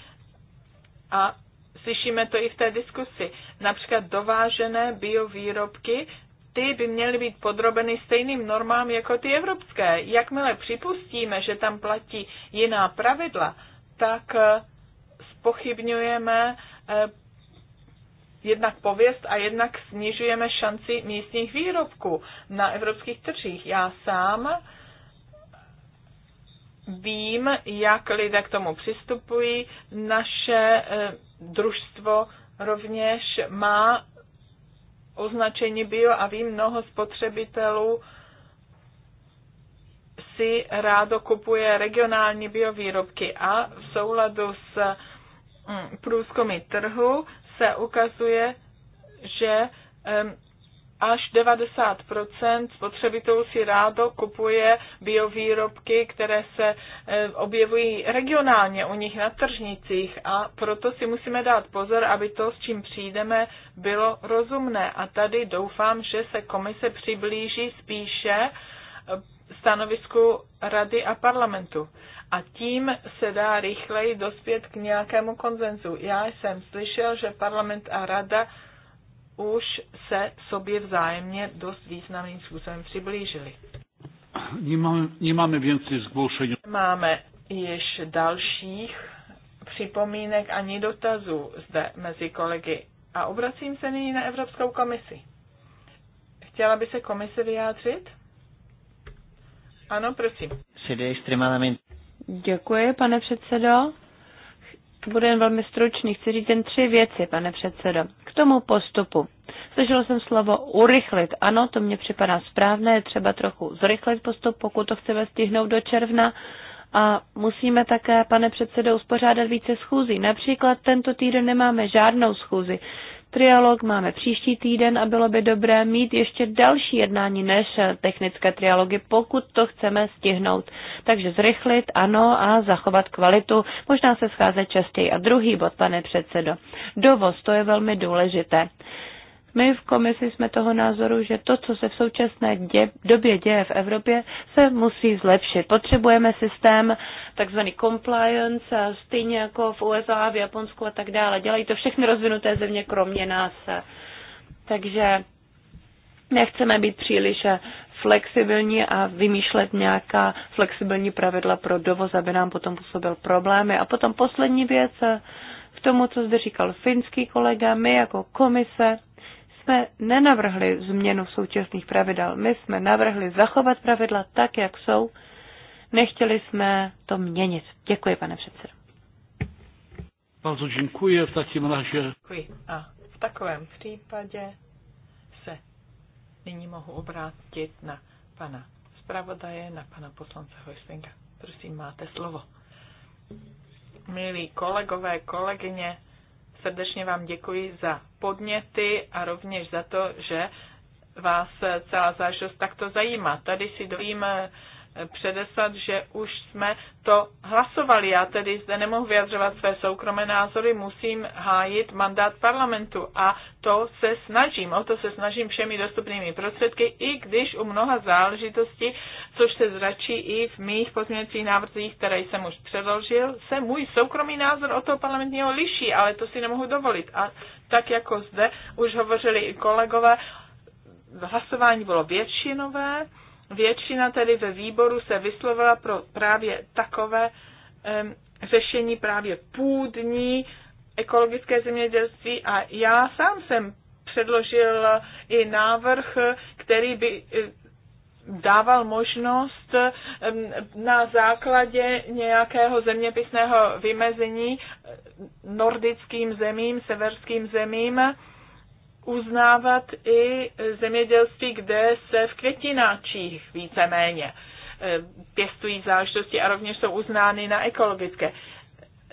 A slyšíme to i v té diskusi. Například dovážené biovýrobky, ty by měly být podrobeny stejným normám jako ty evropské. Jakmile připustíme, že tam platí jiná pravidla, tak eh, spochybňujeme eh, jednak pověst a jednak snižujeme šanci místních výrobků na evropských trzích. Já sám vím, jak lidé k tomu přistupují. Naše eh, družstvo rovněž má označení bio a vím mnoho spotřebitelů, si rádo kupuje regionální biovýrobky a v souladu s mm, průzkumy trhu se ukazuje, že až 90 spotřebitelů si rádo kupuje biovýrobky, které se objevují regionálně u nich na tržnicích a proto si musíme dát pozor, aby to, s čím přijdeme, bylo rozumné. A tady doufám, že se komise přiblíží spíše stanovisku Rady a parlamentu. A tím se dá rychleji dospět k nějakému konzenzu. Já jsem slyšel, že parlament a rada už se sobě vzájemně dost významným způsobem přiblížili. Nemáme, nemáme więcej zgłoszeń. Máme již dalších připomínek ani dotazů zde mezi kolegy. A obracím se nyní na Evropskou komisi. Chtěla by se komise vyjádřit? Ano, prosím. Děkuji, pane předsedo. Budu jen velmi stručný. Chci říct jen tři věci, pane předsedo. K tomu postupu. Slyšel jsem slovo urychlit. Ano, to mně připadá správné, je třeba trochu zrychlit postup, pokud to chceme stihnout do června. A musíme také, pane předsedo, uspořádat více schůzí. Například tento týden nemáme žádnou schůzi. Trialog máme příští týden a bylo by dobré mít ještě další jednání než technické trialogy, pokud to chceme stihnout. Takže zrychlit, ano, a zachovat kvalitu, možná se scházet častěji. A druhý bod, pane předsedo, dovoz, to je velmi důležité. My v komisi jsme toho názoru, že to, co se v současné dě, době děje v Evropě, se musí zlepšit. Potřebujeme systém takzvaný compliance, stejně jako v USA, v Japonsku a tak dále. Dělají to všechny rozvinuté země, kromě nás. Takže nechceme být příliš flexibilní a vymýšlet nějaká flexibilní pravidla pro dovoz, aby nám potom působil problémy. A potom poslední věc, k tomu, co zde říkal finský kolega, my jako komise jsme nenavrhli změnu současných pravidel. My jsme navrhli zachovat pravidla tak, jak jsou. Nechtěli jsme to měnit. Děkuji, pane předsedo. Bardzo dziękuję. W takim razie... Děkuji. A v takovém případě se nyní mohu obrátit na pana zpravodaje, na pana poslance Hojslinga. Prosím, máte slovo. Milí kolegové, kolegyně, Srdečně vám děkuji za podněty a rovněž za to, že vás celá záležitost takto zajímá. Tady si dovím eh, předesat, že už jsme to hlasovali. Já tedy zde nemohu vyjadřovat své soukromé názory, musím hájit mandát parlamentu a to se snažím. O to se snažím všemi dostupnými prostředky, i když u mnoha záležitostí, což se zračí i v mých pozměňovacích návrzích, které jsem už předložil, se můj soukromý názor o toho parlamentního liší, ale to si nemohu dovolit. A tak jako zde už hovořili i kolegové, hlasování bylo většinové, Většina tedy ve výboru se vyslovila pro právě takové um, řešení právě půdní ekologické zemědělství a já sám jsem předložil i návrh, který by e, dával možnost na základě nějakého zeměpisného vymezení e, nordickým zemím, severským zemím, uznávat i zemědělství, kde se v květináčích víceméně eh, pěstují záležitosti a rovněž jsou uznány na ekologické.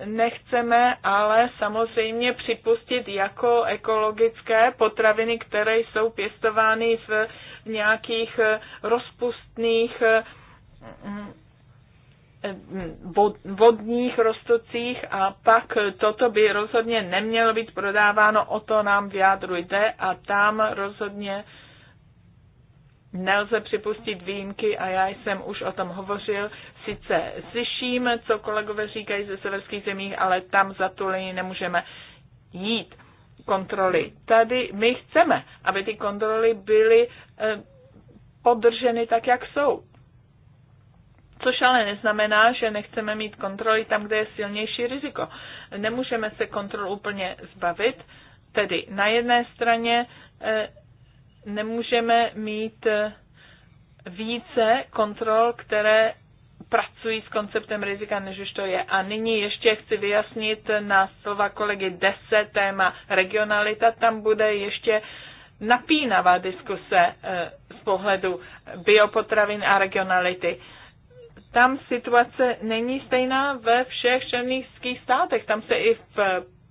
Nechceme ale samozřejmě připustit jako ekologické potraviny, které jsou pěstovány v nějakých eh, rozpustných eh, Eh, vodních rostocích a pak toto by rozhodně nemělo být prodáváno, o to nám v jádru jde a tam rozhodně nelze připustit výjimky a já jsem už o tom hovořil. Sice slyším, co kolegové říkají ze severských zemí, ale tam za tu linii nemůžeme jít kontroly. Tady my chceme, aby ty kontroly byly eh, podrženy tak, jak jsou Což ale neznamená, že nechceme mít kontroly tam, kde je silnější riziko. Nemůžeme se kontrol úplně zbavit, tedy na jedné straně eh, nemůžeme mít eh, více kontrol, které pracují s konceptem rizika, než už to je. A nyní ještě chci vyjasnit na slova kolegy 10 téma regionalita. Tam bude ještě napínavá diskuse eh, z pohledu biopotravin a regionality tam situace není stejná ve všech členských státech. Tam se i v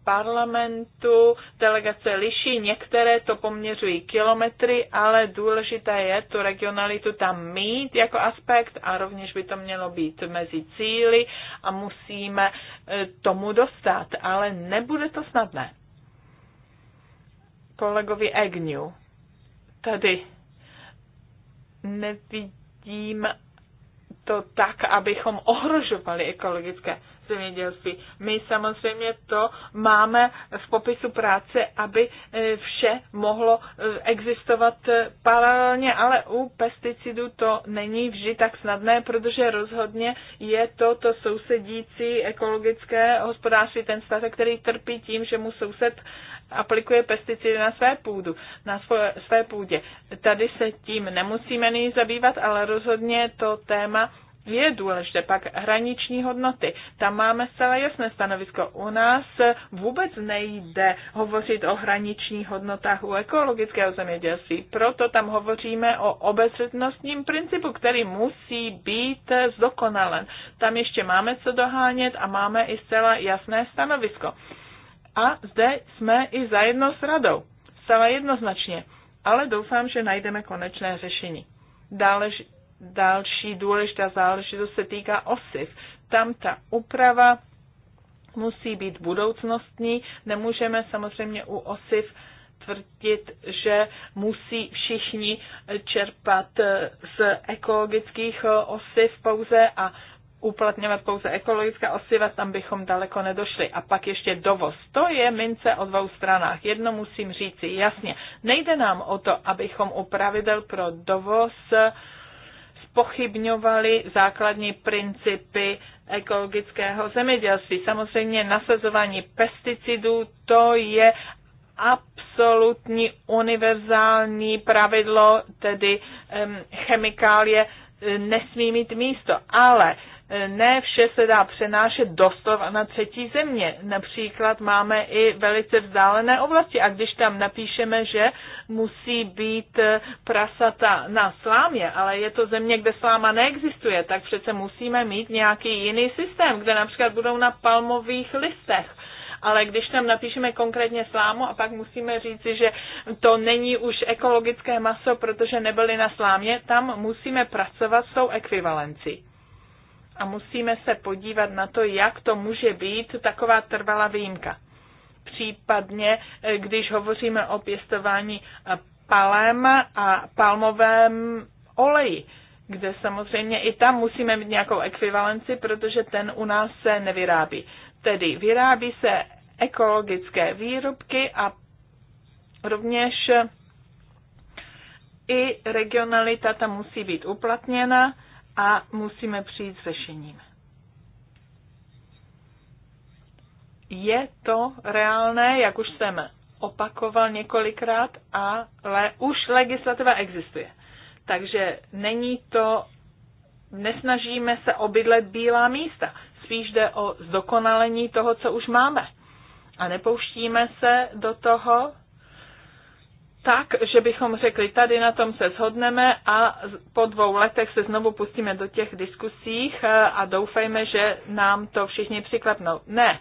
parlamentu delegace liší, některé to poměřují kilometry, ale důležité je tu regionalitu tam mít jako aspekt a rovněž by to mělo být mezi cíly a musíme e, tomu dostat, ale nebude to snadné. Kolegovi Egnu, tady nevidím to tak, abychom ohrožovali ekologické zemědělství. My samozřejmě to máme v popisu práce, aby eh, vše mohlo eh, existovat eh, paralelně, ale u pesticidů to není vždy tak snadné, protože rozhodně je to to sousedící ekologické hospodářství, ten stát, který trpí tím, že mu soused aplikuje pesticidy na své půdu, na svoje, své půdě. Tady se tím nemusíme nyní zabývat, ale rozhodně to téma je důležité. Pak hraniční hodnoty. Tam máme zcela jasné stanovisko. U nás vůbec nejde hovořit o hraničních hodnotách u ekologického zemědělství. Proto tam hovoříme o obezřetnostním principu, který musí být zdokonalen. Tam ještě máme co dohánět a máme i zcela jasné stanovisko. A zde jsme i zajedno s radou. Zcela jednoznačně. Ale doufám, že najdeme konečné řešení. Dále Další důležitá záležitost se týká osiv. Tam ta úprava musí být budoucnostní. Nemůžeme samozřejmě u osiv tvrdit, že musí všichni čerpat z ekologických osiv pouze a uplatňovat pouze ekologická osiva, tam bychom daleko nedošli. A pak ještě dovoz. To je mince o dvou stranách. Jedno musím říci, jasně, nejde nám o to, abychom u pravidel pro dovoz uh, spochybňovali základní principy ekologického zemědělství. Samozřejmě nasazování pesticidů, to je absolutní univerzální pravidlo, tedy chemikálie e, nesmí mít místo. Ale ne vše se dá přenášet dostov na třetí země. Například máme i velice vzdálené oblasti a když tam napíšeme, že musí být eh, prasata na slámě, ale je to země, kde sláma neexistuje, tak přece musíme mít nějaký jiný systém, kde například budou na palmových listech ale když tam napíšeme konkrétně slámu a pak musíme říci, že to není už ekologické maso, protože nebyly na slámě, tam musíme pracovat s tou ekvivalencí a musíme se podívat na to, jak to může být taková trvalá výjimka. Případně, eh, když hovoříme o pěstování eh, palem a palmovém oleji, kde samozřejmě i tam musíme mít nějakou ekvivalenci, protože ten u nás se nevyrábí. Tedy vyrábí se ekologické výrobky a rovněž eh, i regionalita tam musí být uplatněna a musíme přijít s řešením. Je to reálné, jak už jsem opakoval několikrát, ale už legislativa existuje. Takže není to, nesnažíme se obydlet bílá místa. Spíš jde o zdokonalení toho, co už máme. A nepouštíme se do toho, tak, že bychom řekli, tady na tom se shodneme a po dvou letech se znovu pustíme do těch diskusích eh, a doufejme, že nám to všichni přiklepnou. Ne,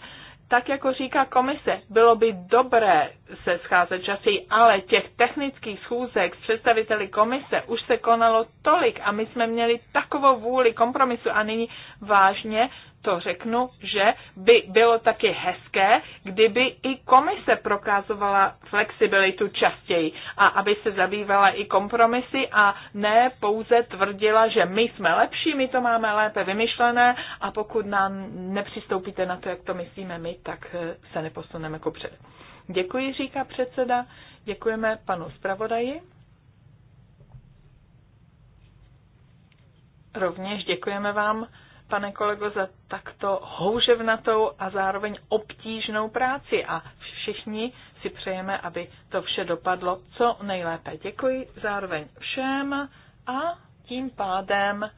tak jako říká komise, bylo by dobré se scházet časí, ale těch technických schůzek s představiteli komise už se konalo tolik a my jsme měli takovou vůli kompromisu a nyní vážně to řeknu, že by bylo taky hezké, kdyby i komise prokázovala flexibilitu častěji a aby se zabývala i kompromisy a ne pouze tvrdila, že my jsme lepší, my to máme lépe vymyšlené a pokud nám nepřistoupíte na to, jak to myslíme my, tak eh, se neposuneme před. Děkuji, říká předseda. Děkujeme panu zpravodaji. Rovněž děkujeme vám pane kolego, za takto houževnatou a zároveň obtížnou práci a všichni si přejeme, aby to vše dopadlo co nejlépe. Děkuji zároveň všem a tím pádem,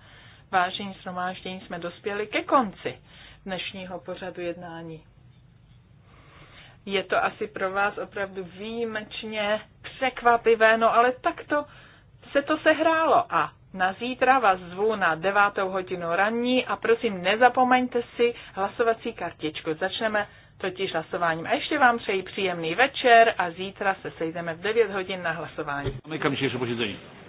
vážení shromáždění, jsme dospěli ke konci dnešního pořadu jednání. Je to asi pro vás opravdu výjimečně překvapivé, no ale takto se to sehrálo a na zítra vás zvu na 9. hodinu ranní a prosím nezapomeňte si hlasovací kartičku. Začneme totiž hlasováním. A ještě vám přeji příjemný večer a zítra se sejdeme v 9 hodin na hlasování. Zamykám dzisiejsze